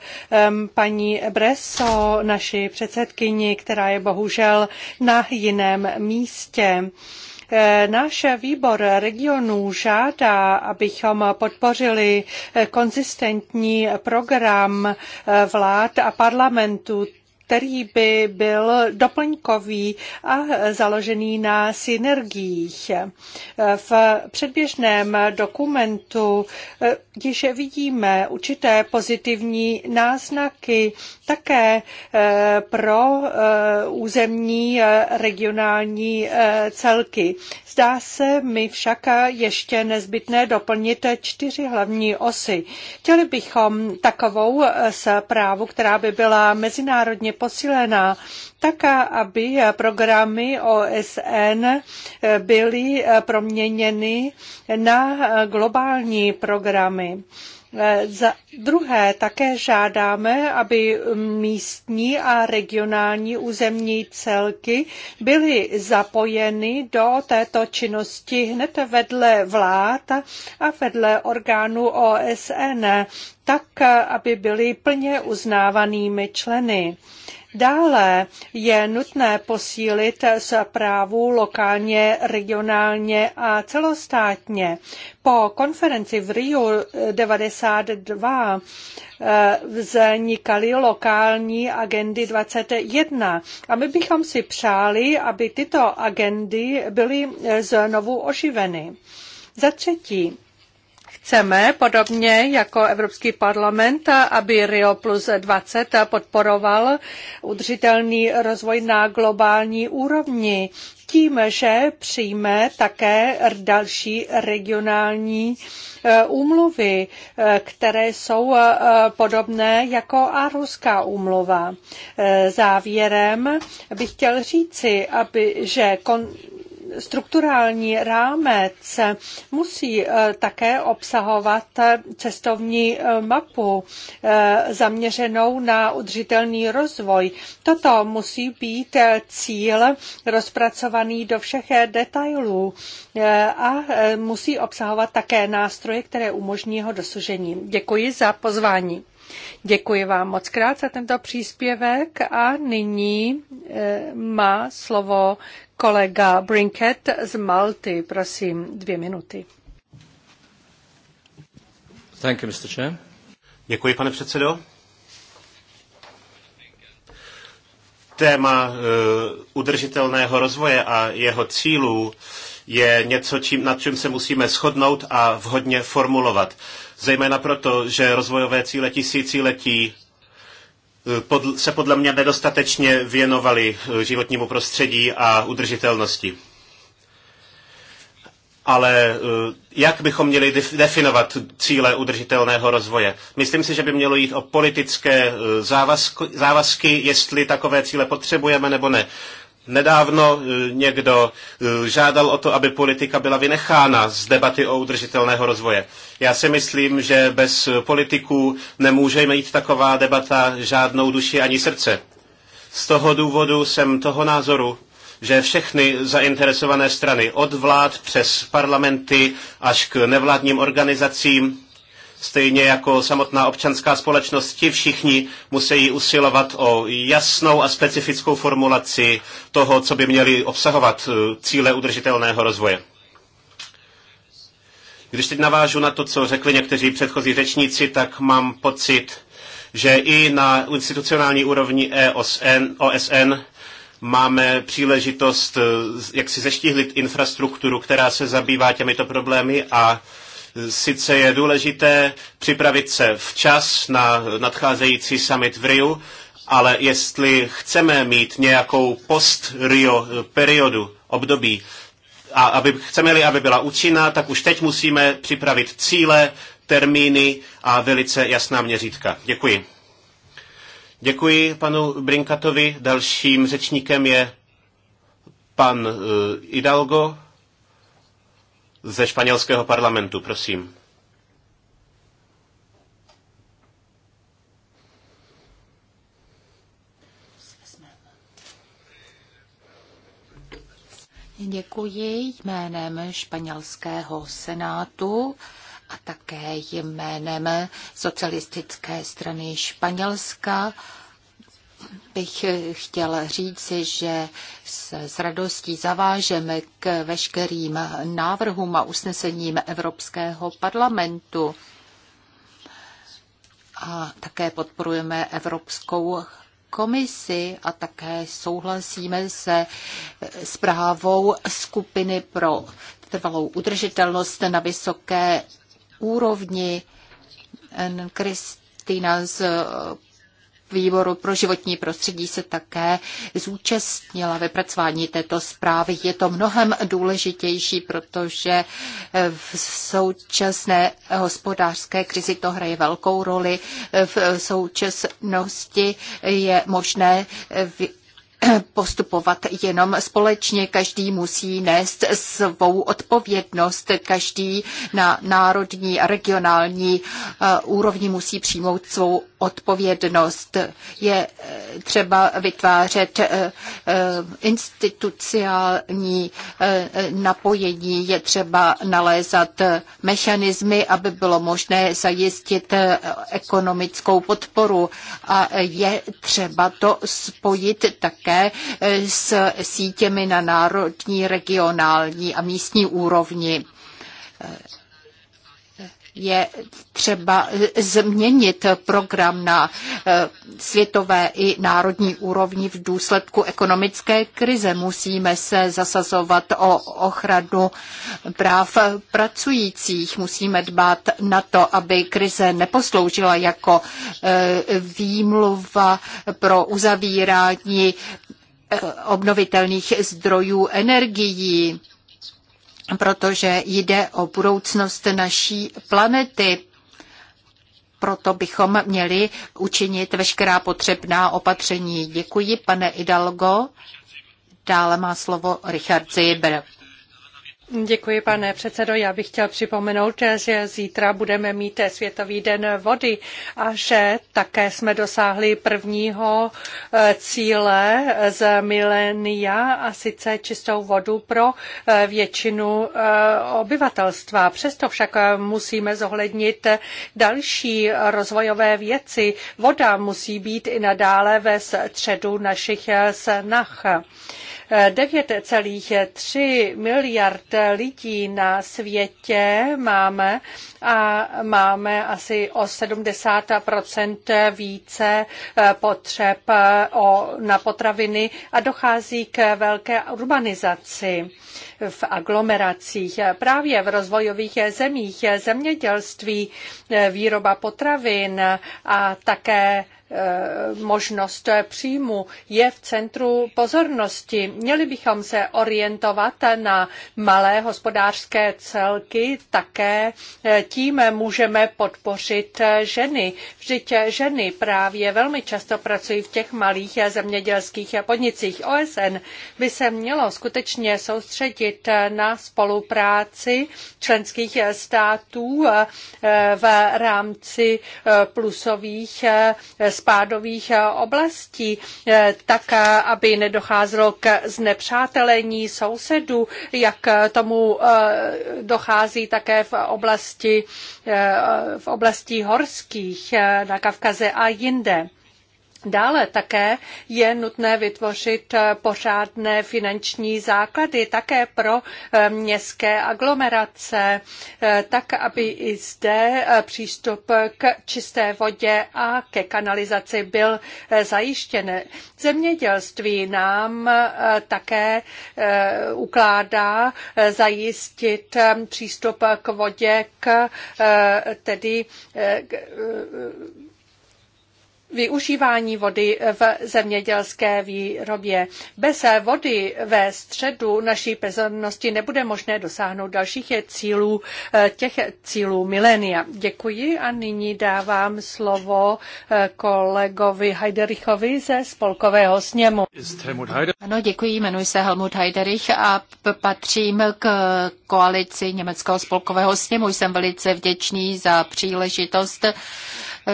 paní Breso, naši předsedkyni, která je bohužel na jiném místě. Eh, náš výbor regionů žádá, abychom podpořili konzistentní program vlád a parlamentů který by byl doplňkový a založený na synergiích. V předběžném dokumentu eh, již vidíme určité pozitivní náznaky také eh, pro eh, územní regionální celky. Zdá se mi však ještě nezbytné doplnit čtyři hlavní osy. Chtěli bychom takovou zprávu, která by byla mezinárodně posílena tak, aby programy OSN byly proměněny na globální programy. Eh, za druhé také žádáme, aby místní a regionální územní celky byly zapojeny do této činnosti hned vedle vlád a vedle orgánů OSN, tak, aby byly plně uznávanými členy. Dále je nutné posílit zprávu lokálně, regionálně a celostátně. Po konferenci v Rio 92 eh, vznikaly lokální agendy 21 a my bychom si přáli, aby tyto agendy byly eh, znovu oživeny. Za třetí, Chceme podobně jako Evropský parlament, aby Rio plus 20 podporoval udržitelný rozvoj na globální úrovni tím, že přijme také další regionální e, úmluvy, e, které jsou e, podobné jako ruská úmluva. Závěrem bych chtěl říci, aby, že kon strukturální rámec musí eh, také obsahovat eh, cestovní eh, mapu zaměřenou na udržitelný rozvoj. Toto musí být cíl rozpracovaný do všech detailů a musí obsahovat také nástroje, které umožní jeho dosažení. Děkuji za pozvání. Děkuji vám moc krát za tento příspěvek a nyní má slovo Kolega Brinket z Malty, prosím, dvě minuty. Thank you, Mr. Chair. Děkuji, pane předsedo. Téma eh, udržitelného rozvoje a jeho cílů je něco, čím, nad čím se musíme shodnout a vhodně formulovat. Zejména proto, že rozvojové cíle tisíciletí se podle mě nedostatečně věnovali eh, životnímu prostředí a udržitelnosti. Ale eh, jak bychom měli definovat cíle udržitelného rozvoje? Myslím si, že by mělo jít o politické eh, závazky, závazky jestli takové cíle potřebujeme nebo ne. Nedávno někdo žádal o to, aby politika byla vynechána z debaty o udržitelného rozvoje. Já si myslím, že bez politiků nemůže mít taková debata žádnou duši ani srdce. Z toho důvodu jsem toho názoru, že všechny zainteresované strany, od vlád přes parlamenty až k nevládním organizacím, stejně jako samotná občanská společnost, ti všichni musí usilovat o jasnou a specifickou formulaci toho, co by měli obsahovat eh, cíle udržitelného rozvoje. Když teď navážu na to, co řekli někteří předchozí řečníci, tak mám pocit, že i na institucionální úrovni EOSN, OSN máme příležitost, eh, jak si zeštíhlit infrastrukturu, která se zabývá těmito problémy a eh, sice je důležité připravit se včas na nadcházející summit v Riu, ale jestli chceme mít nějakou post-Rio eh, periodu, období, a aby, chceme-li, aby byla účinná, tak už teď musíme připravit cíle, termíny a velice jasná měřítka. Děkuji. Děkuji panu Brinkatovi. Dalším řečníkem je pan eh, Hidalgo ze španělského parlamentu. Prosím. Děkuji jménem španělského senátu a také jménem socialistické strany Španělska bych chtěl říci, že se s radostí zavážeme k veškerým návrhům a usnesením Evropského parlamentu. A také podporujeme Evropskou komisi a také souhlasíme se zprávou skupiny pro trvalou udržitelnost na vysoké úrovni. Kristýna z výboru pro životní prostředí se také zúčastnila vypracování této zprávy. Je to mnohem důležitější, protože v současné hospodářské krizi to hraje velkou roli. V současnosti je možné postupovat jenom společně. Každý musí nést svou odpovědnost. Každý na národní a regionální eh, úrovni musí přijmout svou odpovědnost. Je eh, třeba vytvářet eh, eh, institucionální napojení, je třeba nalézat mechanismy, aby bylo možné zajistit ekonomickou podporu a je třeba to spojit také s sítěmi na národní, regionální a místní úrovni je třeba změnit program na eh, světové i národní úrovni v důsledku ekonomické krize. Musíme se zasazovat o ochranu práv pracujících. Musíme dbát na to, aby krize neposloužila jako eh, výmluva pro uzavírání eh, obnovitelných zdrojů energií protože jde o budoucnost naší planety. Proto bychom měli učinit veškerá potřebná opatření. Děkuji, pane Idalgo. Dále má slovo Richard Zeber. Děkuji, pane předsedo. Já bych chtěl připomenout, že zítra budeme mít Světový den vody a že také jsme dosáhli prvního eh, cíle z milenia a sice čistou vodu pro eh, většinu eh, obyvatelstva. Přesto však musíme zohlednit další rozvojové věci. Voda musí být i nadále ve středu našich snah. 9,3 miliard lidí na světě máme a máme asi o 70 více eh, potřeb eh, na potraviny a dochází k velké urbanizaci v aglomeracích. Právě v rozvojových zemích zemědělství, eh, výroba potravin a také Eh, možnost příjmu je v centru pozornosti. Měli bychom se orientovat na malé hospodářské celky, také eh, tím můžeme podpořit ženy. Vždyť ženy právě velmi často pracují v těch malých zemědělských podnicích. OSN by se mělo skutečně soustředit na spolupráci členských států eh, v rámci plusových spádových eh, oblastí, eh, tak eh, aby nedocházelo k znepřátelení sousedů, jak tomu dochází také v oblasti, v oblasti horských na Kavkaze a jinde. Dále také je nutné vytvořit eh, pořádné finanční základy také pro eh, městské aglomerace, eh, tak aby i zde přístup k čisté vodě a ke kanalizaci byl zajištěn. Zemědělství nám také ukládá zajistit přístup k vodě k tedy k, využívání vody v zemědělské výrobě. Bez vody ve středu naší pozornosti nebude možné dosáhnout dalších cílů, eh, těch cílů milénia. Děkuji a nyní dávám slovo eh, kolegovi Heiderichovi ze Spolkového sněmu. Ano, děkuji, jmenuji se Helmut Heiderich a patřím k koalici Německého spolkového sněmu. Jsem velice vděčný za příležitost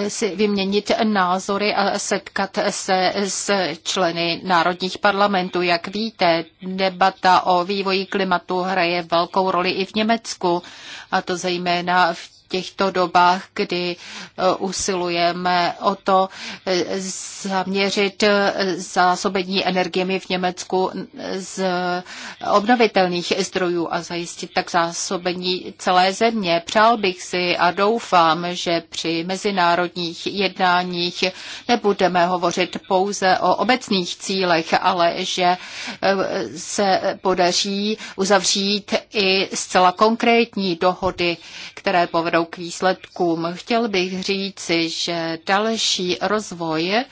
si vyměnit názory a setkat se s členy národních parlamentů. Jak víte, debata o vývoji klimatu hraje velkou roli i v Německu, a to zejména v těchto dobách, kdy eh, usilujeme o to eh, zaměřit eh, zásobení energiemi v Německu z obnovitelných zdrojů a zajistit tak zásobení celé země. Přál bych si a doufám, že při mezinárodních jednáních nebudeme hovořit pouze o obecných cílech, ale že se podaří uzavřít i zcela konkrétní dohody, které povedou dobrou k výsledkům. Chtěl bych říci, že další rozvoj eh,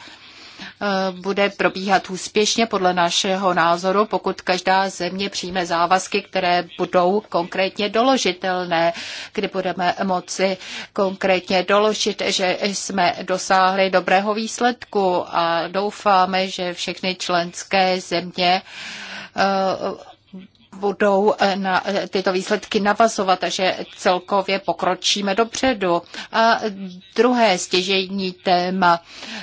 bude probíhat úspěšně podle našeho názoru, pokud každá země přijme závazky, které budou konkrétně doložitelné, kdy budeme moci konkrétně doložit, že jsme dosáhli dobrého výsledku a doufáme, že všechny členské země eh, budou eh, na eh, tyto výsledky navazovat a že celkově pokročíme dopředu. A druhé stěžejní téma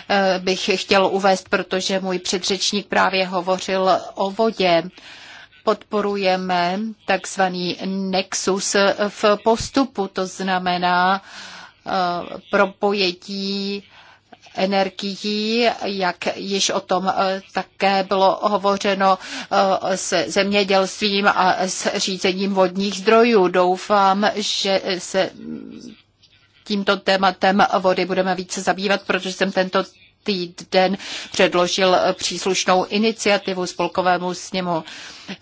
eh, bych chtěl uvést, protože můj předřečník právě hovořil o vodě podporujeme takzvaný nexus v postupu, to znamená propojetí energií, jak již o tom eh, také bylo hovořeno eh, s zemědělstvím a s řízením vodních zdrojů. Doufám, že se tímto tématem vody budeme více zabývat, protože jsem tento týden předložil eh, příslušnou iniciativu spolkovému sněmu.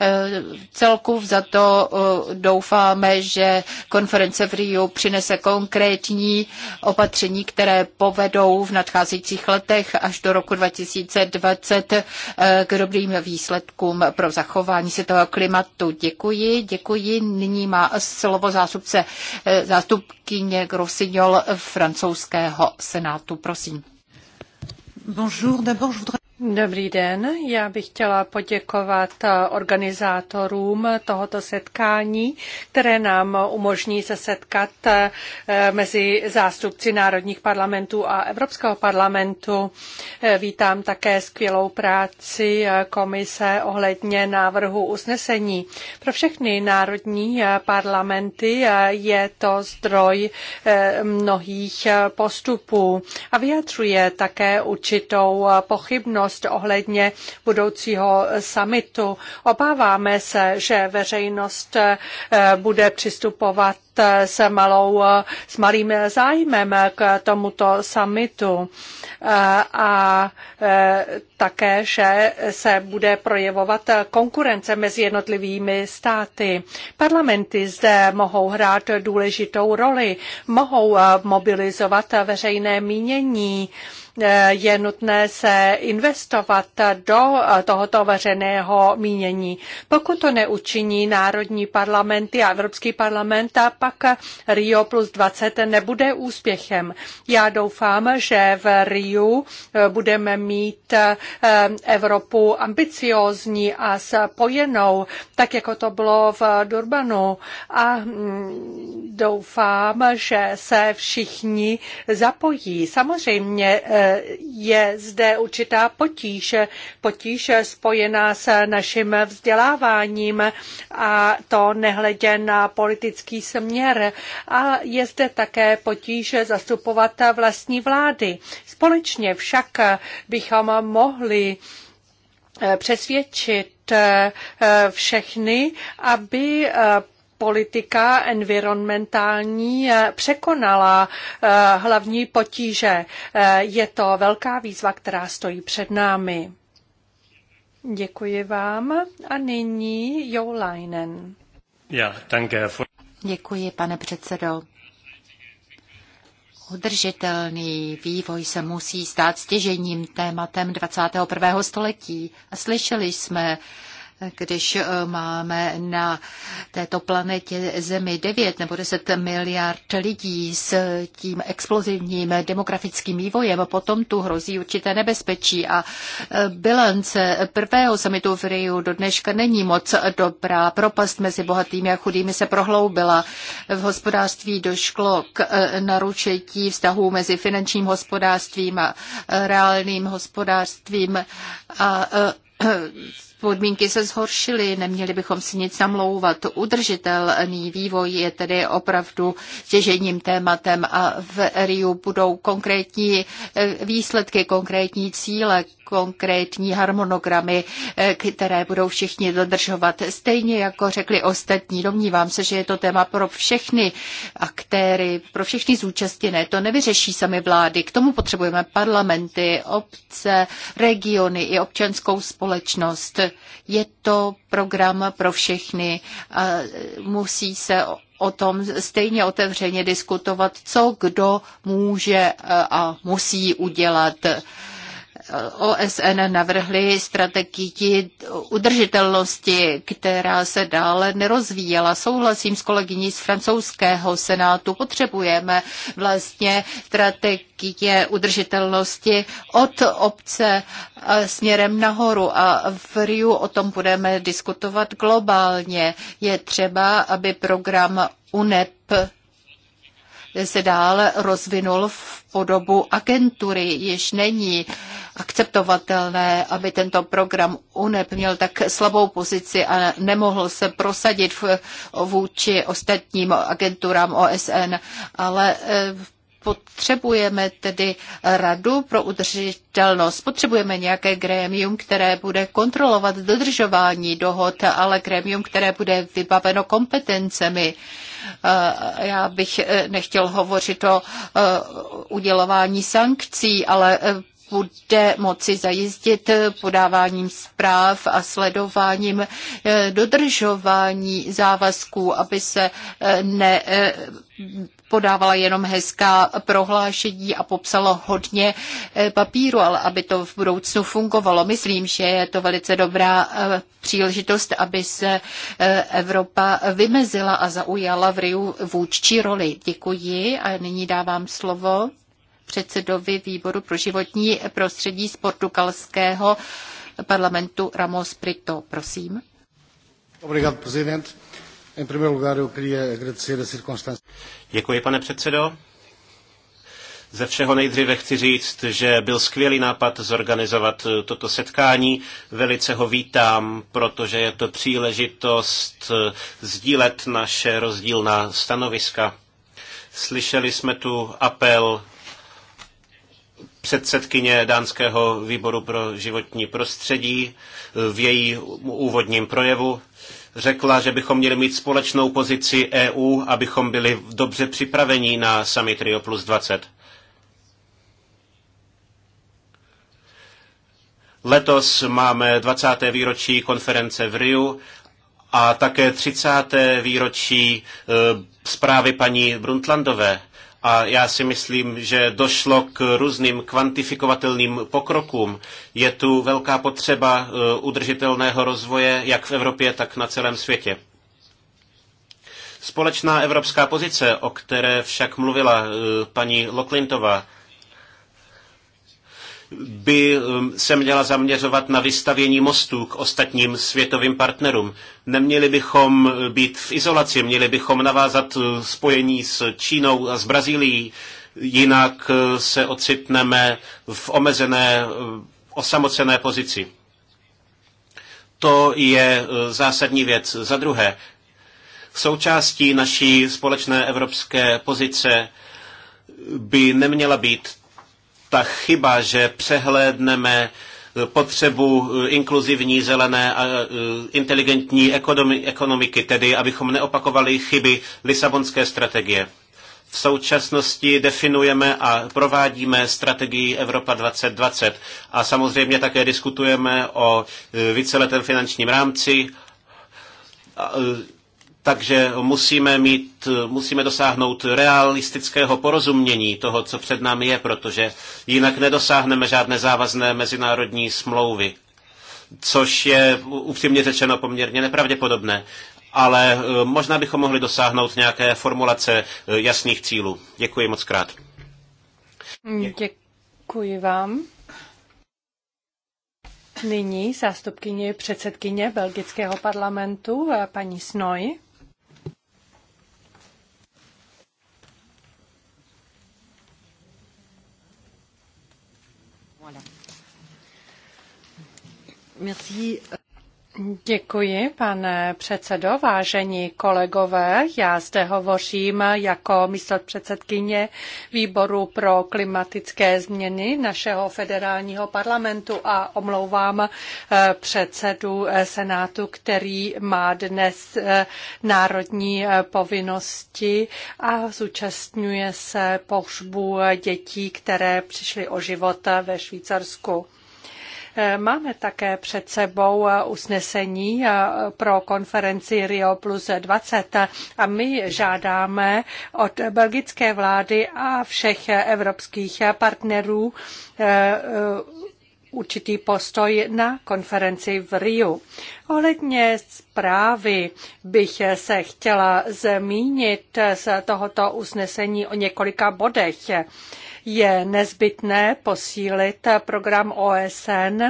Eh, celku za to eh, doufáme, že konference v Riu přinese konkrétní opatření, které povedou v nadcházejících letech až do roku 2020 k dobrým výsledkům pro zachování toho klimatu. Děkuji, děkuji. Nyní má slovo zástupce, zástupkyně Grosignol francouzského senátu. Prosím. Bonjour, d'abord je voudrais... Dobrý den, já bych chtěla poděkovat eh, organizátorům tohoto setkání, které nám umožní se setkat eh, mezi zástupci národních parlamentů a Evropského parlamentu. Eh, vítám také skvělou práci komise ohledně návrhu usnesení. Pro všechny národní parlamenty je to zdroj mnohých postupů a vyjadřuje také určitou pochybnost, veřejnost ohledně budoucího summitu Obáváme se, že veřejnost eh, bude přistupovat eh, s, malou, eh, s malým zájmem k tomuto summitu a také, že se bude projevovat konkurence mezi jednotlivými státy. Parlamenty zde mohou hrát důležitou roli, mohou mobilizovat veřejné mínění. Eh, je nutné se investovat do eh, tohoto veřejného mínění. Pokud to neučiní národní parlamenty a Evropský parlament, a pak Rio plus 20 nebude úspěchem. Já doufám, že v Rio eh, budeme mít Evropu ambiciózní a spojenou, tak jako to bylo v Durbanu. A mm, doufám, že se všichni zapojí. Samozřejmě je zde určitá potíž, potíž spojená s naším vzděláváním a to nehledě na politický směr. A je zde také potíž zastupovat vlastní vlády. Společně však bychom mohli eh, přesvědčit eh, všechny, aby eh, politika environmentální eh, překonala eh, hlavní potíže. Eh, je to velká výzva, která stojí před námi. Děkuji vám. A nyní Jo Leinen. Ja, danke. Děkuji, pane předsedo. Udržitelný vývoj se musí stát stěžením tématem 21. století. A slyšeli jsme když eh, máme na této planetě Zemi 9 nebo 10 miliard lidí s tím explozivním demografickým vývojem, potom tu hrozí určité nebezpečí a eh, bilance prvého samitu v Riu do dneška není moc dobrá. Propast mezi bohatými a chudými se prohloubila. V hospodářství došlo k eh, naručení vztahů mezi finančním hospodářstvím a reálným hospodářstvím a podmínky se zhoršily, neměli bychom si nic namlouvat. Udržitelný vývoj je tedy opravdu těžením tématem a v Riu budou konkrétní eh, výsledky, konkrétní cíle, konkrétní harmonogramy, eh, které budou všichni dodržovat. Stejně jako řekli ostatní, domnívám se, že je to téma pro všechny aktéry, pro všechny zúčastněné. To nevyřeší sami vlády. K tomu potřebujeme parlamenty, obce, regiony i občanskou společnost. Je to program pro všechny. A musí se o tom stejně otevřeně diskutovat, co kdo může eh, a musí udělat OSN navrhly strategii udržitelnosti, která se dále nerozvíjela. Souhlasím s kolegyní z francouzského senátu. Potřebujeme vlastně strategii udržitelnosti od obce eh, směrem nahoru a v Riu o tom budeme diskutovat globálně. Je třeba, aby program UNEP se dál rozvinul v podobu agentury. Již není akceptovatelné, aby tento program UNEP měl tak slabou pozici a nemohl se prosadit v vůči ostatním agenturám OSN, ale e, potřebujeme tedy radu pro udržitelnost, potřebujeme nějaké grémium, které bude kontrolovat dodržování dohod, ale grémium, které bude vybaveno kompetencemi Eh, já bych eh, nechtěl hovořit o eh, udělování sankcí, ale bude moci zajistit podáváním zpráv a sledováním dodržování závazků, aby se ne podávala jenom hezká prohlášení a popsala hodně eh, papíru, ale aby to v budoucnu fungovalo. Myslím, že je to velice dobrá eh, příležitost, aby se eh, Evropa vymezila a zaujala v Riu vůdčí roli. Děkuji a nyní dávám slovo předsedovi výboru pro životní prostředí z portugalského parlamentu Ramos Prito. Prosím. Obrigado, Děkuji, pane předsedo. Ze všeho nejdříve chci říct, že byl skvělý nápad zorganizovat toto setkání. Velice ho vítám, protože je to příležitost sdílet naše rozdílná stanoviska. Slyšeli jsme tu apel předsedkyně Dánského výboru pro životní prostředí v její úvodním projevu řekla, že bychom měli mít společnou pozici EU, abychom byli dobře připraveni na summit Rio plus 20. Letos máme 20. výročí konference v Riu a také 30. výročí eh, zprávy paní Bruntlandové a já si myslím, že došlo k různým kvantifikovatelným pokrokům. Je tu velká potřeba eh, udržitelného rozvoje jak v Evropě, tak na celém světě. Společná evropská pozice, o které však mluvila eh, paní Loklintová, by um, se měla zaměřovat na vystavění mostů k ostatním světovým partnerům. Neměli bychom být v izolaci, měli bychom navázat uh, spojení s Čínou a s Brazílií, jinak uh, se ocitneme v omezené, uh, osamocené pozici. To je zásadní věc. Za druhé, součástí naší společné evropské pozice by neměla být ta chyba, že přehlédneme potřebu inkluzivní, zelené a e, inteligentní ekonomiky, tedy abychom neopakovali chyby Lisabonské strategie. V současnosti definujeme a provádíme strategii Evropa 2020 a samozřejmě také diskutujeme o e, víceletém finančním rámci, e, takže musíme, mít, musíme dosáhnout realistického porozumění toho, co před námi je, protože jinak nedosáhneme žádné závazné mezinárodní smlouvy, což je upřímně řečeno poměrně nepravděpodobné. Ale eh, možná bychom mohli dosáhnout nějaké formulace eh, jasných cílů. Děkuji moc krát. Děkuji vám. Nyní zástupkyně předsedkyně belgického parlamentu eh, paní Snoj. Děkuji, pane předsedo. Vážení kolegové, já zde hovořím jako místopředsedkyně výboru pro klimatické změny našeho federálního parlamentu a omlouvám eh, předsedu eh, Senátu, který má dnes eh, národní povinnosti a zúčastňuje se pohřbu dětí, které přišly o život ve Švýcarsku. Máme také před sebou usnesení pro konferenci Rio plus 20 a my žádáme od belgické vlády a všech evropských partnerů eh, eh, určitý postoj na konferenci v Riu. Ohledně zprávy bych se chtěla zmínit z tohoto usnesení o několika bodech je nezbytné posílit program OSN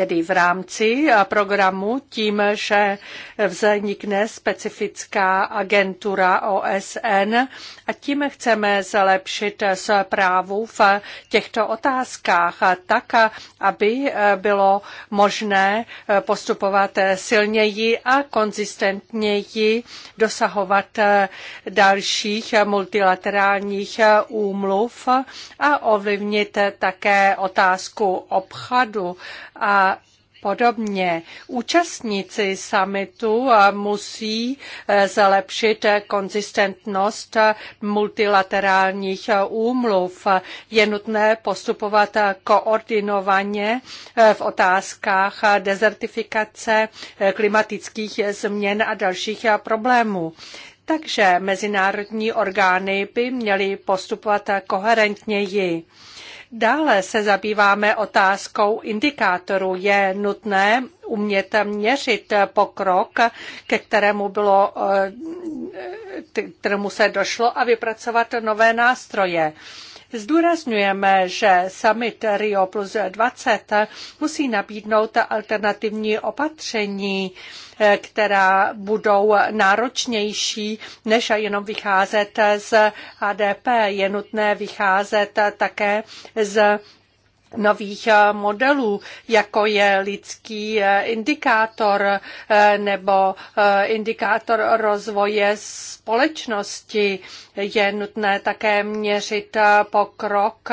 tedy v rámci programu tím, že vznikne specifická agentura OSN a tím chceme zlepšit zprávu v těchto otázkách tak, aby bylo možné postupovat silněji a konzistentněji dosahovat dalších multilaterálních úmluv a ovlivnit také otázku obchodu a Podobně účastníci summitu musí e, zlepšit konzistentnost multilaterálních úmluv. Je nutné postupovat koordinovaně e, v otázkách dezertifikace, e, klimatických změn a dalších problémů. Takže mezinárodní orgány by měly postupovat koherentněji. Dále se zabýváme otázkou indikátorů. Je nutné umět měřit pokrok, ke kterému, bylo, eh, kterému se došlo a vypracovat nové nástroje. Zdůrazňujeme, že summit Rio plus 20 musí nabídnout alternativní opatření, eh, která budou náročnější, než jenom vycházet z HDP. Je nutné vycházet také z nových eh, modelů, jako je lidský eh, indikátor nebo indikátor rozvoje společnosti. Je nutné také měřit pokrok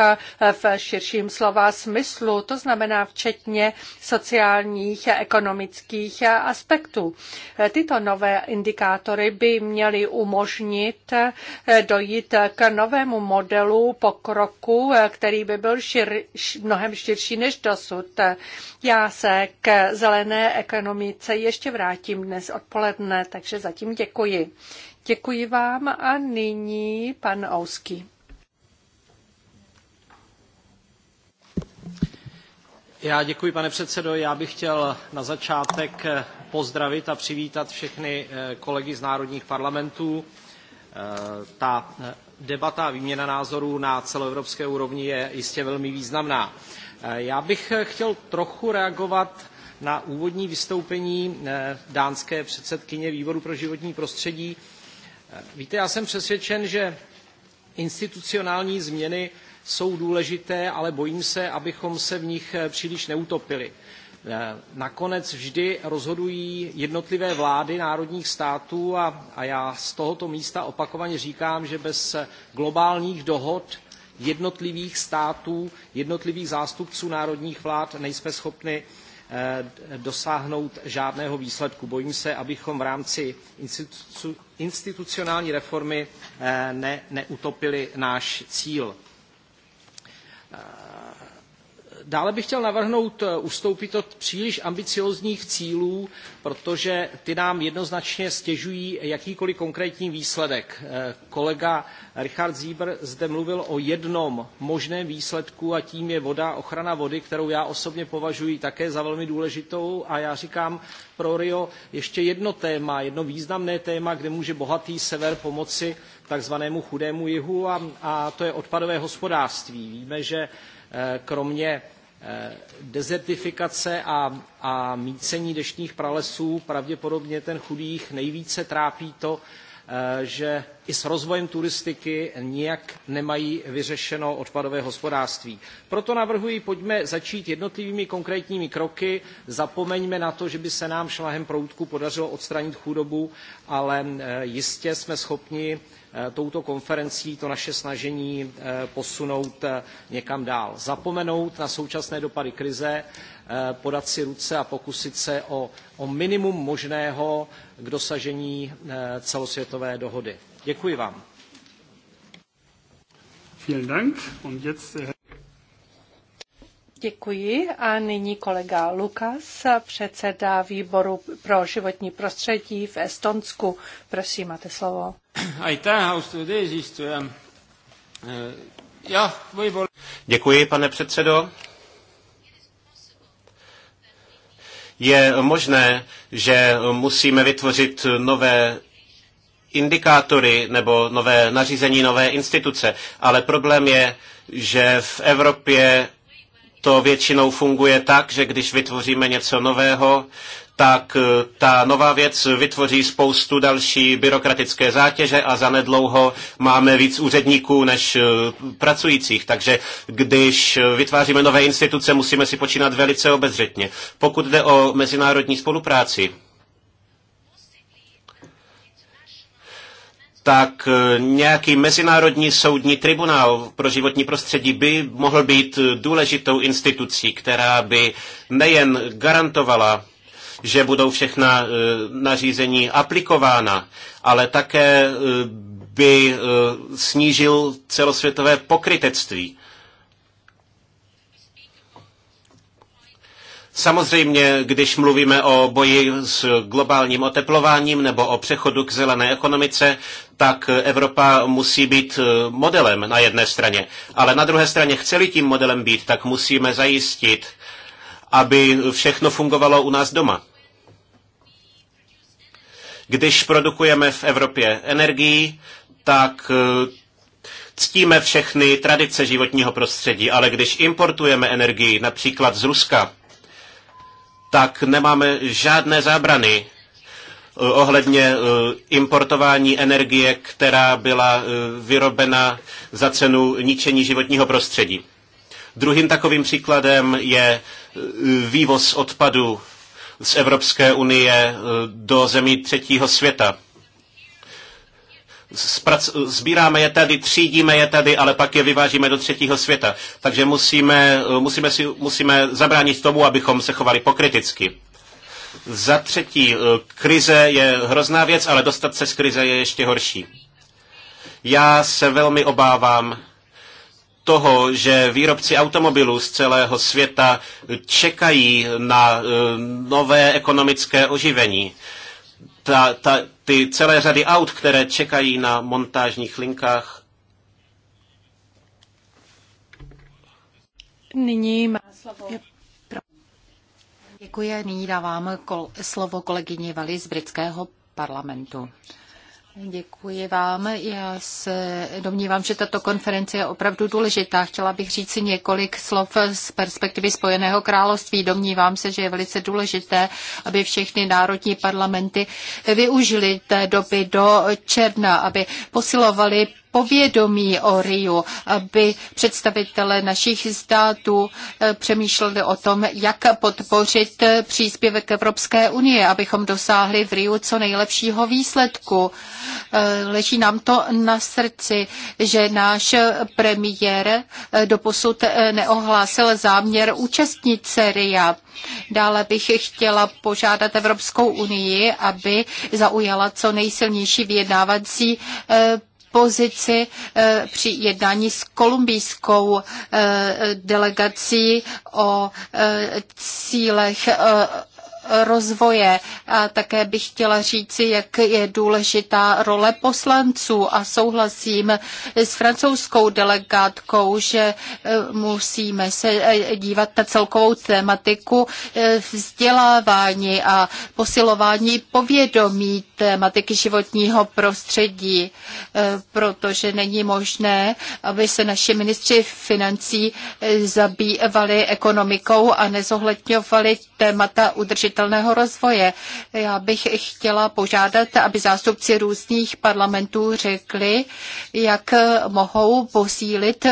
v širším slova smyslu, to znamená včetně sociálních, a ekonomických aspektů. Tyto nové indikátory by měly umožnit dojít k novému modelu pokroku, který by byl šir, mnohem širší než dosud. Já se k zelené ekonomice ještě vrátím dnes odpoledne, takže zatím děkuji. Děkuji vám a nyní pan Ousky. Já děkuji, pane předsedo. Já bych chtěl na začátek eh, pozdravit a přivítat všechny eh, kolegy z národních parlamentů. Eh, ta debata a výměna názorů na celoevropské úrovni je jistě velmi významná. Já bych chtěl trochu reagovat na úvodní vystoupení dánské předsedkyně výboru pro životní prostředí, Víte, já jsem přesvědčen, že institucionální změny jsou důležité, ale bojím se, abychom se v nich eh, příliš neutopili. Eh, nakonec vždy rozhodují jednotlivé vlády národních států a, a já z tohoto místa opakovaně říkám, že bez eh, globálních dohod jednotlivých států, jednotlivých zástupců národních vlád nejsme schopni Eh, dosáhnout žádného výsledku. Bojím se, abychom v rámci institucionální reformy eh, ne, neutopili náš cíl. Eh, Dále bych chtěl navrhnout eh, ustoupit od příliš ambiciózních cílů, protože ty nám jednoznačně stěžují jakýkoliv konkrétní výsledek. Eh, kolega Richard Zíber zde mluvil o jednom možném výsledku a tím je voda, ochrana vody, kterou já osobně považuji také za velmi důležitou a já říkám pro Rio ještě jedno téma, jedno významné téma, kde může bohatý sever pomoci takzvanému chudému jihu a, a to je odpadové hospodářství. Víme, že eh, kromě Eh, dezertifikace a, a mícení deštných pralesů pravděpodobně ten chudých nejvíce trápí to, eh, že i s rozvojem turistiky nijak nemají vyřešeno odpadové hospodářství. Proto navrhuji, pojďme začít jednotlivými konkrétními kroky, zapomeňme na to, že by se nám šlahem proutku podařilo odstranit chudobu, ale eh, jistě jsme schopni Eh, touto konferencí to naše snažení eh, posunout eh, někam dál. Zapomenout na současné dopady krize, podat si ruce a pokusit se o, o minimum možného k dosažení celosvětové dohody. Děkuji vám. Vielen Dank. Und jetzt, äh, Děkuji a nyní kolega Lukas, předseda výboru pro životní prostředí v Estonsku. Prosím, máte slovo. Aitäh, austatud eesistuja. Äh, jah, võib-olla... Děkuji, pane předsedo. Je možné, že musíme vytvořit nové indikátory nebo nové nařízení, nové instituce, ale problém je, že v Evropě to většinou funguje tak, že když vytvoříme něco nového, tak eh, ta nová věc vytvoří spoustu další byrokratické zátěže a zanedlouho máme víc úředníků než eh, pracujících. Takže když eh, vytváříme nové instituce, musíme si počínat velice obezřetně. Pokud jde o mezinárodní spolupráci, tak eh, nějaký mezinárodní soudní tribunál pro životní prostředí by mohl být důležitou institucí, která by nejen garantovala, že budou všechna eh, nařízení aplikována, ale také eh, by snížil celosvětové pokrytectví. Samozřejmě, když mluvíme o boji s globálním oteplováním nebo o přechodu k zelené ekonomice, tak Evropa musí být eh, modelem na jedné straně. Ale na druhé straně, chce-li tím modelem být, tak musíme zajistit, aby všechno fungovalo u nás doma. Když produkujeme v Evropě energii, tak eh, ctíme všechny tradice životního prostředí, ale když importujeme energii například z Ruska, tak nemáme žádné zábrany eh, ohledně eh, importování energie, která byla eh, vyrobena za cenu ničení životního prostředí. Druhým takovým příkladem je vývoz odpadu z Evropské unie do zemí třetího světa sbíráme je tady, třídíme je tady, ale pak je vyvážíme do třetího světa. Takže musíme, musíme, si, musíme zabránit tomu, abychom se chovali pokriticky. Za třetí, eh, krize je hrozná věc, ale dostat se z krize je ještě horší. Já se velmi obávám toho, že výrobci automobilů z celého světa čekají na eh, nové ekonomické oživení ta, ta, ty celé řady aut, které čekají na montážních linkách. Nyní má slovo. Děkuji. Nyní dávám kol, slovo kolegyni Vali z britského parlamentu. Děkuji vám. Já se domnívám, že tato konference je opravdu důležitá. Chtěla bych říct si několik slov z perspektivy Spojeného království. Domnívám se, že je velice důležité, aby všechny národní parlamenty využili té doby do června, aby posilovali povědomí o RIU, aby představitelé našich států eh, přemýšleli o tom, jak podpořit příspěvek Evropské unie, abychom dosáhli v RIU co nejlepšího výsledku. Eh, leží nám to na srdci, že náš premiér eh, doposud neohlásil záměr účastnit se RIA. Dále bych chtěla požádat Evropskou unii, aby zaujala co nejsilnější vyjednávací pozici eh, při jednání s kolumbijskou eh, delegací o eh, cílech rozvoje. A také bych chtěla říci, jak je důležitá role poslanců a souhlasím s francouzskou delegátkou, že musíme se dívat na celkovou tématiku vzdělávání a posilování povědomí tématiky životního prostředí, eh, protože není možné, aby se naši ministři financí eh, zabývali ekonomikou a nezohledňovali témata udržitelného rozvoje. Já bych chtěla požádat, aby zástupci různých parlamentů řekli, jak eh, mohou posílit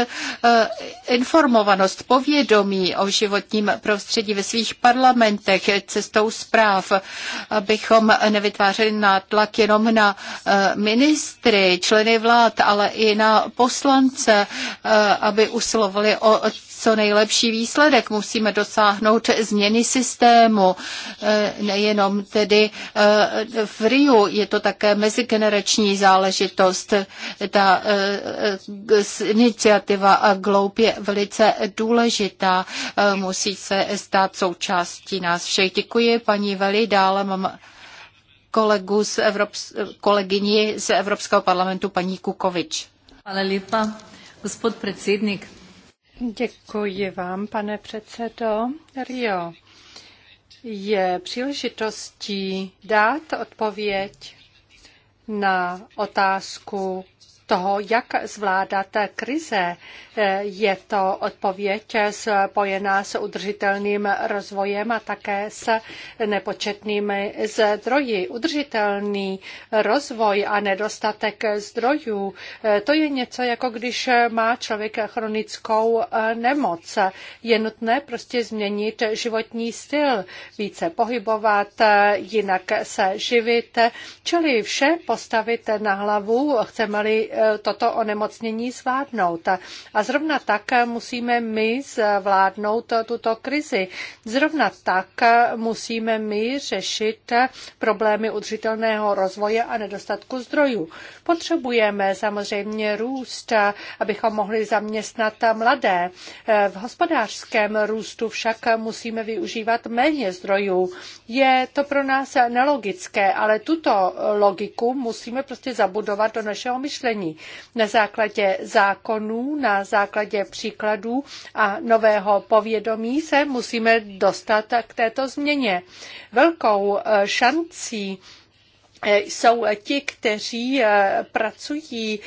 informovanost, povědomí o životním prostředí ve svých parlamentech cestou zpráv, abychom nevytvářeli na tlak jenom na eh, ministry, členy vlád, ale i na poslance, eh, aby usilovali o co nejlepší výsledek. Musíme dosáhnout změny systému, eh, nejenom tedy v Riu, je to také mezigenerační záležitost. Ta iniciativa GLOUB je velice důležitá, musí se stát součástí nás všech. Děkuji paní Veli, dále mám kolegu z Evrops- kolegyni z Evropského parlamentu paní Kukovič. Ale lepa, gospod předsednik. Děkuji vám, pane předsedo. Rio je příležitostí dát odpověď na otázku toho, jak zvládat krize. Je to odpověď spojená s udržitelným rozvojem a také s nepočetnými zdroji. Udržitelný rozvoj a nedostatek zdrojů, to je něco jako když má člověk chronickou nemoc. Je nutné prostě změnit životní styl, více pohybovat, jinak se živit, čili vše postavit na hlavu, chceme-li toto onemocnění zvládnout. A zrovna tak musíme my zvládnout tuto krizi. Zrovna tak musíme my řešit problémy udržitelného rozvoje a nedostatku zdrojů. Potřebujeme samozřejmě růst, abychom mohli zaměstnat mladé. V hospodářském růstu však musíme využívat méně zdrojů. Je to pro nás nelogické, ale tuto logiku musíme prostě zabudovat do našeho myšlení zemí. Na základě zákonů, na základě příkladů a nového povědomí se musíme dostat k této změně. Velkou eh, šancí eh, jsou eh, ti, kteří pracují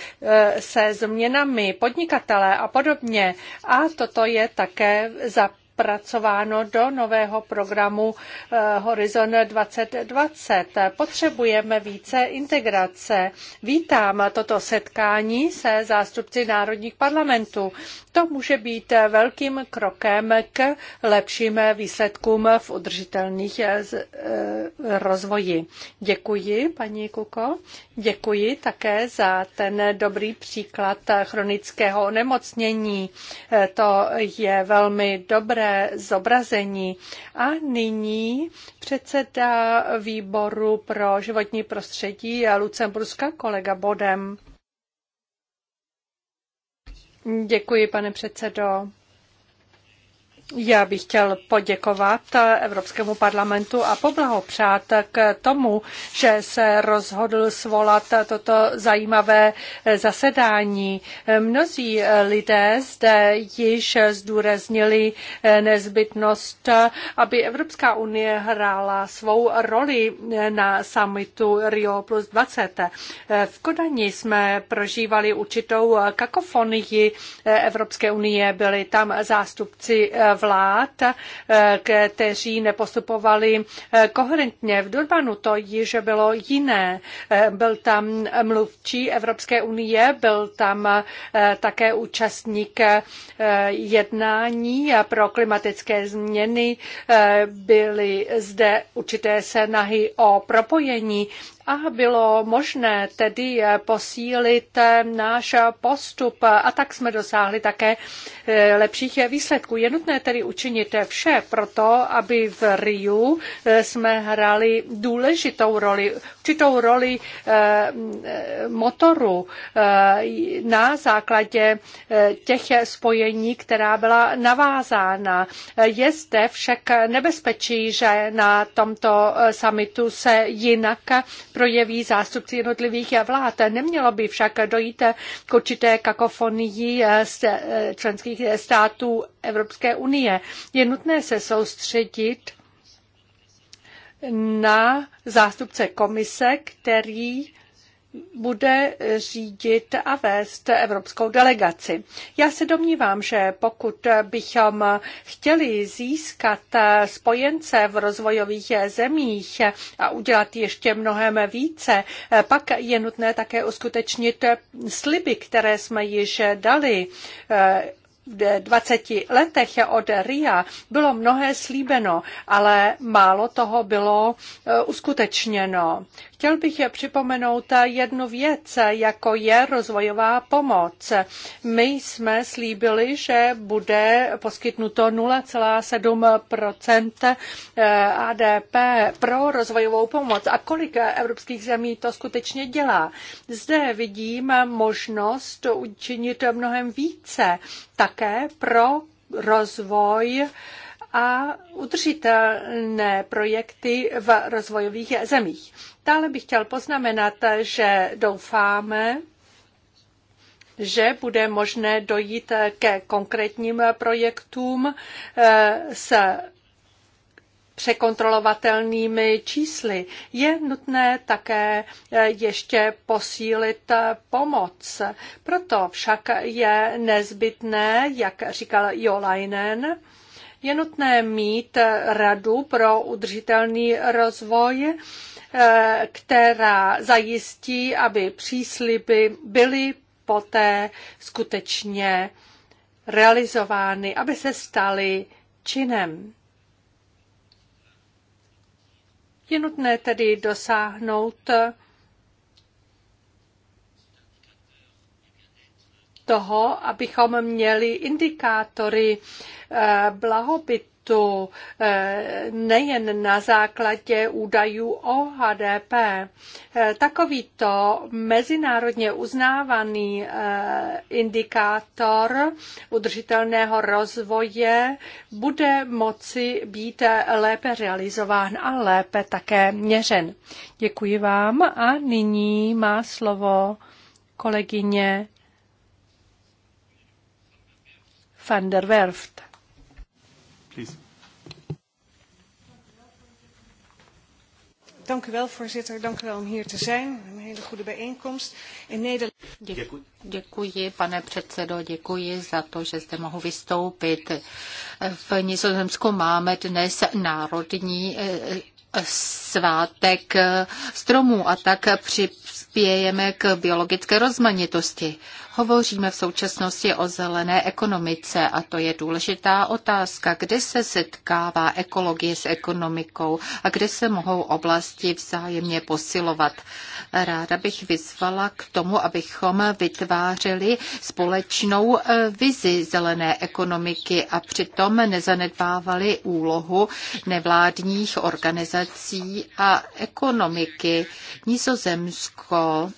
se změnami, podnikatelé a podobně. A toto je také za zapracováno do nového programu eh, Horizon 2020. Potřebujeme více integrace. Vítám toto setkání se zástupci národních parlamentů. To může být velkým krokem k lepším výsledkům v udržitelných eh, eh, rozvoji. Děkuji, paní Kuko. Děkuji také za ten dobrý příklad chronického onemocnění. To je velmi dobré zobrazení. A nyní předseda výboru pro životní prostředí Lucemburska, kolega Bodem. Děkuji, pane předsedo. Já bych chtěl poděkovat Evropskému parlamentu a poblahopřát k tomu, že se rozhodl svolat toto zajímavé zasedání. Mnozí lidé zde již zdůraznili nezbytnost, aby Evropská unie hrála svou roli na summitu Rio plus 20. V Kodani jsme prožívali určitou kakofonii Evropské unie, byli tam zástupci vlád, eh, kteří nepostupovali eh, koherentně. V Durbanu to již bylo jiné. Eh, byl tam mluvčí Evropské unie, byl tam také účastník jednání pro klimatické změny. Byly zde určité snahy o propojení a bylo možné tedy posílit náš postup a tak jsme dosáhli také eh, lepších výsledků. Je nutné tedy učinit vše pro to, aby v Riu eh, jsme hrali důležitou roli, určitou roli eh, motoru na základě těch spojení, která byla navázána. Je zde však nebezpečí, že na tomto samitu se jinak projeví zástupci jednotlivých vlád. Nemělo by však dojít k určité kakofonii eh, z eh, členských států Evropské unie. Je nutné se soustředit na zástupce komise, který bude řídit a vést evropskou delegaci. Já se domnívám, že pokud bychom chtěli získat spojence v rozvojových zemích a udělat ještě mnohem více, pak je nutné také uskutečnit sliby, které jsme již dali v 20 letech od RIA bylo mnohé slíbeno, ale málo toho bylo uskutečněno. Chtěl bych připomenout jednu věc, jako je rozvojová pomoc. My jsme slíbili, že bude poskytnuto 0,7 eh, ADP pro rozvojovou pomoc. A kolik evropských zemí to skutečně dělá? Zde vidím možnost učinit mnohem více také pro rozvoj a udržitelné projekty v rozvojových zemích. Dále bych chtěl poznamenat, že doufáme, že bude možné dojít ke konkrétním projektům eh, s překontrolovatelnými čísly. Je nutné také eh, ještě posílit pomoc. Proto však je nezbytné, jak říkal Jolainen, je nutné mít radu pro udržitelný rozvoj, eh, která zajistí, aby přísliby byly poté skutečně realizovány, aby se staly činem. Je nutné tedy dosáhnout toho, abychom měli indikátory eh, blahobytu eh, nejen na základě údajů o HDP. Eh, takovýto mezinárodně uznávaný indikátor udržitelného rozvoje bude moci být lépe realizován a lépe také měřen. Děkuji vám a nyní má slovo kolegyně van der Werft. Please. Dank u wel, voorzitter. Dank u wel om hier te zijn. Een hele goede bijeenkomst. In Nederland... Děkuji. děkuji, pane předsedo, děkuji za to, že zde mohu vystoupit. V Nizozemsku máme dnes národní eh, svátek eh, stromů a tak přispějeme k biologické rozmanitosti. Hovoříme v současnosti o zelené ekonomice a to je důležitá otázka, kde se setkává ekologie s ekonomikou a kde se mohou oblasti vzájemně posilovat. Ráda bych vyzvala k tomu, abychom vytvářeli společnou eh, vizi zelené ekonomiky a přitom nezanedbávali úlohu nevládních organizací a ekonomiky. Nizozemsko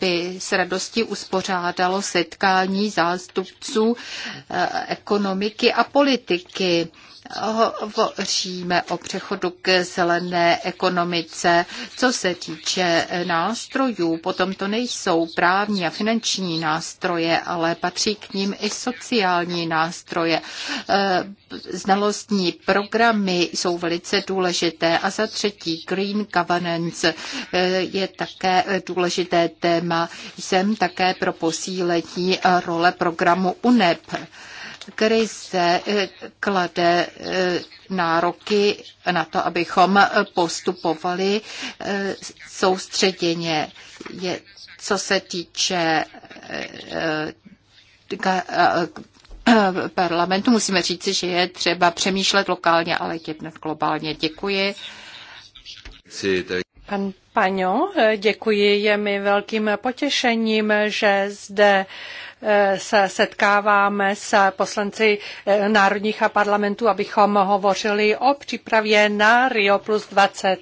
by s radostí uspořádalo setkání zástupců eh, ekonomiky a politiky hovoříme o přechodu k zelené ekonomice. Co se týče nástrojů, potom to nejsou právní a finanční nástroje, ale patří k ním i sociální nástroje. Eh, znalostní programy jsou velice důležité. A za třetí, green governance eh, je také důležité téma. Jsem také pro posílení role programu UNEP krize eh, klade eh, nároky na to, abychom postupovali eh, soustředěně. Je, co se týče parlamentu, musíme říci, že je třeba přemýšlet lokálně, ale jednat globálně. Děkuji. Pan Paňo, děkuji. Je mi velkým potěšením, že zde se setkáváme s poslanci eh, národních a parlamentů, abychom hovořili o přípravě na Rio plus 20.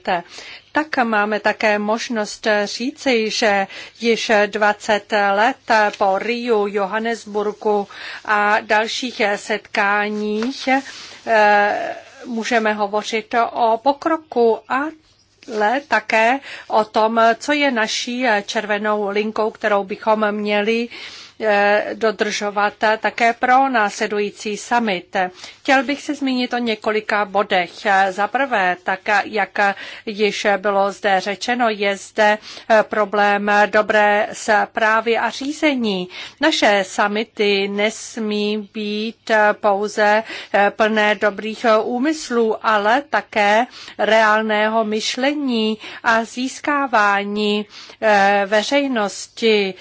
Tak máme také možnost říci, že již 20 let po Riu, Johannesburgu a dalších setkáních eh, můžeme hovořit o pokroku a ale také o tom, co je naší červenou linkou, kterou bychom měli Eh, dodržovat také pro následující summit. Chtěl bych se zmínit o několika bodech. Za prvé, tak jak již bylo zde řečeno, je zde eh, problém dobré zprávy a řízení. Naše summity nesmí být pouze eh, plné dobrých úmyslů, ale také reálného myšlení a získávání veřejnosti.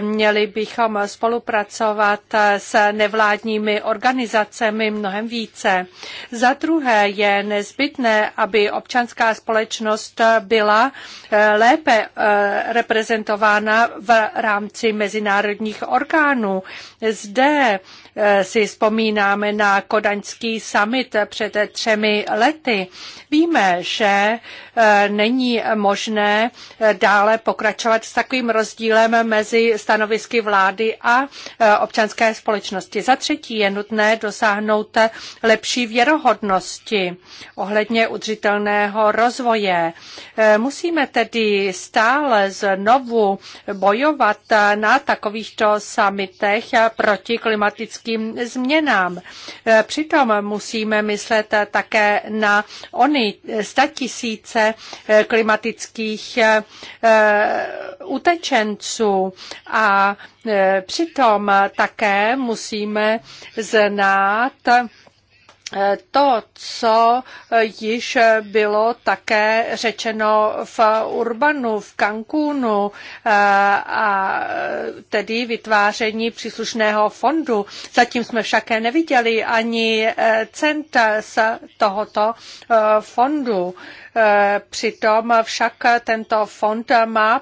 Měli bychom spolupracovat s nevládními organizacemi mnohem více. Za druhé je nezbytné, aby občanská společnost byla eh, lépe eh, reprezentována v rámci mezinárodních orgánů. Zde eh, si vzpomínáme na kodaňský summit před třemi lety. Víme, že není možné eh, dále pokračovat s takovým rozdílem mezi stanovisky vlády a eh, občanské společnosti. Za třetí je nutné dosáhnout lepší věrohodnosti ohledně udržitelného rozvoje. Eh, musíme tedy stále znovu bojovat na takovýchto samitech proti klimatickým změnám. Přitom musíme myslet také na ony statisíce Eh, klimatických eh, eh, utečenců a přitom také musíme znát to, co již bylo také řečeno v Urbanu, v Cancúnu a tedy vytváření příslušného fondu. Zatím jsme však neviděli ani cent z tohoto eh, fondu. Eh, přitom však tento fond má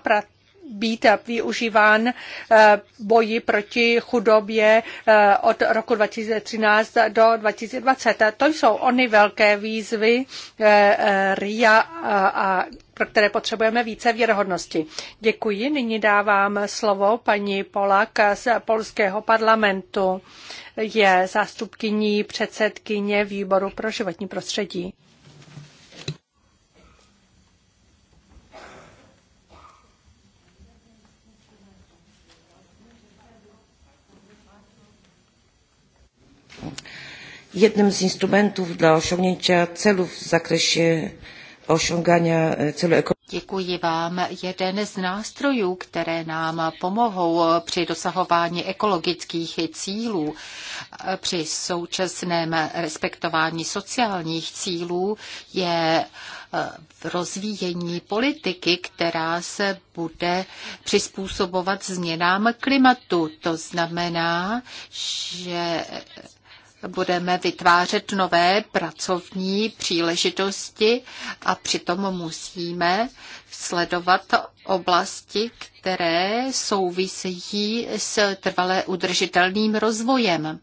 být využíván eh, boji proti chudobě eh, od roku 2013 do 2020. To jsou ony velké výzvy eh, RIA a pro které potřebujeme více věrohodnosti. Děkuji. Nyní dávám slovo paní Polak z polského parlamentu. Je zástupkyní předsedkyně výboru pro životní prostředí. Jednym z instrumentów dla osiągnięcia celów w zakresie osiągania e, celu ekologicznego. Děkuji vám. Jeden z nástrojů, které nám pomohou při dosahování ekologických cílů, e, při současném respektování sociálních cílů, je e, rozvíjení politiky, která se bude přizpůsobovat změnám klimatu. To znamená, že budeme vytvářet nové pracovní příležitosti a přitom musíme sledovat oblasti, které souvisejí s trvalé udržitelným rozvojem.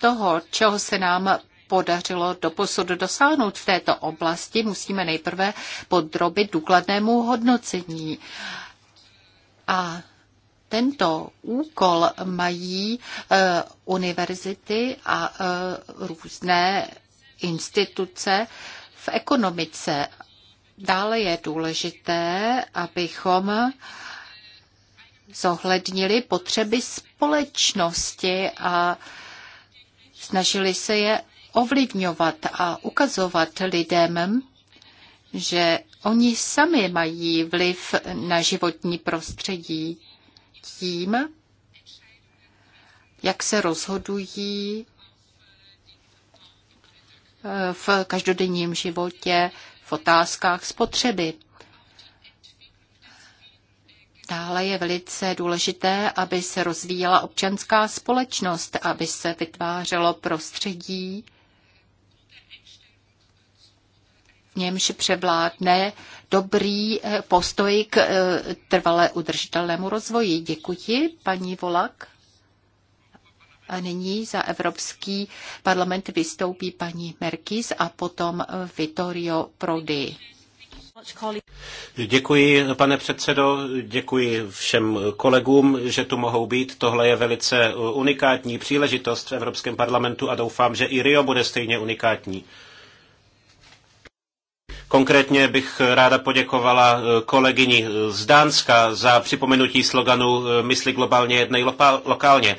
Toho, čeho se nám podařilo doposud dosáhnout v této oblasti, musíme nejprve podrobit důkladnému hodnocení. A tento úkol mají eh, univerzity a eh, různé instituce v ekonomice. Dále je důležité, abychom zohlednili potřeby společnosti a snažili se je ovlivňovat a ukazovat lidem, že oni sami mají vliv na životní prostředí tím, jak se rozhodují eh, v každodenním životě v otázkách spotřeby. Dále je velice důležité, aby se rozvíjela občanská společnost, aby se vytvářelo prostředí, v němž převládne dobrý eh, postoj k eh, trvalé udržitelnému rozvoji. Děkuji, paní Volak. A nyní za Evropský parlament vystoupí paní Merkis a potom Vittorio Prodi. Děkuji, pane předsedo, děkuji všem kolegům, že tu mohou být. Tohle je velice unikátní příležitost v Evropském parlamentu a doufám, že i Rio bude stejně unikátní. Konkrétně bych ráda poděkovala eh, kolegyni eh, z Dánska za připomenutí sloganu eh, Mysli globálně, jednej lokálně.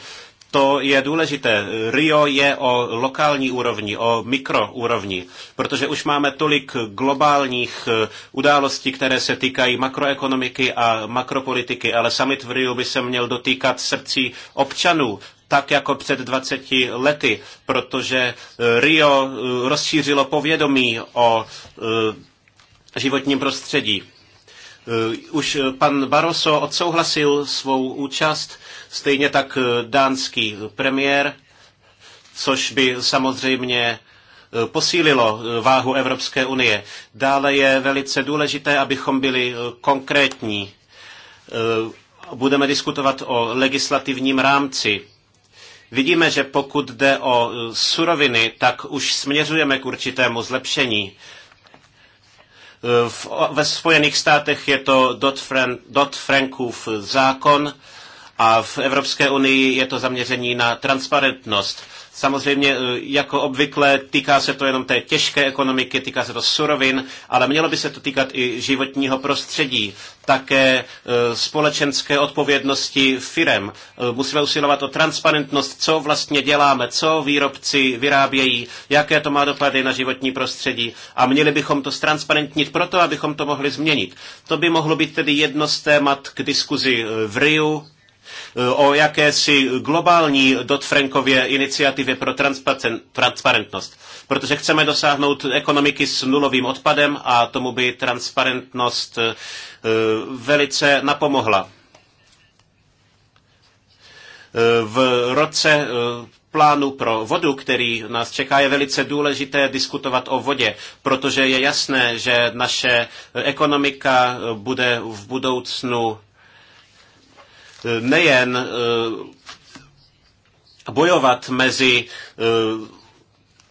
To je důležité. Rio je o lokální úrovni, o mikroúrovni, protože už máme tolik globálních událostí, které se týkají makroekonomiky a makropolitiky, ale summit v Rio by se měl dotýkat srdcí občanů tak jako před 20 lety, protože eh, Rio eh, rozšířilo povědomí o eh, životním prostředí. Už pan Barroso odsouhlasil svou účast, stejně tak dánský premiér, což by samozřejmě posílilo váhu Evropské unie. Dále je velice důležité, abychom byli konkrétní. Budeme diskutovat o legislativním rámci Vidíme, že pokud jde o e, suroviny, tak už směřujeme k určitému zlepšení. E, v, ve Spojených státech je to Dodd-Frankův zákon a v Evropské unii je to zaměření na transparentnost. Samozřejmě, e, jako obvykle, týká se to jenom té těžké ekonomiky, týká se to surovin, ale mělo by se to týkat i životního prostředí, také e, společenské odpovědnosti firem. E, musíme usilovat o transparentnost, co vlastně děláme, co výrobci vyrábějí, jaké to má dopady na životní prostředí a měli bychom to ztransparentnit proto, abychom to mohli změnit. To by mohlo být tedy jedno z témat k diskuzi v Riu Eh, o jakési globální Dodd-Frankově iniciativě pro transparentnost, protože chceme dosáhnout ekonomiky s nulovým odpadem a tomu by transparentnost eh, eh, velice napomohla. V roce plánu pro vodu, který nás čeká, je velice důležité diskutovat o vodě, protože je jasné, že naše ekonomika bude v budoucnu Eh, nejen eh, bojovat mezi eh,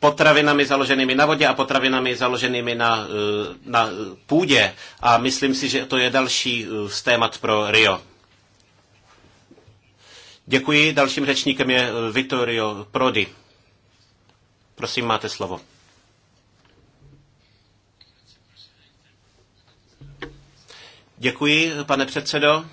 potravinami založenými na vodě a potravinami založenými na, na půdě. A myslím si, že to je další z témat pro Rio. Děkuji. Dalším řečníkem je Vittorio Prodi. Prosím, máte slovo. Děkuji, pane předsedo.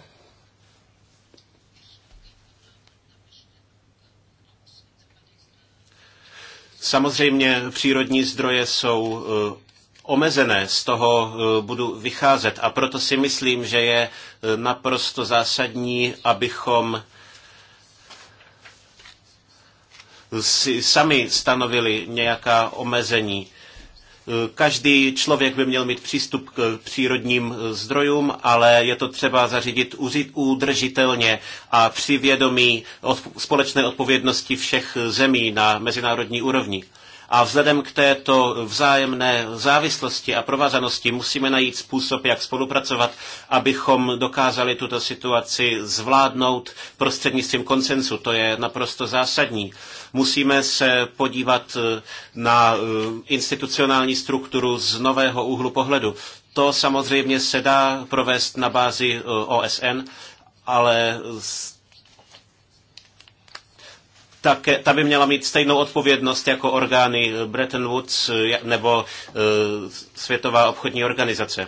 Samozřejmě přírodní zdroje jsou eh, omezené, z toho eh, budu vycházet a proto si myslím, že je eh, naprosto zásadní, abychom si sami stanovili nějaká omezení Každý člověk by měl mít přístup k přírodním zdrojům, ale je to třeba zařídit udržitelně a při vědomí společné odpovědnosti všech zemí na mezinárodní úrovni. A vzhledem k této vzájemné závislosti a provázanosti musíme najít způsob, jak spolupracovat, abychom dokázali tuto situaci zvládnout prostřednictvím konsensu. To je naprosto zásadní. Musíme se podívat eh, na eh, institucionální strukturu z nového úhlu pohledu. To samozřejmě se dá provést na bázi eh, OSN, ale tak ta by měla mít stejnou odpovědnost jako orgány Bretton Woods nebo eh, Světová obchodní organizace.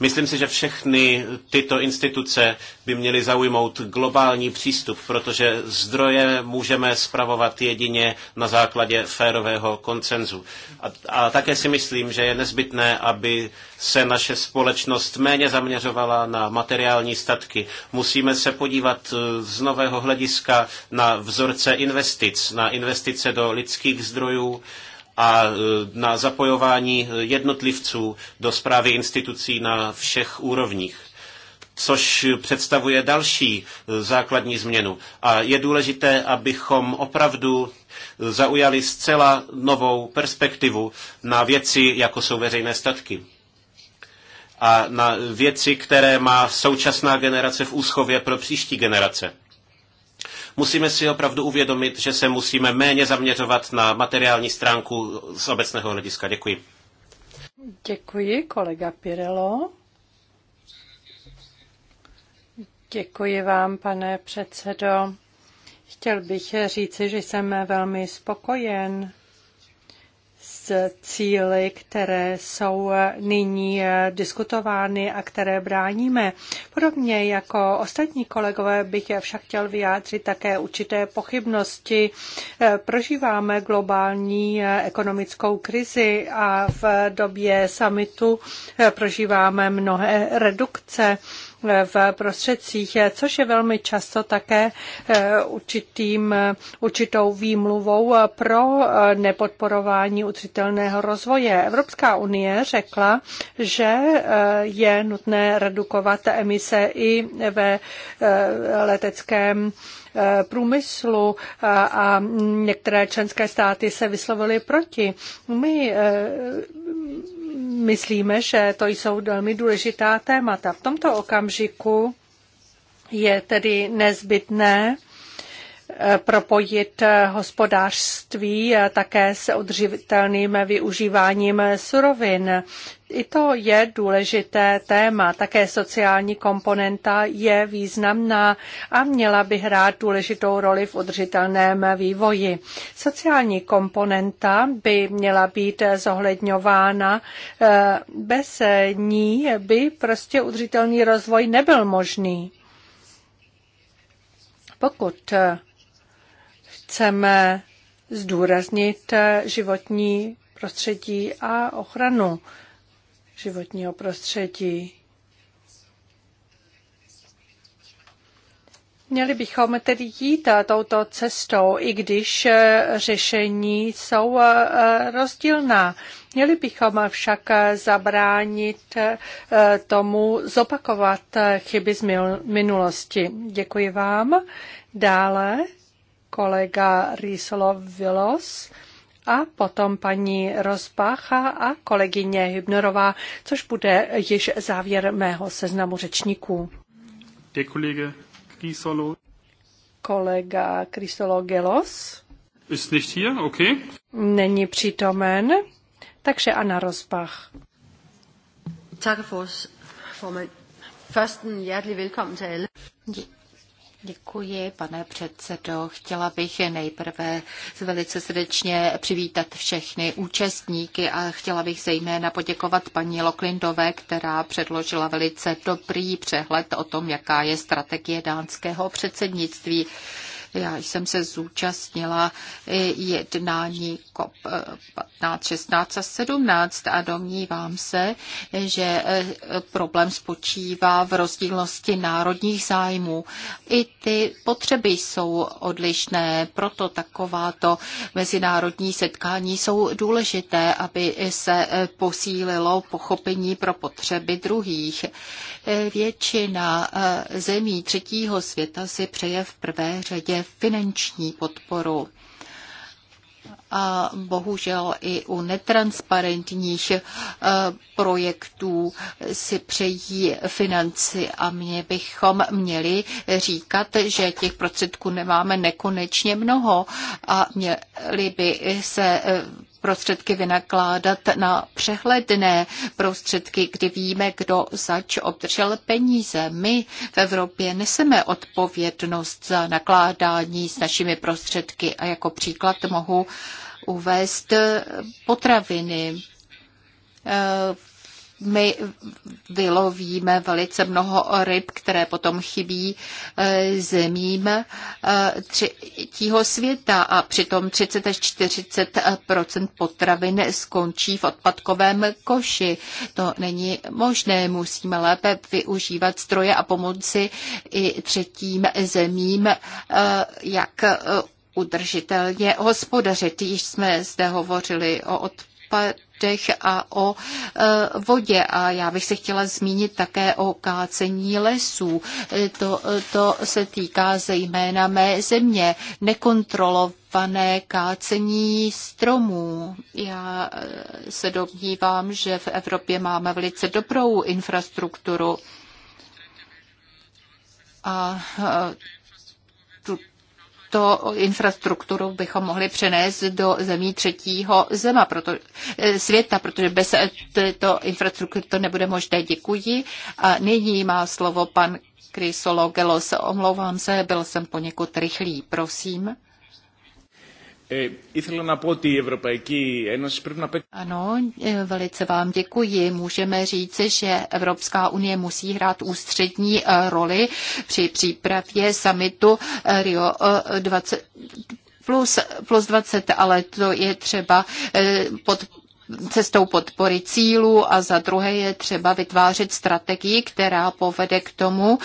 Myslím si, že všechny tyto instituce by měly zaujmout globální přístup, protože zdroje můžeme spravovat jedině na základě férového koncenzu. A, a také si myslím, že je nezbytné, aby se naše společnost méně zaměřovala na materiální statky. Musíme se podívat eh, z nového hlediska na vzorce investic, na investice do lidských zdrojů, a e, na zapojování jednotlivců do zprávy institucí na všech úrovních což představuje další e, základní změnu. A je důležité, abychom opravdu e, zaujali zcela novou perspektivu na věci, jako jsou veřejné statky a na věci, které má současná generace v úschově pro příští generace. Musíme si opravdu uvědomit, že se musíme méně zaměřovat na materiální stránku z obecného hlediska. Děkuji. Děkuji, kolega Pirelo. Děkuji vám, pane předsedo. Chtěl bych říci, že jsem velmi spokojen s cíly, které jsou nyní diskutovány a které bráníme. Podobně jako ostatní kolegové bych však chtěl vyjádřit také určité pochybnosti. Prožíváme globální ekonomickou krizi a v době samitu prožíváme mnohé redukce v prostředcích, což je velmi často také eh, určitým, určitou výmluvou pro eh, nepodporování udržitelného rozvoje. Evropská unie řekla, že eh, je nutné redukovat emise i ve leteckém průmyslu a některé členské státy se vyslovily proti. My myslíme, že to jsou velmi důležitá témata. V tomto okamžiku je tedy nezbytné eh, propojit eh, hospodářství eh, také s udržitelným využíváním surovin. I to je důležité téma. Také sociální komponenta je významná a měla by hrát důležitou roli v udržitelném vývoji. Sociální komponenta by měla být zohledňována. Eh, bez ní by prostě udržitelný rozvoj nebyl možný. Pokud eh, chceme zdůraznit eh, životní prostředí a ochranu životního prostředí. Měli bychom tedy jít touto cestou, i když e, řešení jsou e, rozdílná. Měli bychom však zabránit e, tomu zopakovat chyby z minulosti. Děkuji vám. Dále kolega Ryslo Vilos a potom paní Rozbácha a kolegyně Hybnerová, což bude již závěr mého seznamu řečníků. Der Kollege Krisolo. Kolega Krisolo Gelos. Ist nicht hier, okay. Není přítomen, takže Anna Rozbach. Tak for formand. Først en hjertelig velkommen til alle. Děkuji, pane předsedo. Chtěla bych nejprve velice srdečně přivítat všechny účastníky a chtěla bych zejména poděkovat paní Loklindové, která předložila velice dobrý přehled o tom, jaká je strategie dánského předsednictví. Já jsem se zúčastnila jednání COP 15, 16 a 17 a domnívám se, že eh, problém spočívá v rozdílnosti národních zájmů. I ty potřeby jsou odlišné, proto takováto mezinárodní setkání jsou důležité, aby se eh, posílilo pochopení pro potřeby druhých. Eh, většina zemí třetího světa si přeje v prvé řadě finanční podporu. A bohužel i u netransparentních e, projektů si přejí financi a mě bychom měli říkat, že těch prostředků nemáme nekonečně mnoho a měli by se e, prostředky vynakládat na přehledné prostředky, kdy víme, kdo zač obdržel peníze. My v Evropě neseme odpovědnost za nakládání s našimi prostředky a jako příklad mohu uvést potraviny eh, my vylovíme velice mnoho ryb, které potom chybí e, zemím e, třetího světa a přitom 30 až 40 potravin skončí v odpadkovém koši. To není možné, musíme lépe využívat stroje a pomoci i třetím zemím, e, jak udržitelně hospodařit. Již jsme zde hovořili o odpadkovém odpadech a o e, vodě. A já bych se chtěla zmínit také o kácení lesů. E, to, e, to se týká zejména mé země. nekontrolované kácení stromů. Já se domnívám, že v Evropě máme velice dobrou infrastrukturu a tuto infrastrukturu bychom mohli přenést do zemí třetího zema, proto, eh, světa, protože bez této infrastruktury to nebude možné. Děkuji. A nyní má slovo pan Krysologelos. Omlouvám se, byl jsem poněkud rychlý. Prosím. Eh, ano, eh, velice vám děkuji. Můžeme říci, že Evropská unie musí hrát ústřední eh, roli při přípravě summitu Rio 20 plus, plus 20, ale to je třeba pod cestou podpory cílů a za druhé je třeba vytvářet strategii, která povede k tomu,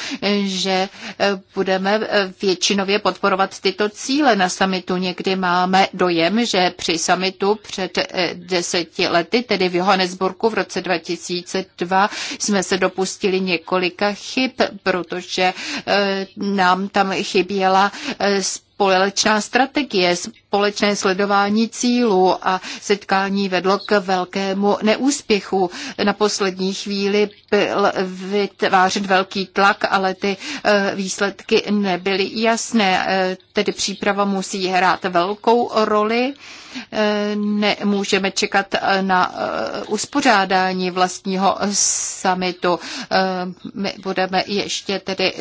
že eh, budeme eh, většinově podporovat tyto cíle na samitu. Někdy máme dojem, že při samitu před eh, deseti lety, tedy v Johannesburgu v roce 2002, jsme se dopustili několika chyb, protože nám tam chyběla společnost společná strategie, společné sledování cílů a setkání vedlo k velkému neúspěchu. Na poslední chvíli byl vytvářen velký tlak, ale ty eh, výsledky nebyly jasné. Eh, tedy příprava musí hrát velkou roli. Eh, nemůžeme čekat na uspořádání vlastního summitu. My budeme ještě tedy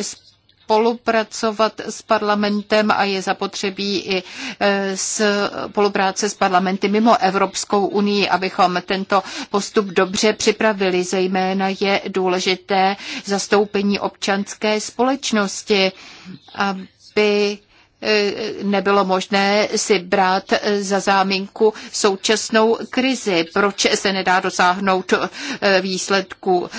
spolupracovat s parlamentem a je zapotřebí i e, spolupráce s parlamenty mimo Evropskou unii, abychom tento postup dobře připravili. Zejména je důležité zastoupení občanské společnosti, aby Eh, nebylo možné si brát eh, za záminku současnou krizi. Proč se nedá dosáhnout eh, výsledku?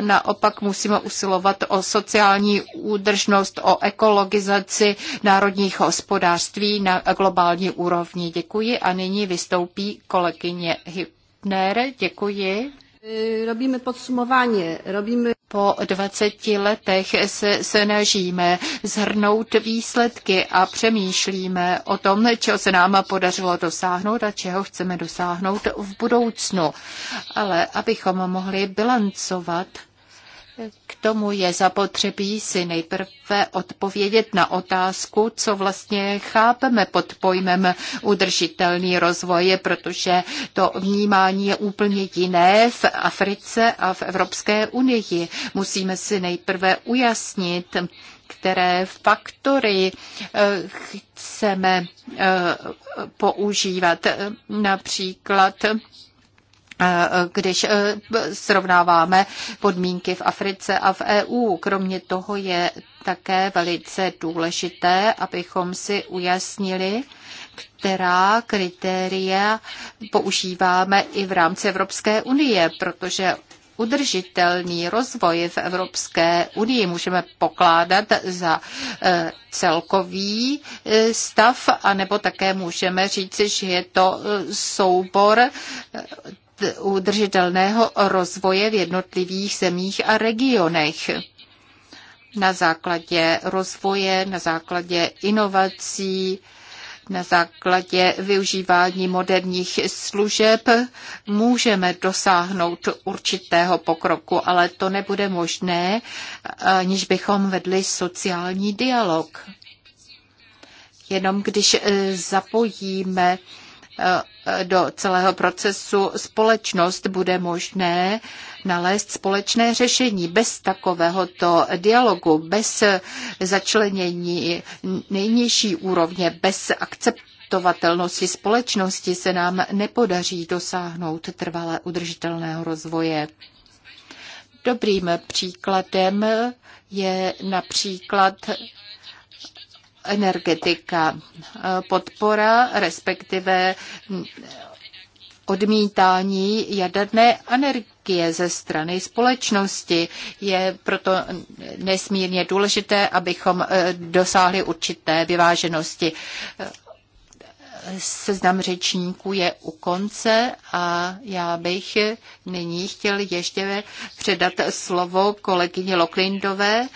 Naopak musíme usilovat o sociální údržnost, o ekologizaci národních hospodářství na globální úrovni. Děkuji a nyní vystoupí kolegyně Hypner. Děkuji. E, robíme podsumování, robíme... Po 20 letech se snažíme zhrnout výsledky a přemýšlíme o tom, čeho se nám podařilo dosáhnout a čeho chceme dosáhnout v budoucnu. Ale abychom mohli bilancovat k tomu je zapotřebí si nejprve odpovědět na otázku, co vlastně chápeme pod pojmem udržitelný rozvoj, protože to vnímání je úplně jiné v Africe a v Evropské unii. Musíme si nejprve ujasnit, které faktory eh, chceme eh, používat. Například když eh, srovnáváme podmínky v Africe a v EU. Kromě toho je také velice důležité, abychom si ujasnili, která kritéria používáme i v rámci Evropské unie, protože udržitelný rozvoj v Evropské unii můžeme pokládat za eh, celkový eh, stav, anebo také můžeme říci, že je to soubor udržitelného rozvoje v jednotlivých zemích a regionech na základě rozvoje, na základě inovací, na základě využívání moderních služeb můžeme dosáhnout určitého pokroku, ale to nebude možné, aniž bychom vedli sociální dialog. Jenom když eh, zapojíme Eh, do celého procesu společnost, bude možné nalézt společné řešení. Bez takovéhoto dialogu, bez začlenění nejnižší úrovně, bez akceptovatelnosti společnosti se nám nepodaří dosáhnout trvalé udržitelného rozvoje. Dobrým příkladem je například energetika. Podpora, respektive odmítání jaderné energie ze strany společnosti. Je proto nesmírně důležité, abychom eh, dosáhli určité vyváženosti. Seznam řečníků je u konce a já bych nyní chtěl ještě předat slovo kolegyně Loklindové,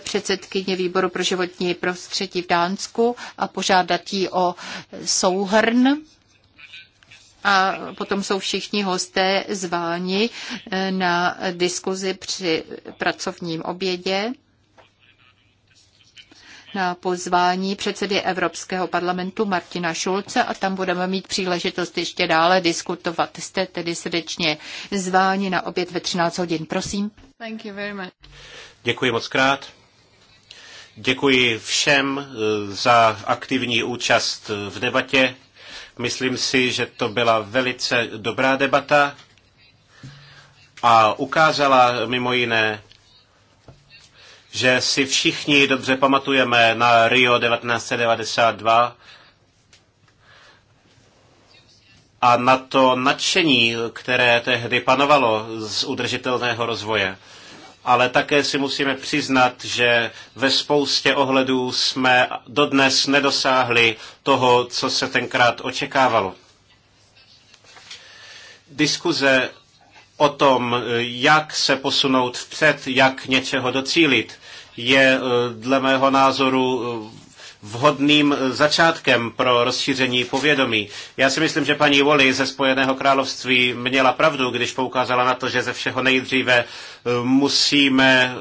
předsedkyně výboru pro životní prostředí v Dánsku a požádat ji o souhrn a potom jsou všichni hosté zváni na diskuzi při pracovním obědě na pozvání předsedy Evropského parlamentu Martina Šulce a tam budeme mít příležitost ještě dále diskutovat. Jste tedy srdečně zváni na oběd ve 13 hodin. Prosím. Thank you very much. Děkuji moc krát. Děkuji všem eh, za aktivní účast eh, v debatě. Myslím si, že to byla velice dobrá debata a ukázala mimo jiné, že si všichni dobře pamatujeme na Rio 1992 a na to nadšení, které tehdy panovalo z udržitelného rozvoje. Ale také si musíme přiznat, že ve spoustě ohledů jsme dodnes nedosáhli toho, co se tenkrát očekávalo. Diskuze o tom, eh, jak se posunout vpřed, jak něčeho docílit, je eh, dle mého názoru eh, vhodným začátkem pro rozšíření povědomí. Já si myslím, že paní Wally ze Spojeného království měla pravdu, když poukázala na to, že ze všeho nejdříve musíme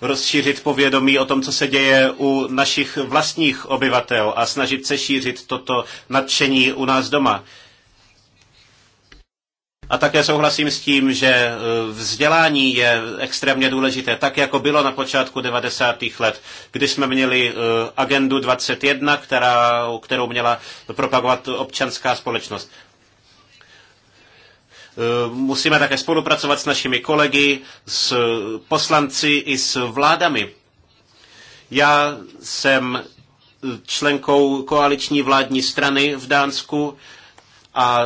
rozšířit povědomí o tom, co se děje u našich vlastních obyvatel a snažit se šířit toto nadšení u nás doma. A také souhlasím s tím, že e, vzdělání je extrémně důležité, tak jako bylo na počátku 90. let, kdy jsme měli e, agendu 21, která, kterou měla propagovat občanská společnost. E, musíme také spolupracovat s našimi kolegy, s poslanci i s vládami. Já jsem členkou koaliční vládní strany v Dánsku a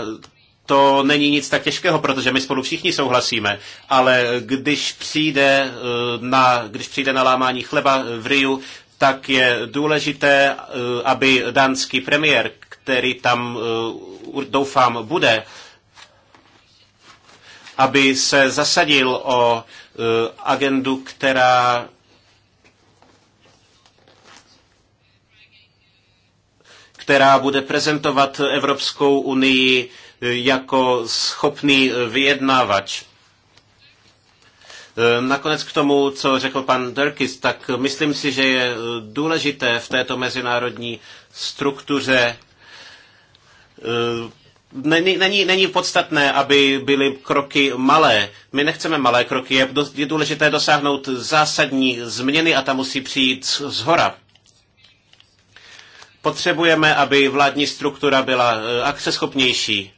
to není nic tak těžkého, protože my spolu všichni souhlasíme, ale když přijde eh, na, když přijde na lámání chleba v Riu, tak je důležité, eh, aby dánský premiér, který tam eh, doufám bude, aby se zasadil o agendu, která která bude prezentovat Evropskou unii jako schopný vyjednávač. E, nakonec k tomu, co řekl pan Derkis, tak myslím si, že je důležité v této mezinárodní struktuře e, Není, není, není podstatné, aby byly kroky malé. My nechceme malé kroky. Je, je důležité dosáhnout zásadní změny a ta musí přijít z hora. Potřebujeme, aby vládní struktura byla e, akceschopnější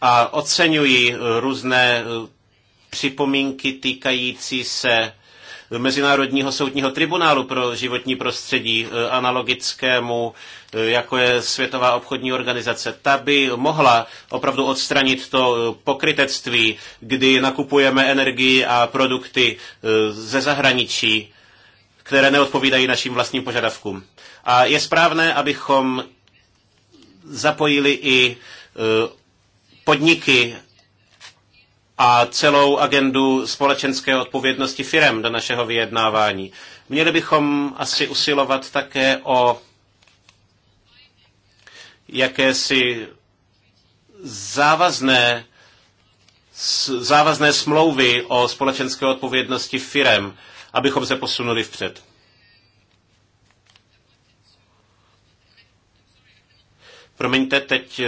a oceňuji eh, různé eh, připomínky týkající se Mezinárodního soudního tribunálu pro životní prostředí eh, analogickému, jako je Světová obchodní organizace. Ta by mohla opravdu odstranit to pokrytectví, kdy nakupujeme energii a produkty ze zahraničí, které neodpovídají našim vlastním požadavkům. A je správné, abychom zapojili i podniky a celou agendu společenské odpovědnosti firem do našeho vyjednávání. Měli bychom asi usilovat také o jakési závazné, závazné smlouvy o společenské odpovědnosti firem, abychom se posunuli vpřed. Promiňte, teď eh,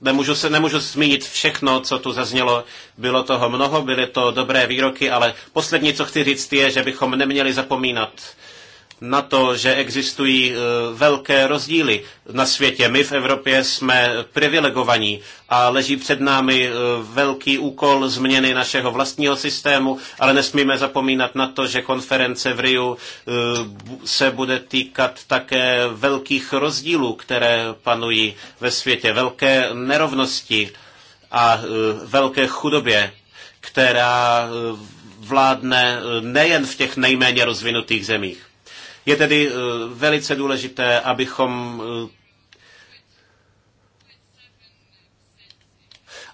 Nemůžu, se, nemůžu zmínit všechno, co tu zaznělo. Bylo toho mnoho, byly to dobré výroky, ale poslední, co chci říct, je, že bychom neměli zapomínat na to, že existují e, velké rozdíly na světě. My v Evropě jsme privilegovaní a leží před námi e, velký úkol změny našeho vlastního systému, ale nesmíme zapomínat na to, že konference v Riu e, se bude týkat také velkých rozdílů, které panují ve světě, velké nerovnosti a velké chudobě, která vládne nejen v těch nejméně rozvinutých zemích. Je tedy eh, velice důležité, abychom eh,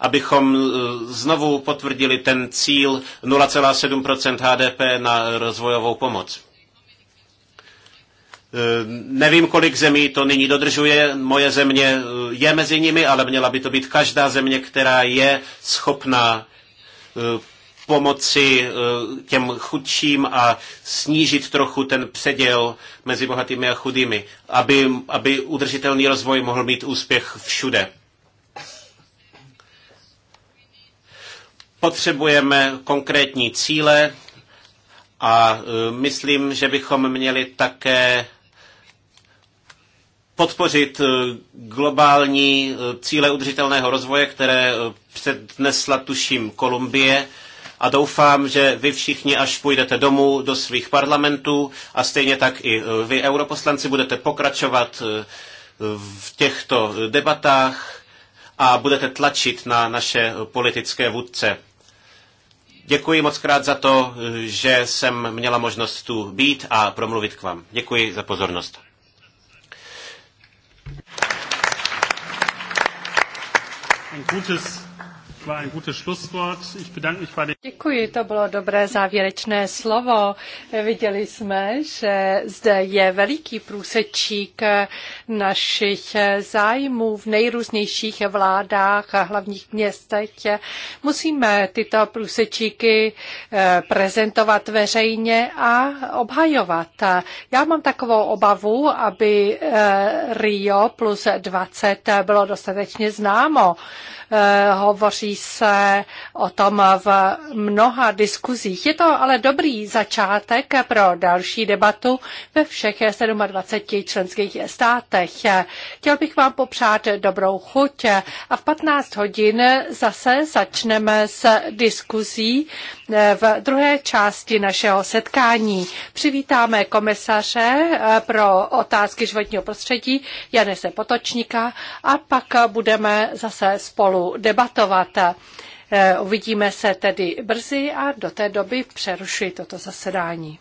abychom eh, znovu potvrdili ten cíl 0,7 HDP na rozvojovou pomoc. Nevím, kolik zemí to nyní dodržuje. Moje země je mezi nimi, ale měla by to být každá země, která je schopná pomoci eh, těm chudším a snížit trochu ten předěl mezi bohatými a chudými, aby, aby udržitelný rozvoj mohl mít úspěch všude. Potřebujeme konkrétní cíle a eh, myslím, že bychom měli také podpořit eh, globální cíle udržitelného rozvoje, které přednesla tuším Kolumbie a doufám, že vy všichni, až půjdete domů do svých parlamentů a stejně tak i e, vy, europoslanci, budete pokračovat e, v těchto debatách a budete tlačit na naše politické vůdce. Děkuji moc krát za to, že jsem měla možnost tu být a promluvit k vám. Děkuji za pozornost. Ein gutes Děkuji, to bylo dobré závěrečné slovo. Viděli jsme, že zde je veliký průsečík našich zájmů v nejrůznějších vládách a hlavních městech. Musíme tyto průsečíky eh, prezentovat veřejně a obhajovat. Já mám takovou obavu, aby eh, Rio plus 20 bylo dostatečně známo. Eh, hovoří se o tom v mnoha diskuzích. Je to ale dobrý začátek pro další debatu ve všech 27 členských státech. Chtěl bych vám popřát dobrou chuť a v 15 hodin zase začneme s diskuzí eh, v druhé části našeho setkání. Přivítáme komisaře eh, pro otázky životního prostředí Janese Potočníka a pak budeme zase spolu spolu debatovat. Eh, uvidíme se tedy brzy a do té doby přerušuji toto zasedání.